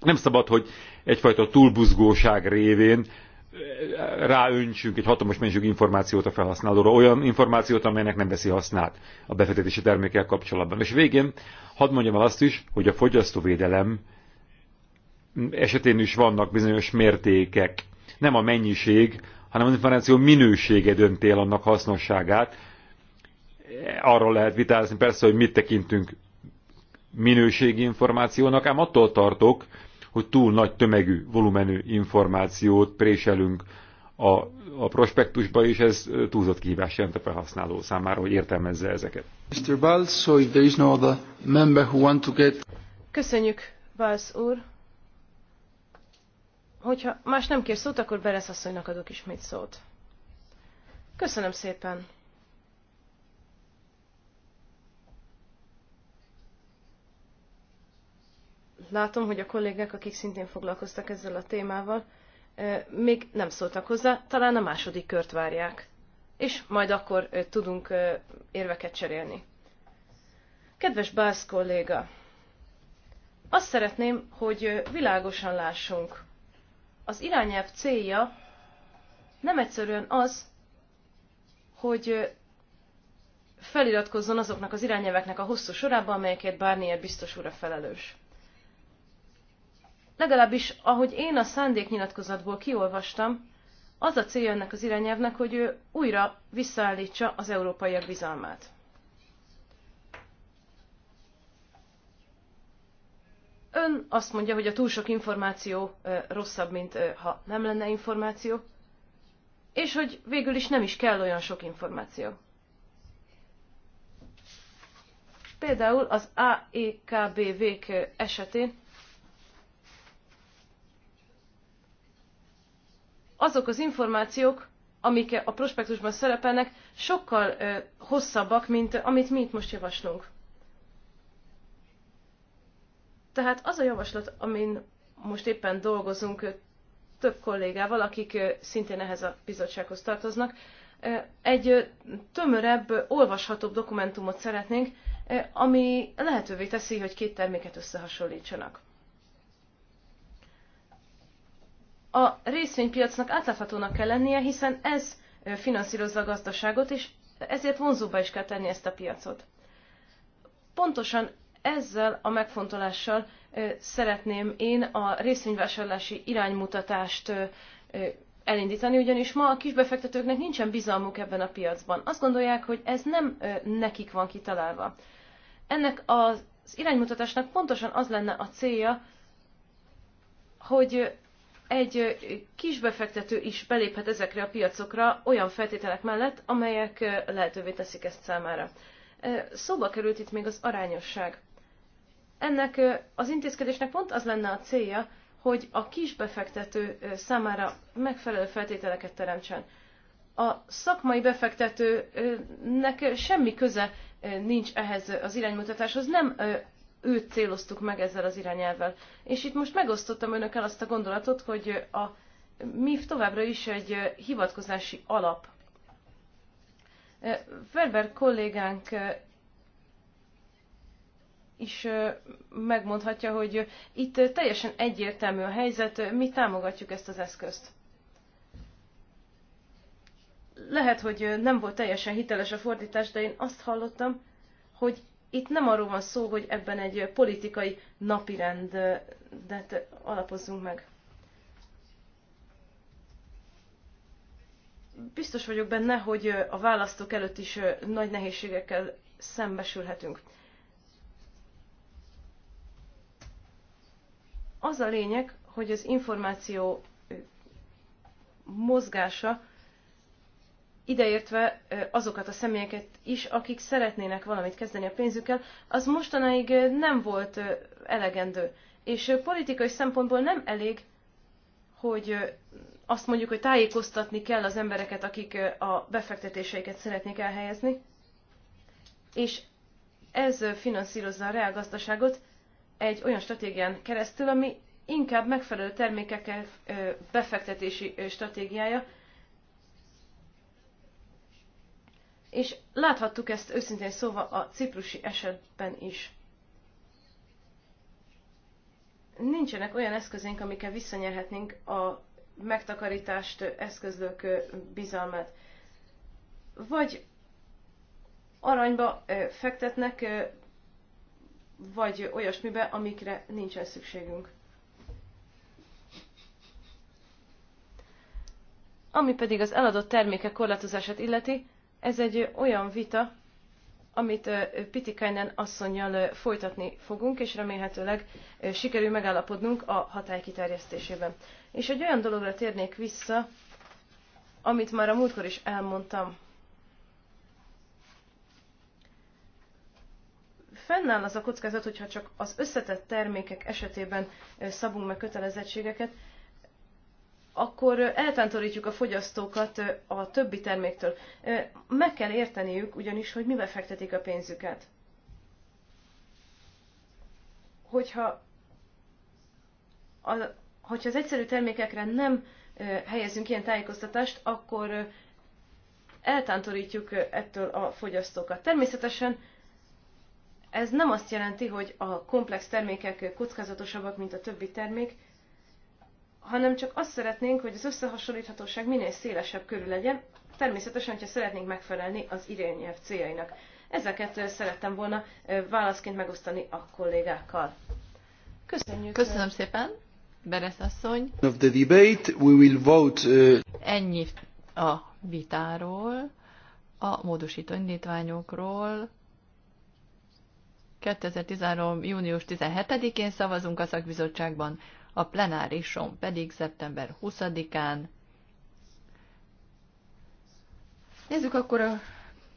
Nem szabad, hogy egyfajta túlbuzgóság révén eh, ráöntsünk egy hatalmas mennyiségű információt a felhasználóra, olyan információt, amelynek nem veszi hasznát a befektetési termékek kapcsolatban. És végén hadd mondjam el azt is, hogy a fogyasztóvédelem esetén is vannak bizonyos mértékek. Nem a mennyiség hanem az információ minősége dönti el annak hasznosságát. Arról lehet vitázni persze, hogy mit tekintünk minőségi információnak, ám attól tartok, hogy túl nagy tömegű, volumenű információt préselünk a, a prospektusba, és ez túlzott kihívás jelent a felhasználó számára, hogy értelmezze ezeket. Mr. Balz, so if there is no other member who want to get... Köszönjük, Balz úr! Hogyha más nem kér szót, akkor Beresz asszonynak adok ismét szót. Köszönöm szépen! Látom, hogy a kollégák, akik szintén foglalkoztak ezzel a témával, még nem szóltak hozzá, talán a második kört várják. És majd akkor tudunk érveket cserélni. Kedves Bász kolléga! Azt szeretném, hogy világosan lássunk az irányelv célja nem egyszerűen az, hogy feliratkozzon azoknak az irányelveknek a hosszú sorába, amelyeket Barnier biztos úr a felelős. Legalábbis, ahogy én a szándéknyilatkozatból kiolvastam, az a célja ennek az irányelvnek, hogy ő újra visszaállítsa az európaiak bizalmát. Ön azt mondja, hogy a túl sok információ rosszabb, mint ha nem lenne információ, és hogy végül is nem is kell olyan sok információ. Például az AEKBV-k esetén azok az információk, amik a prospektusban szerepelnek, sokkal hosszabbak, mint amit mi itt most javaslunk. Tehát az a javaslat, amin most éppen dolgozunk több kollégával, akik szintén ehhez a bizottsághoz tartoznak, egy tömörebb, olvashatóbb dokumentumot szeretnénk, ami lehetővé teszi, hogy két terméket összehasonlítsanak. A részvénypiacnak átláthatónak kell lennie, hiszen ez finanszírozza a gazdaságot, és ezért vonzóba is kell tenni ezt a piacot. Pontosan ezzel a megfontolással szeretném én a részvényvásárlási iránymutatást elindítani, ugyanis ma a kisbefektetőknek nincsen bizalmuk ebben a piacban. Azt gondolják, hogy ez nem nekik van kitalálva. Ennek az iránymutatásnak pontosan az lenne a célja, hogy egy kisbefektető is beléphet ezekre a piacokra olyan feltételek mellett, amelyek lehetővé teszik ezt számára. Szóba került itt még az arányosság ennek az intézkedésnek pont az lenne a célja, hogy a kisbefektető számára megfelelő feltételeket teremtsen. A szakmai befektetőnek semmi köze nincs ehhez az iránymutatáshoz, nem őt céloztuk meg ezzel az irányelvvel. És itt most megosztottam önökkel azt a gondolatot, hogy a MIF továbbra is egy hivatkozási alap. Ferber kollégánk is megmondhatja, hogy itt teljesen egyértelmű a helyzet, mi támogatjuk ezt az eszközt. Lehet, hogy nem volt teljesen hiteles a fordítás, de én azt hallottam, hogy itt nem arról van szó, hogy ebben egy politikai napirendet alapozzunk meg. Biztos vagyok benne, hogy a választók előtt is nagy nehézségekkel szembesülhetünk. az a lényeg, hogy az információ mozgása ideértve azokat a személyeket is, akik szeretnének valamit kezdeni a pénzükkel, az mostanáig nem volt elegendő. És politikai szempontból nem elég, hogy azt mondjuk, hogy tájékoztatni kell az embereket, akik a befektetéseiket szeretnék elhelyezni, és ez finanszírozza a reálgazdaságot, egy olyan stratégián keresztül, ami inkább megfelelő termékek befektetési stratégiája. És láthattuk ezt őszintén szóval a ciprusi esetben is. Nincsenek olyan eszközénk, amikkel visszanyerhetnénk a megtakarítást eszközlők bizalmát. Vagy aranyba fektetnek, vagy olyasmibe, amikre nincsen szükségünk. Ami pedig az eladott termékek korlátozását illeti, ez egy olyan vita, amit Pitikainen asszonynal folytatni fogunk, és remélhetőleg sikerül megállapodnunk a hatály kiterjesztésében. És egy olyan dologra térnék vissza, amit már a múltkor is elmondtam. fennáll az a kockázat, hogyha csak az összetett termékek esetében szabunk meg kötelezettségeket, akkor eltántorítjuk a fogyasztókat a többi terméktől. Meg kell érteniük ugyanis, hogy mibe fektetik a pénzüket. Hogyha, a, hogyha az egyszerű termékekre nem helyezünk ilyen tájékoztatást, akkor eltántorítjuk ettől a fogyasztókat. Természetesen ez nem azt jelenti, hogy a komplex termékek kockázatosabbak, mint a többi termék, hanem csak azt szeretnénk, hogy az összehasonlíthatóság minél szélesebb körül legyen, természetesen, hogyha szeretnénk megfelelni az irányelv céljainak. Ezeket szerettem volna válaszként megosztani a kollégákkal. Köszönjük! Köszönöm szépen, Beres asszony! Of the debate we will vote, uh... Ennyi a vitáról, a módosító indítványokról 2013. június 17-én szavazunk a szakbizottságban, a plenárison pedig szeptember 20-án. Nézzük akkor a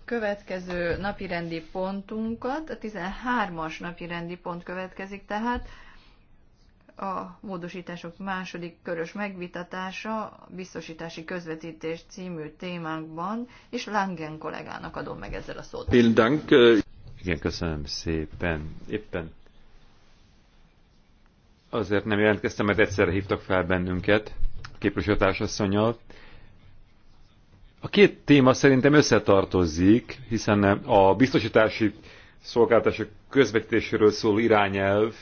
következő napirendi pontunkat. A 13-as napirendi pont következik tehát a módosítások második körös megvitatása biztosítási közvetítés című témánkban, és Langen kollégának adom meg ezzel a szót. Äh, igen, köszönöm szépen. Éppen azért nem jelentkeztem, mert egyszerre hívtak fel bennünket képviselőtársasszonyjal. A két téma szerintem összetartozik, hiszen a biztosítási szolgáltatások közvetítéséről szóló irányelv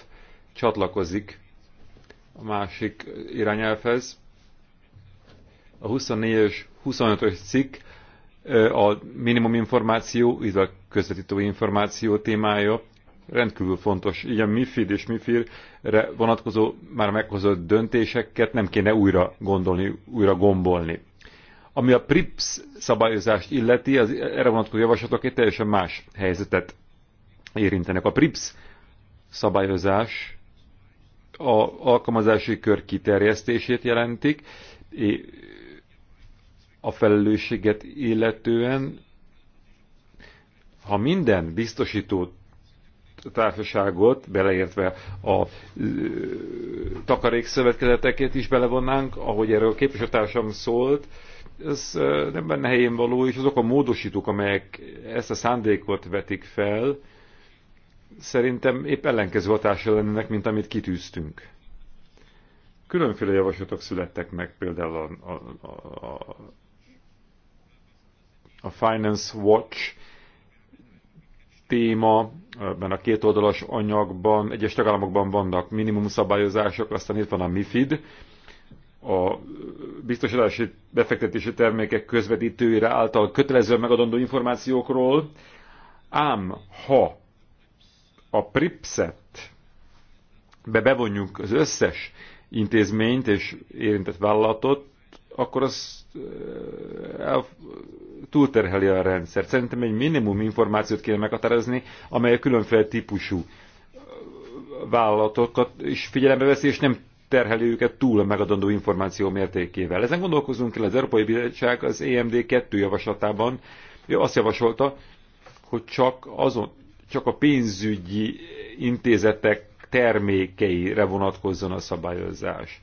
csatlakozik a másik irányelvhez. A 24-es, 25-ös cikk a minimum információ, illetve a közvetítő információ témája rendkívül fontos. Így a MIFID és MIFIR-re vonatkozó már meghozott döntéseket nem kéne újra gondolni, újra gombolni. Ami a PRIPS szabályozást illeti, az erre vonatkozó javaslatok egy teljesen más helyzetet érintenek. A PRIPS szabályozás a alkalmazási kör kiterjesztését jelentik, a felelősséget illetően ha minden biztosító társaságot, beleértve a takarékszövetkezeteket is belevonnánk, ahogy erről a képviselőtársam szólt, ez nem benne helyén való, és azok a módosítók, amelyek ezt a szándékot vetik fel, szerintem épp ellenkező hatása lennének, mint amit kitűztünk. Különféle javaslatok születtek meg, például a, a, a, a Finance Watch téma, ebben a kétoldalas anyagban, egyes tagállamokban vannak minimum szabályozások, aztán itt van a MIFID, a biztosítási befektetési termékek közvetítőire által kötelezően megadandó információkról, ám ha a PRIPSET be bevonjuk az összes intézményt és érintett vállalatot, akkor az el, túlterheli a rendszer. Szerintem egy minimum információt kéne meghatározni, amely a különféle típusú vállalatokat is figyelembe veszi, és nem terheli őket túl a megadandó információ mértékével. Ezen gondolkozunk el az Európai Bizottság az EMD 2 javaslatában. Ő azt javasolta, hogy csak, azon, csak a pénzügyi intézetek termékeire vonatkozzon a szabályozás.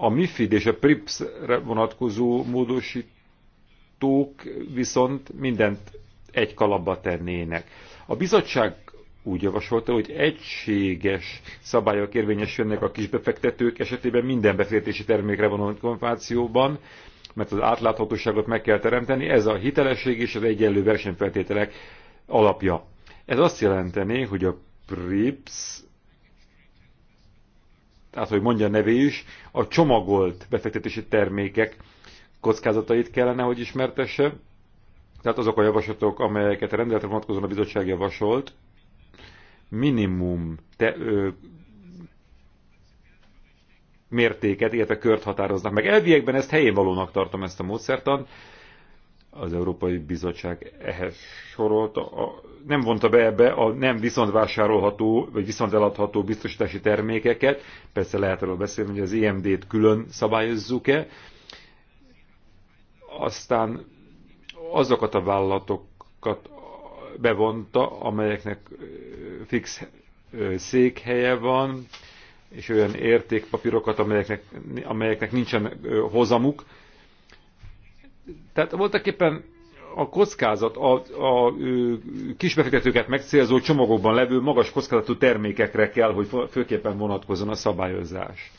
A MIFID és a PRIPS-re vonatkozó módosítók viszont mindent egy kalapba tennének. A bizottság úgy javasolta, hogy egységes szabályok érvényesülnek a kisbefektetők esetében minden befektetési termékre vonatkozó konfációban, mert az átláthatóságot meg kell teremteni, ez a hitelesség és az egyenlő versenyfeltételek alapja. Ez azt jelenteni, hogy a PRIPS tehát hogy mondja a nevé is, a csomagolt befektetési termékek kockázatait kellene, hogy ismertesse. Tehát azok a javaslatok, amelyeket a rendeletre vonatkozóan a bizottság javasolt, minimum te, ö, mértéket, illetve kört határoznak meg. Elviekben ezt helyén valónak tartom ezt a módszertan, az Európai Bizottság ehhez sorolta, a, nem vonta be ebbe a nem viszont vásárolható, vagy viszont eladható biztosítási termékeket. Persze lehet arról beszélni, hogy az IMD-t külön szabályozzuk-e. Aztán azokat a vállalatokat bevonta, amelyeknek fix székhelye van, és olyan értékpapírokat, amelyeknek, amelyeknek nincsen hozamuk, tehát voltak éppen a kockázat, a, a, a kisbefektetőket megcélzó csomagokban levő magas kockázatú termékekre kell, hogy főképpen vonatkozzon a szabályozás.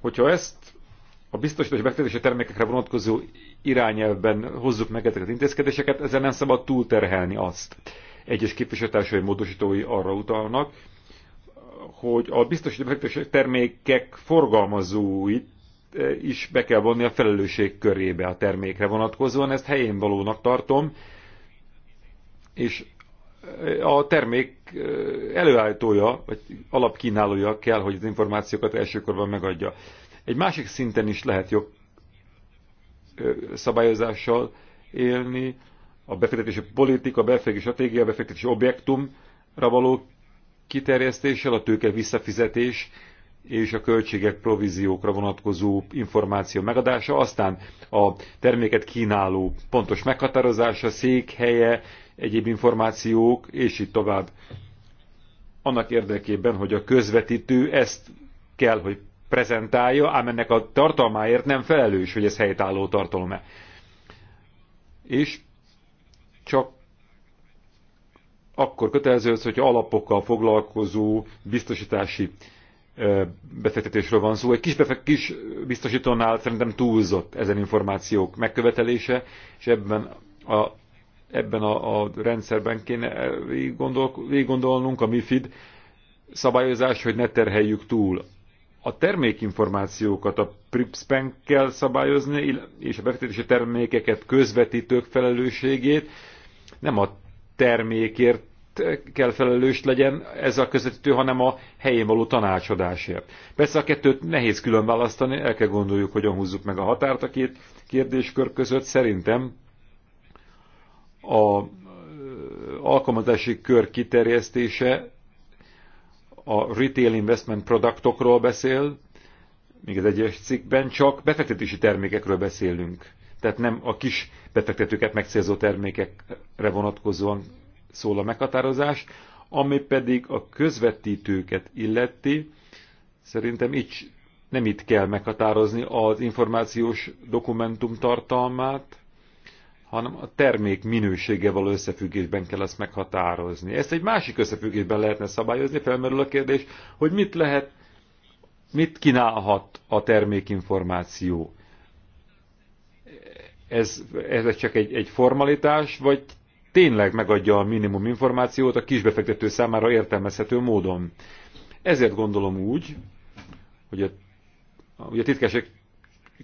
Hogyha ezt a biztosítás befektetési termékekre vonatkozó irányelvben hozzuk meg ezeket az intézkedéseket, ezzel nem szabad túlterhelni azt. Egyes képviselőtársai módosítói arra utalnak, hogy a biztosítási termékek forgalmazóit Eh, is be kell vonni a felelősség körébe a termékre vonatkozóan, ezt helyén valónak tartom, és eh, a termék eh, előállítója, vagy alapkínálója kell, hogy az információkat elsőkorban megadja. Egy másik szinten is lehet jobb szabályozással élni, a befektetési politika, a befektetési stratégia, a befektetési objektumra való kiterjesztéssel, a tőke visszafizetés és a költségek províziókra vonatkozó információ megadása, aztán a terméket kínáló pontos meghatározása, székhelye, egyéb információk, és így tovább. Annak érdekében, hogy a közvetítő ezt kell, hogy prezentálja, ám ennek a tartalmáért nem felelős, hogy ez helytálló tartalom-e. És csak akkor kötelező az, hogy alapokkal foglalkozó biztosítási befektetésről van szó. Egy kis, befe- kis biztosítónál szerintem túlzott ezen információk megkövetelése, és ebben a, ebben a, a rendszerben kéne végig, gondolnunk a MIFID szabályozás, hogy ne terheljük túl a termékinformációkat a PRIPSPEN kell szabályozni, és a befektetési termékeket közvetítők felelősségét nem a termékért kell felelős legyen ez a közvetítő, hanem a helyén való tanácsadásért. Persze a kettőt nehéz külön választani, el kell gondoljuk, hogyan húzzuk meg a határt a két kérdéskör között. Szerintem a alkalmazási kör kiterjesztése a retail investment produktokról beszél, még az egyes cikkben csak befektetési termékekről beszélünk. Tehát nem a kis befektetőket megcélzó termékekre vonatkozóan szól a meghatározás, ami pedig a közvetítőket illeti, szerintem így nem itt kell meghatározni az információs dokumentum tartalmát, hanem a termék minősége való összefüggésben kell ezt meghatározni. Ezt egy másik összefüggésben lehetne szabályozni, felmerül a kérdés, hogy mit lehet, mit kínálhat a termékinformáció. Ez, ez csak egy, egy formalitás, vagy tényleg megadja a minimum információt a kisbefektető számára értelmezhető módon. Ezért gondolom úgy, hogy a, hogy a titkesek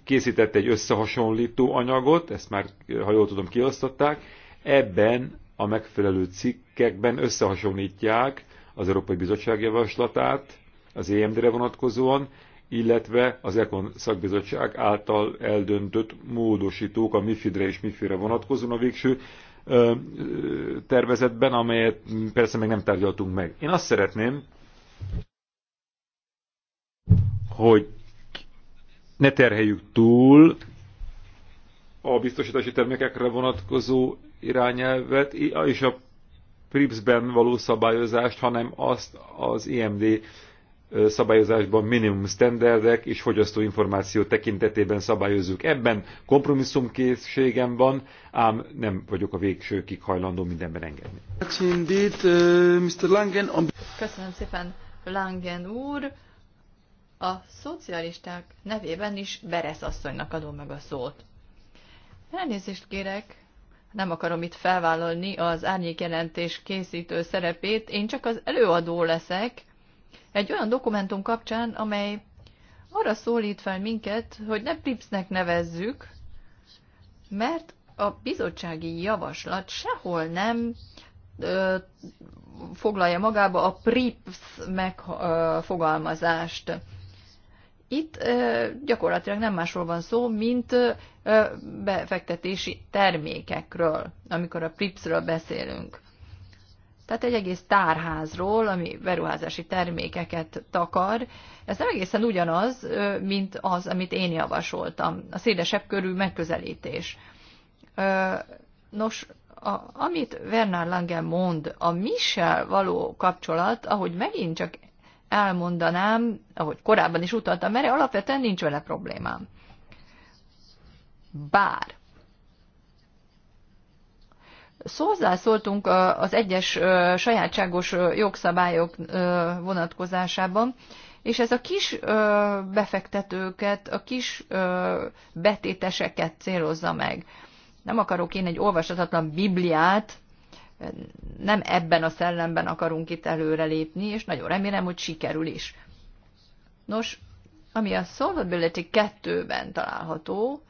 készített egy összehasonlító anyagot, ezt már, ha jól tudom, kiosztották, ebben a megfelelő cikkekben összehasonlítják az Európai Bizottság javaslatát az EMD-re vonatkozóan, illetve az Ekon szakbizottság által eldöntött módosítók a MIFID-re és MIFID-re vonatkozóan a végső tervezetben, amelyet persze még nem tárgyaltunk meg. Én azt szeretném, hogy ne terheljük túl a biztosítási termékekre vonatkozó irányelvet és a PRIPS-ben való szabályozást, hanem azt az IMD szabályozásban minimum standardek és információ tekintetében szabályozzuk. Ebben kompromisszumkészségem van, ám nem vagyok a végsőkig hajlandó mindenben engedni. Uh, Köszönöm szépen, Langen úr. A szocialisták nevében is Beresz asszonynak adom meg a szót. Elnézést kérek, nem akarom itt felvállalni az árnyékjelentés készítő szerepét, én csak az előadó leszek, egy olyan dokumentum kapcsán, amely arra szólít fel minket, hogy ne prips nevezzük, mert a bizottsági javaslat sehol nem ö, foglalja magába a PRIPS megfogalmazást. Itt ö, gyakorlatilag nem másról van szó, mint ö, befektetési termékekről, amikor a prips beszélünk. Tehát egy egész tárházról, ami beruházási termékeket takar. Ez nem egészen ugyanaz, mint az, amit én javasoltam. A szélesebb körű megközelítés. Nos, a, amit Werner Langen mond, a Michel való kapcsolat, ahogy megint csak elmondanám, ahogy korábban is utaltam, mert alapvetően nincs vele problémám. Bár hozzászóltunk az egyes sajátságos jogszabályok vonatkozásában, és ez a kis befektetőket, a kis betéteseket célozza meg. Nem akarok én egy olvashatatlan Bibliát, nem ebben a szellemben akarunk itt előrelépni, és nagyon remélem, hogy sikerül is. Nos, ami a Solvability 2-ben található,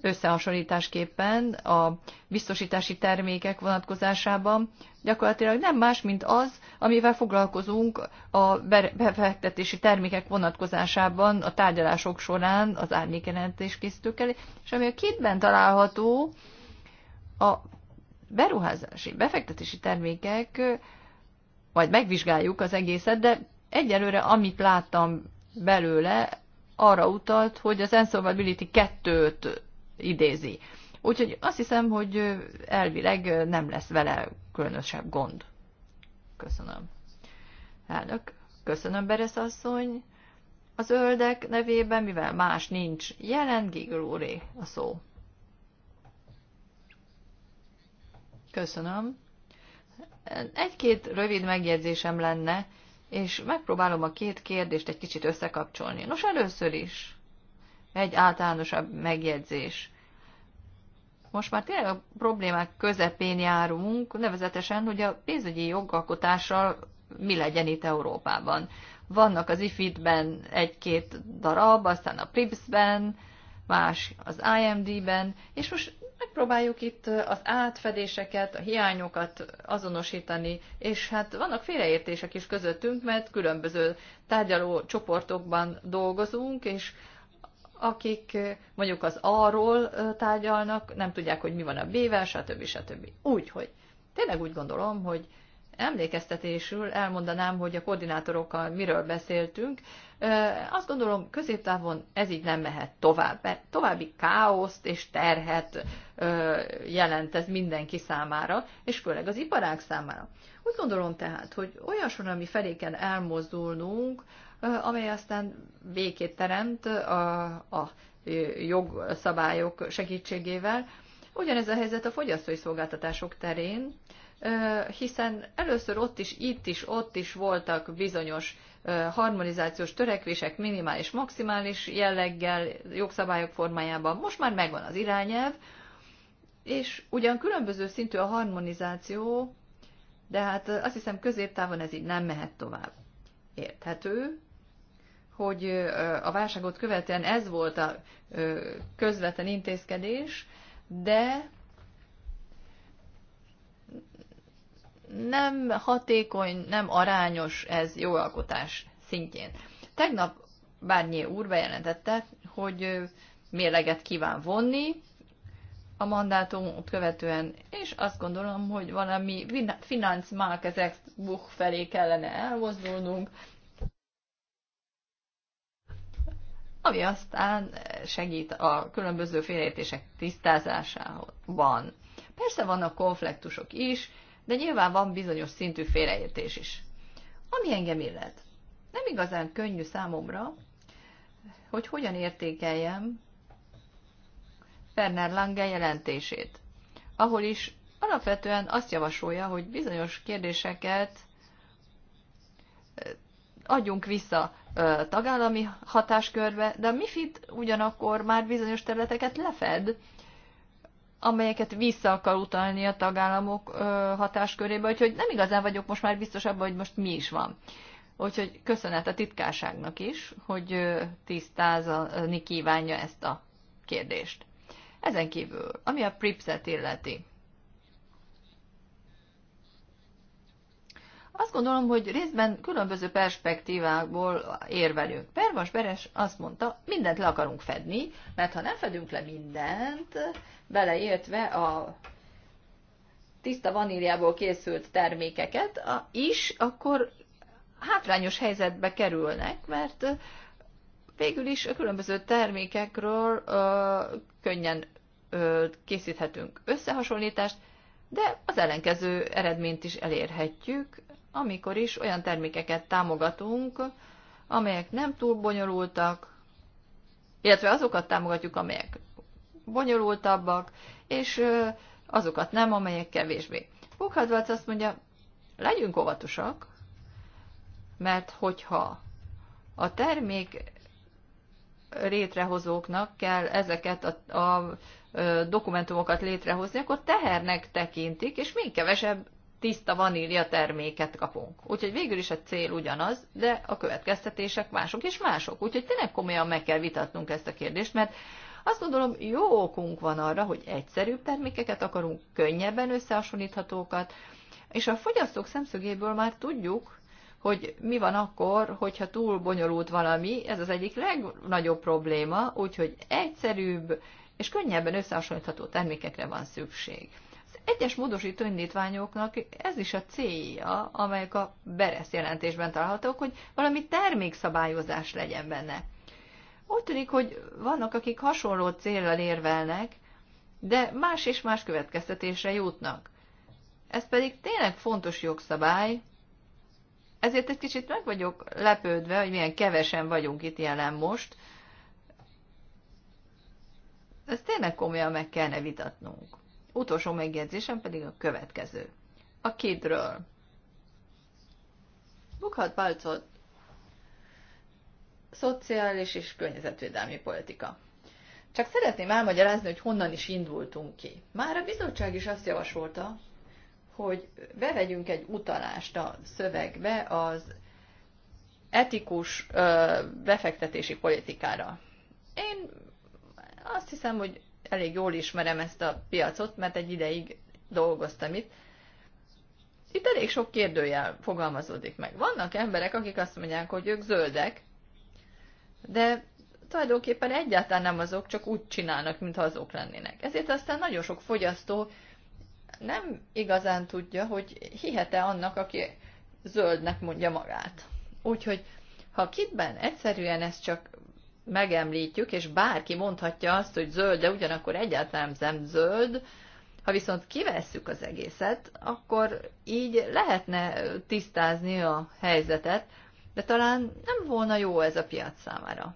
összehasonlításképpen a biztosítási termékek vonatkozásában gyakorlatilag nem más, mint az, amivel foglalkozunk a befektetési termékek vonatkozásában a tárgyalások során az árnyékjelentés elé, és ami a kétben található, a beruházási, befektetési termékek, majd megvizsgáljuk az egészet, de egyelőre amit láttam belőle, arra utalt, hogy az Ensolvability 2-t idézi. Úgyhogy azt hiszem, hogy elvileg nem lesz vele különösebb gond. Köszönöm. Elnök, köszönöm Beres asszony. Az öldek nevében, mivel más nincs, jelen Gigglóri a szó. Köszönöm. Egy-két rövid megjegyzésem lenne, és megpróbálom a két kérdést egy kicsit összekapcsolni. Nos, először is egy általánosabb megjegyzés. Most már tényleg a problémák közepén járunk, nevezetesen, hogy a pénzügyi jogalkotással mi legyen itt Európában. Vannak az IFID-ben egy-két darab, aztán a PRIPS-ben, más az IMD-ben, és most megpróbáljuk itt az átfedéseket, a hiányokat azonosítani, és hát vannak félreértések is közöttünk, mert különböző tárgyaló csoportokban dolgozunk, és akik mondjuk az A-ról tárgyalnak, nem tudják, hogy mi van a B-vel, stb. stb. Úgyhogy tényleg úgy gondolom, hogy emlékeztetésül elmondanám, hogy a koordinátorokkal miről beszéltünk. Azt gondolom, középtávon ez így nem mehet tovább, mert további káoszt és terhet jelent ez mindenki számára, és főleg az iparák számára. Úgy gondolom tehát, hogy olyasmi, ami felé kell elmozdulnunk, amely aztán békét teremt a, a jogszabályok segítségével. Ugyanez a helyzet a fogyasztói szolgáltatások terén, hiszen először ott is, itt is, ott is voltak bizonyos harmonizációs törekvések minimális, maximális jelleggel, jogszabályok formájában. Most már megvan az irányelv, és ugyan különböző szintű a harmonizáció, de hát azt hiszem középtávon ez így nem mehet tovább. Érthető, hogy a válságot követően ez volt a közvetlen intézkedés, de nem hatékony, nem arányos ez jogalkotás szintjén. Tegnap Bárnyé úr bejelentette, hogy mérleget kíván vonni a mandátumot követően, és azt gondolom, hogy valami Finanzmark ezek felé kellene elmozdulnunk, ami aztán segít a különböző félértések tisztázásában. Persze vannak konfliktusok is, de nyilván van bizonyos szintű félreértés is. Ami engem illet, nem igazán könnyű számomra, hogy hogyan értékeljem Ferner Lange jelentését, ahol is alapvetően azt javasolja, hogy bizonyos kérdéseket adjunk vissza tagállami hatáskörbe, de a MIFID ugyanakkor már bizonyos területeket lefed, amelyeket vissza akar utalni a tagállamok hatáskörébe, úgyhogy nem igazán vagyok most már biztos abban, hogy most mi is van. Úgyhogy köszönet a titkárságnak is, hogy tisztázani kívánja ezt a kérdést. Ezen kívül, ami a PRIPS-et illeti, Azt gondolom, hogy részben különböző perspektívákból érvelünk. Pervas Beres azt mondta, mindent le akarunk fedni, mert ha nem fedünk le mindent, beleértve a tiszta vaníliából készült termékeket is, akkor hátrányos helyzetbe kerülnek, mert végül is a különböző termékekről ö, könnyen ö, készíthetünk összehasonlítást, de az ellenkező eredményt is elérhetjük, amikor is olyan termékeket támogatunk, amelyek nem túl bonyolultak, illetve azokat támogatjuk, amelyek bonyolultabbak, és azokat nem, amelyek kevésbé. Bukhadvac azt mondja, legyünk óvatosak, mert hogyha a termék létrehozóknak kell ezeket a, a dokumentumokat létrehozni, akkor tehernek tekintik, és még kevesebb tiszta vanília terméket kapunk. Úgyhogy végül is a cél ugyanaz, de a következtetések mások és mások. Úgyhogy tényleg komolyan meg kell vitatnunk ezt a kérdést, mert azt gondolom, jó okunk van arra, hogy egyszerűbb termékeket akarunk, könnyebben összehasonlíthatókat, és a fogyasztók szemszögéből már tudjuk, hogy mi van akkor, hogyha túl bonyolult valami, ez az egyik legnagyobb probléma, úgyhogy egyszerűbb és könnyebben összehasonlítható termékekre van szükség egyes módosító indítványoknak ez is a célja, amelyek a Beresz jelentésben találhatók, hogy valami termékszabályozás legyen benne. Úgy tűnik, hogy vannak, akik hasonló célral érvelnek, de más és más következtetésre jutnak. Ez pedig tényleg fontos jogszabály, ezért egy kicsit meg vagyok lepődve, hogy milyen kevesen vagyunk itt jelen most. Ezt tényleg komolyan meg kellene vitatnunk utolsó megjegyzésem pedig a következő. A kidről. Bukhat Balcot, szociális és környezetvédelmi politika. Csak szeretném elmagyarázni, hogy honnan is indultunk ki. Már a bizottság is azt javasolta, hogy bevegyünk egy utalást a szövegbe az etikus ö, befektetési politikára. Én azt hiszem, hogy elég jól ismerem ezt a piacot, mert egy ideig dolgoztam itt. Itt elég sok kérdőjel fogalmazódik meg. Vannak emberek, akik azt mondják, hogy ők zöldek, de tulajdonképpen egyáltalán nem azok, csak úgy csinálnak, mintha azok lennének. Ezért aztán nagyon sok fogyasztó nem igazán tudja, hogy hihete annak, aki zöldnek mondja magát. Úgyhogy ha kitben egyszerűen ez csak megemlítjük, és bárki mondhatja azt, hogy zöld, de ugyanakkor egyáltalán nem zöld, ha viszont kivesszük az egészet, akkor így lehetne tisztázni a helyzetet, de talán nem volna jó ez a piac számára.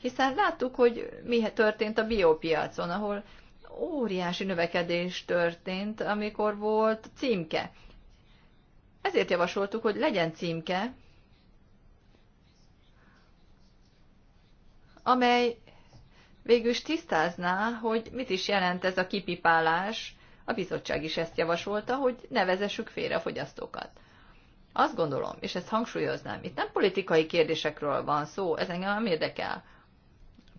Hiszen láttuk, hogy mi történt a biopiacon, ahol óriási növekedés történt, amikor volt címke. Ezért javasoltuk, hogy legyen címke, amely végül is tisztázná, hogy mit is jelent ez a kipipálás. A bizottság is ezt javasolta, hogy nevezessük félre a fogyasztókat. Azt gondolom, és ezt hangsúlyoznám, itt nem politikai kérdésekről van szó, ez engem nem érdekel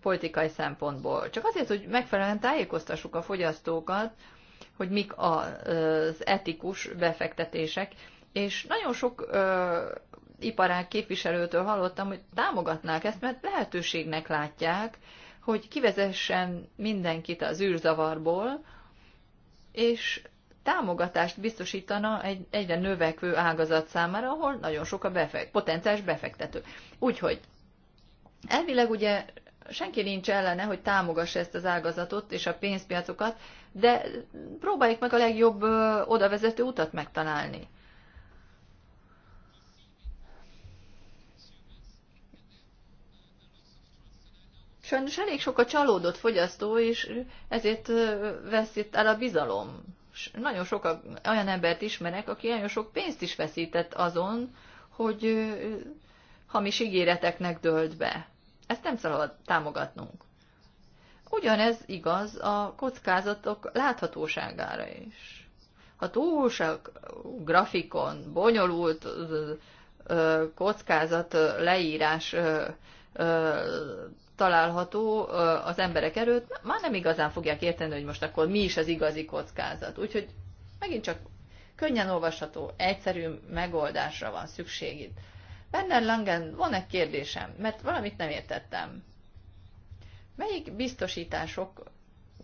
politikai szempontból. Csak azért, hogy megfelelően tájékoztassuk a fogyasztókat, hogy mik az etikus befektetések, és nagyon sok iparág képviselőtől hallottam, hogy támogatnák ezt, mert lehetőségnek látják, hogy kivezessen mindenkit az űrzavarból, és támogatást biztosítana egy egyre növekvő ágazat számára, ahol nagyon sok a befekt potenciális befektető. Úgyhogy elvileg ugye senki nincs ellene, hogy támogassa ezt az ágazatot és a pénzpiacokat, de próbáljuk meg a legjobb odavezető utat megtalálni. sajnos elég sok a csalódott fogyasztó, és ezért veszít el a bizalom. Nagyon sok olyan embert ismerek, aki nagyon sok pénzt is veszített azon, hogy hamis ígéreteknek dölt be. Ezt nem szabad támogatnunk. Ugyanez igaz a kockázatok láthatóságára is. Ha sok grafikon, bonyolult kockázat leírás található az emberek előtt, már nem igazán fogják érteni, hogy most akkor mi is az igazi kockázat. Úgyhogy megint csak könnyen olvasható, egyszerű megoldásra van szükség itt. Benne Langen, van egy kérdésem, mert valamit nem értettem. Melyik biztosítások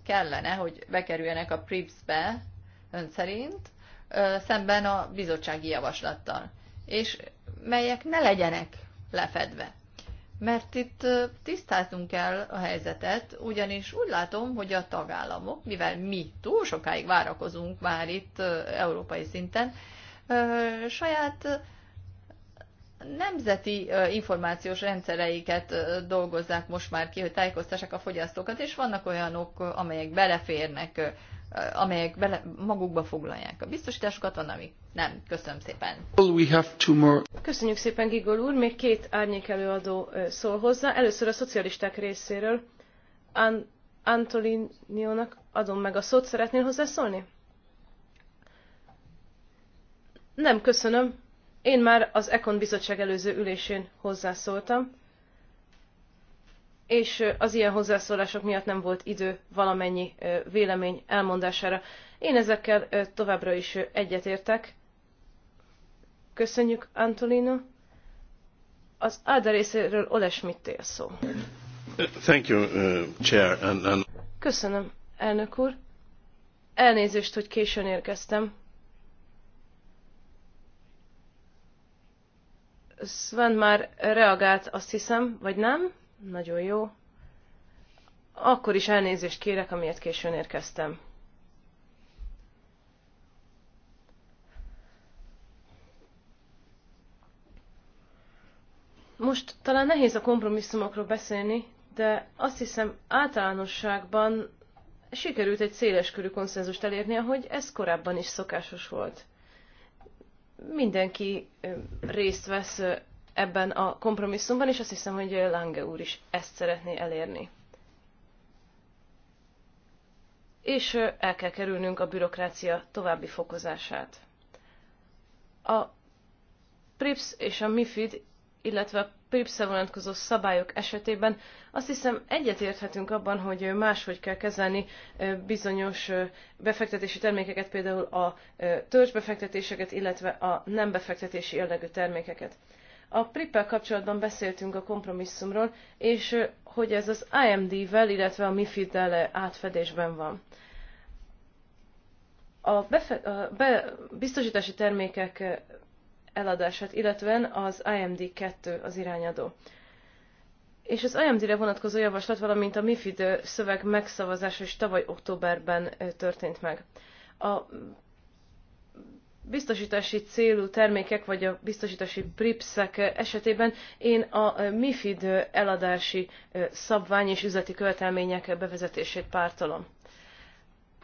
kellene, hogy bekerüljenek a PRIPS-be ön szerint, szemben a bizottsági javaslattal, és melyek ne legyenek lefedve? mert itt tisztáznunk kell a helyzetet, ugyanis úgy látom, hogy a tagállamok, mivel mi túl sokáig várakozunk már itt európai szinten, saját nemzeti információs rendszereiket dolgozzák most már ki, hogy tájékoztassák a fogyasztókat, és vannak olyanok, amelyek beleférnek amelyek bele, magukba foglalják a biztosításokat, van, ami nem. Köszönöm szépen. We have two more. Köszönjük szépen, Gigol úr. Még két árnyék előadó szól hozzá. Először a szocialisták részéről. An- Antolinionak adom meg a szót. Szeretnél hozzászólni? Nem, köszönöm. Én már az Ekon bizottság előző ülésén hozzászóltam és az ilyen hozzászólások miatt nem volt idő valamennyi vélemény elmondására. Én ezekkel továbbra is egyetértek. Köszönjük, Antolino. Az Áda részéről mit tél szó. Thank you, uh, chair, and, and... Köszönöm, elnök úr. Elnézést, hogy későn érkeztem. Sven már reagált, azt hiszem, vagy nem? Nagyon jó. Akkor is elnézést kérek, amiért későn érkeztem. Most talán nehéz a kompromisszumokról beszélni, de azt hiszem általánosságban sikerült egy széleskörű konszenzust elérni, ahogy ez korábban is szokásos volt. Mindenki részt vesz ebben a kompromisszumban, és azt hiszem, hogy Lange úr is ezt szeretné elérni. És el kell kerülnünk a bürokrácia további fokozását. A PRIPS és a MIFID, illetve a prips vonatkozó szabályok esetében azt hiszem egyetérthetünk abban, hogy máshogy kell kezelni bizonyos befektetési termékeket, például a törzsbefektetéseket, illetve a nem befektetési jellegű termékeket. A PRIP-el kapcsolatban beszéltünk a kompromisszumról, és hogy ez az IMD-vel, illetve a MIFID-del átfedésben van. A, befe- a be- biztosítási termékek eladását, illetően az IMD2 az irányadó. És az IMD-re vonatkozó javaslat, valamint a MIFID szöveg megszavazása is tavaly októberben történt meg. A biztosítási célú termékek vagy a biztosítási pripszek esetében én a MIFID eladási szabvány és üzleti követelmények bevezetését pártolom.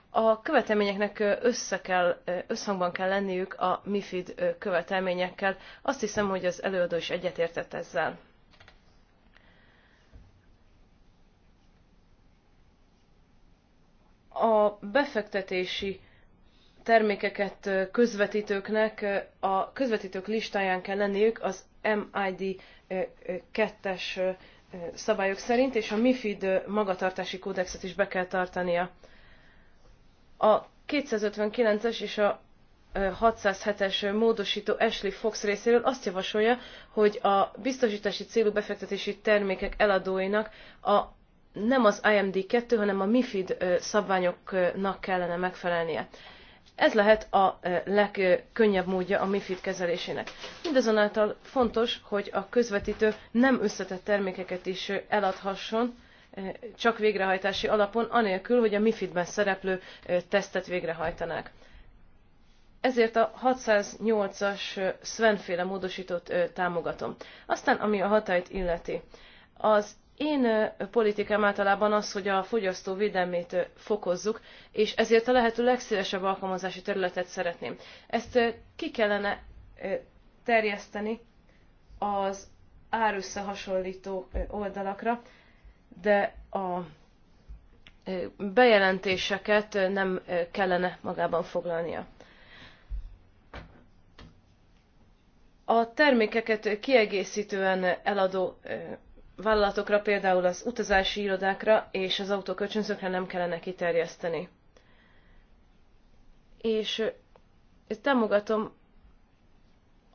A követelményeknek össze kell, összhangban kell lenniük a MIFID követelményekkel. Azt hiszem, hogy az előadó is egyetértett ezzel. A befektetési termékeket közvetítőknek a közvetítők listáján kell lenniük az MID 2-es szabályok szerint, és a MIFID magatartási kódexet is be kell tartania. A 259-es és a 607-es módosító Ashley Fox részéről azt javasolja, hogy a biztosítási célú befektetési termékek eladóinak a nem az IMD2, hanem a MIFID szabványoknak kellene megfelelnie. Ez lehet a legkönnyebb módja a MIFID kezelésének. Mindazonáltal fontos, hogy a közvetítő nem összetett termékeket is eladhasson, csak végrehajtási alapon, anélkül, hogy a MIFID-ben szereplő tesztet végrehajtanák. Ezért a 608-as Svenféle módosított támogatom. Aztán, ami a hatályt illeti. Az én politikám általában az, hogy a fogyasztó védelmét fokozzuk, és ezért a lehető legszélesebb alkalmazási területet szeretném. Ezt ki kellene terjeszteni az árösszehasonlító oldalakra, de a bejelentéseket nem kellene magában foglalnia. A termékeket kiegészítően eladó vállalatokra, például az utazási irodákra és az autókölcsönzőkre nem kellene kiterjeszteni. És támogatom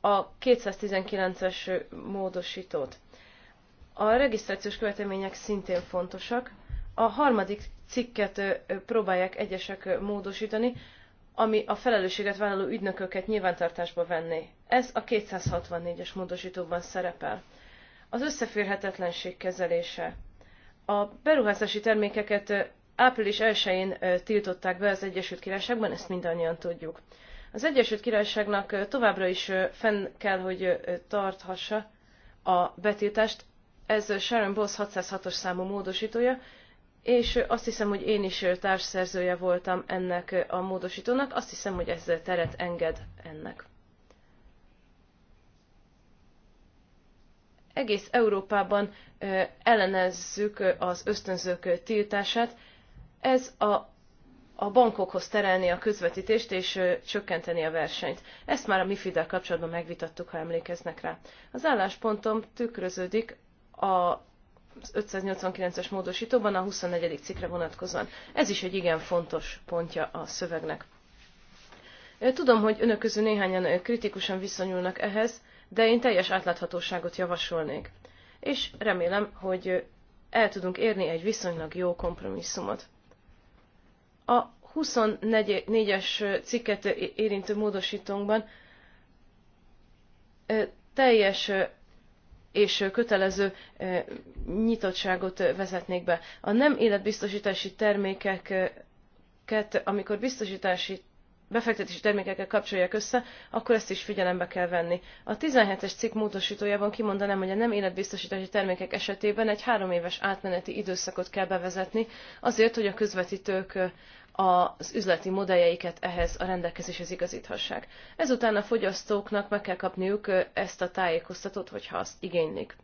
a 219-es módosítót. A regisztrációs követelmények szintén fontosak. A harmadik cikket próbálják egyesek módosítani, ami a felelősséget vállaló ügynököket nyilvántartásba venné. Ez a 264-es módosítóban szerepel. Az összeférhetetlenség kezelése. A beruházási termékeket április 1-én tiltották be az Egyesült Királyságban, ezt mindannyian tudjuk. Az Egyesült Királyságnak továbbra is fenn kell, hogy tarthassa a betiltást. Ez Sharon Boss 606-os számú módosítója, és azt hiszem, hogy én is társszerzője voltam ennek a módosítónak, azt hiszem, hogy ez teret enged ennek. egész Európában ellenezzük az ösztönzők tiltását. Ez a, a bankokhoz terelni a közvetítést és csökkenteni a versenyt. Ezt már a MIFID-del kapcsolatban megvitattuk, ha emlékeznek rá. Az álláspontom tükröződik a 589-es módosítóban a 24. cikkre vonatkozóan. Ez is egy igen fontos pontja a szövegnek. Tudom, hogy önök közül néhányan kritikusan viszonyulnak ehhez, de én teljes átláthatóságot javasolnék. És remélem, hogy el tudunk érni egy viszonylag jó kompromisszumot. A 24-es cikket érintő módosítónkban teljes és kötelező nyitottságot vezetnék be. A nem életbiztosítási termékeket, amikor biztosítási befektetési termékekkel kapcsolják össze, akkor ezt is figyelembe kell venni. A 17-es cikk módostójában kimondanám, hogy a nem életbiztosítási termékek esetében egy három éves átmeneti időszakot kell bevezetni, azért, hogy a közvetítők az üzleti modelljeiket ehhez a rendelkezéshez igazíthassák. Ezután a fogyasztóknak meg kell kapniuk ezt a tájékoztatót, hogyha azt igénylik.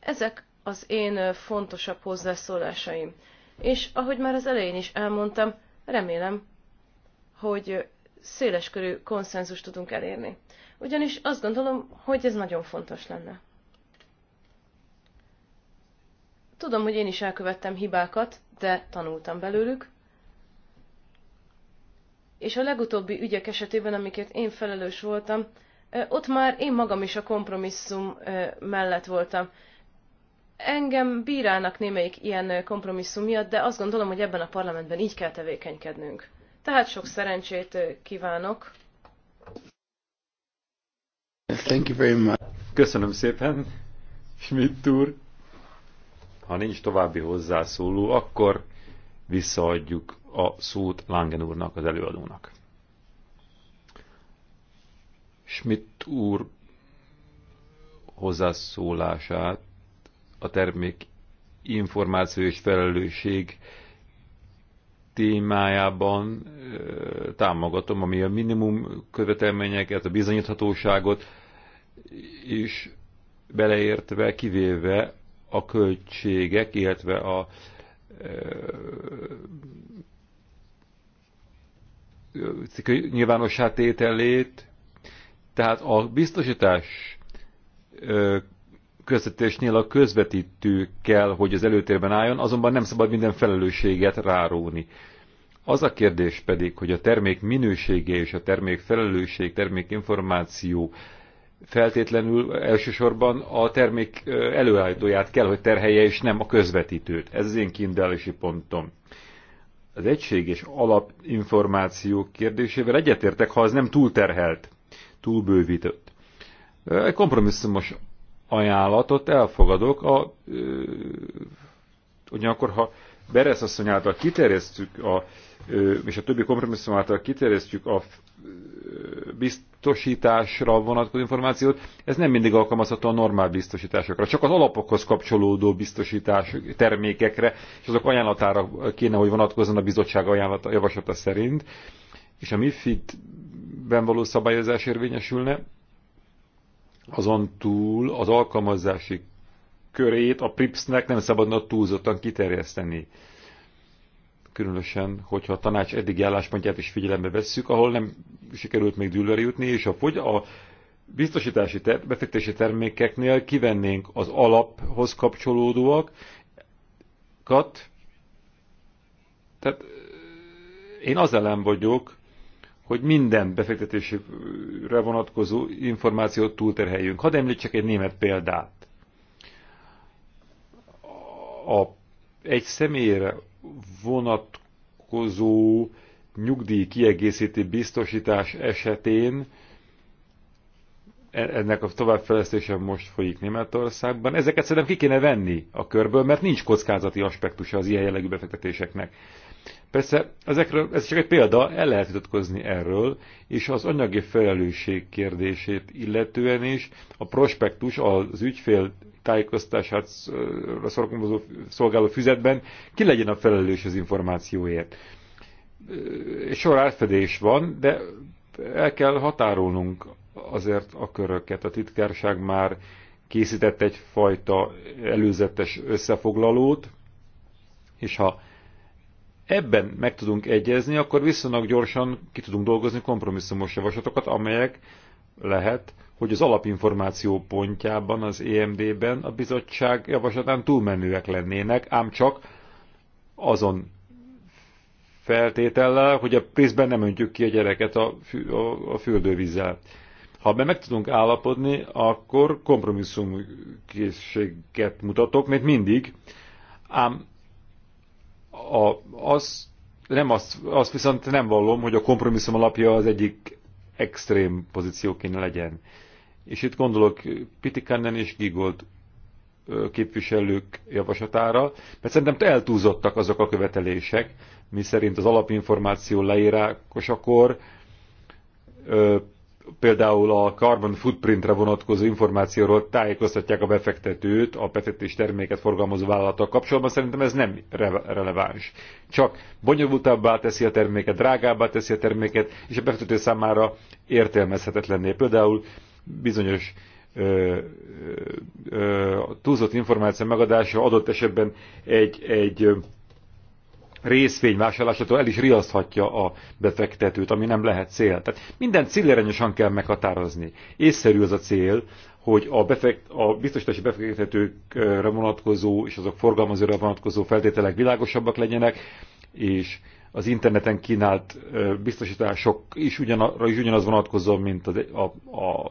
Ezek az én fontosabb hozzászólásaim. És ahogy már az elején is elmondtam, remélem, hogy széleskörű konszenzus tudunk elérni. Ugyanis azt gondolom, hogy ez nagyon fontos lenne. Tudom, hogy én is elkövettem hibákat, de tanultam belőlük. És a legutóbbi ügyek esetében, amiket én felelős voltam, ott már én magam is a kompromisszum mellett voltam. Engem bírálnak némelyik ilyen kompromisszum miatt, de azt gondolom, hogy ebben a parlamentben így kell tevékenykednünk. Tehát sok szerencsét kívánok. Thank you very much. Köszönöm szépen, Schmidt úr. Ha nincs további hozzászóló, akkor visszaadjuk a szót Langen úrnak, az előadónak. Schmidt úr hozzászólását a termék és felelősség témájában támogatom, ami a minimum követelményeket, a bizonyíthatóságot, is beleértve, kivéve a költségek, illetve a nyilvánossá tételét, tehát a biztosítás közvetésnél a közvetítő kell, hogy az előtérben álljon, azonban nem szabad minden felelősséget ráróni. Az a kérdés pedig, hogy a termék minősége és a termék felelősség, termék információ feltétlenül elsősorban a termék előállítóját kell, hogy terhelje, és nem a közvetítőt. Ez az én kiindelési pontom. Az egység és alapinformáció kérdésével egyetértek, ha az nem túlterhelt, túlbővített. Egy kompromisszumos ajánlatot elfogadok, a, ö, ugyanakkor ha Beresz asszony által kiterjesztjük, a, ö, és a többi kompromisszum által kiterjesztjük a ö, biztosításra vonatkozó információt, ez nem mindig alkalmazható a normál biztosításokra, csak az alapokhoz kapcsolódó biztosítás termékekre, és azok ajánlatára kéne, hogy vonatkozzon a bizottság ajánlata, javaslata szerint, és a MIFID-ben való szabályozás érvényesülne, azon túl az alkalmazási körét a PRIPS-nek nem szabadna túlzottan kiterjeszteni. Különösen, hogyha a tanács eddigi álláspontját is figyelembe vesszük, ahol nem sikerült még dűlőre jutni, és a, fogy, a biztosítási ter befektetési termékeknél kivennénk az alaphoz kapcsolódóakat. Tehát én az ellen vagyok, hogy minden befektetésre vonatkozó információt túlterheljünk. Hadd említsek egy német példát. A egy személyre vonatkozó nyugdíj kiegészítő biztosítás esetén e, ennek a továbbfejlesztése most folyik Németországban. Ezeket szerintem ki kéne venni a körből, mert nincs kockázati aspektusa az ilyen jellegű befektetéseknek. Persze ezekről, ez csak egy példa, el lehet vitatkozni erről, és az anyagi felelősség kérdését illetően is a prospektus az ügyfél tájékoztatását szolgáló füzetben ki legyen a felelős az információért. Sor átfedés van, de el kell határolnunk azért a köröket. A titkárság már készített egyfajta előzetes összefoglalót, és ha ebben meg tudunk egyezni, akkor viszonylag gyorsan ki tudunk dolgozni kompromisszumos javaslatokat, amelyek lehet, hogy az alapinformáció pontjában, az EMD-ben a bizottság javaslatán túlmenőek lennének, ám csak azon feltétellel, hogy a pénzben nem öntjük ki a gyereket a, fü a, a fürdővízzel. Ha be meg tudunk állapodni, akkor kompromisszumkészséget mutatok, mert mindig, ám a, az, nem azt, azt viszont nem vallom, hogy a kompromisszum alapja az egyik extrém pozíció kéne legyen. És itt gondolok Pitikannen és Gigold képviselők javaslatára, mert szerintem eltúzottak azok a követelések, miszerint az alapinformáció leírákosakor például a carbon footprintre vonatkozó információról tájékoztatják a befektetőt, a befektetés terméket forgalmazó vállalattal kapcsolatban, szerintem ez nem re- releváns. Csak bonyolultabbá teszi a terméket, drágábbá teszi a terméket, és a befektető számára értelmezhetetlenné. Például bizonyos ö, ö, ö, túlzott információ megadása adott esetben egy, egy részvényvásárlásától el is riaszthatja a befektetőt, ami nem lehet cél. Tehát minden célirányosan kell meghatározni. Észszerű az a cél, hogy a, befekt, a biztosítási befektetőkre vonatkozó és azok forgalmazóra vonatkozó feltételek világosabbak legyenek, és az interneten kínált biztosítások is, ugyanarra is ugyanaz vonatkozom, mint a, a, a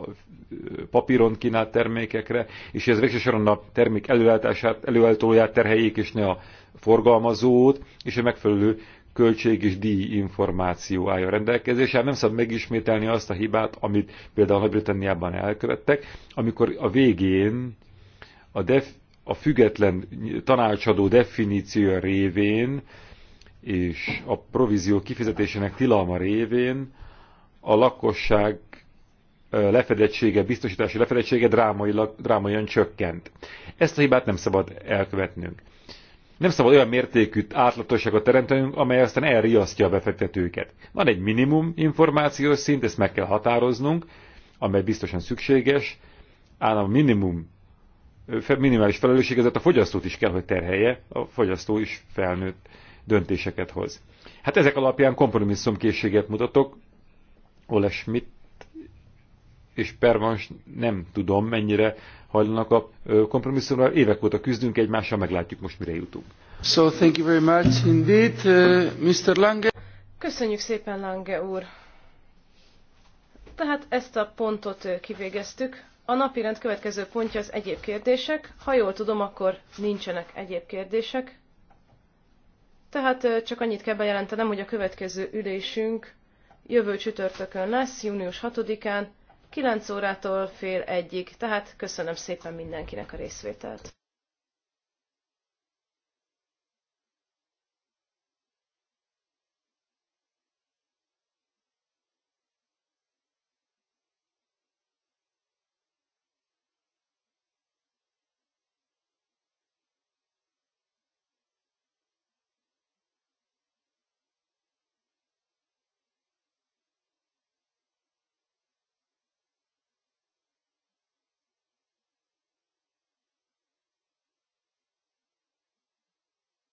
papíron kínált termékekre, és ez végsősorban a termék előállítóját terheljék, és ne a forgalmazót, és a megfelelő költség és díj információ állja rendelkezésre. Nem szabad megismételni azt a hibát, amit például Nagy-Britanniában elkövettek, amikor a végén a, def, a független tanácsadó definíció révén és a provízió kifizetésének tilalma révén a lakosság lefedettsége, biztosítási lefedettsége drámailag, drámaian csökkent. Ezt a hibát nem szabad elkövetnünk. Nem szabad olyan mértékű átlatosságot teremtenünk, amely aztán elriasztja a befektetőket. Van egy minimum információs szint, ezt meg kell határoznunk, amely biztosan szükséges, ám a minimum minimális felelősség, ezért a fogyasztót is kell, hogy terhelje, a fogyasztó is felnőtt döntéseket hoz. Hát ezek alapján kompromisszumkészséget mutatok. Oles Schmidt és pervans nem tudom, mennyire hajlanak a kompromisszumra. Évek óta küzdünk egymással, meglátjuk most, mire jutunk. So thank you very much indeed, uh, Mr. Lange. Köszönjük szépen, Lange úr. Tehát ezt a pontot kivégeztük. A napirend következő pontja az egyéb kérdések. Ha jól tudom, akkor nincsenek egyéb kérdések. Tehát csak annyit kell bejelentenem, hogy a következő ülésünk jövő csütörtökön lesz, június 6-án, 9 órától fél egyig, tehát köszönöm szépen mindenkinek a részvételt.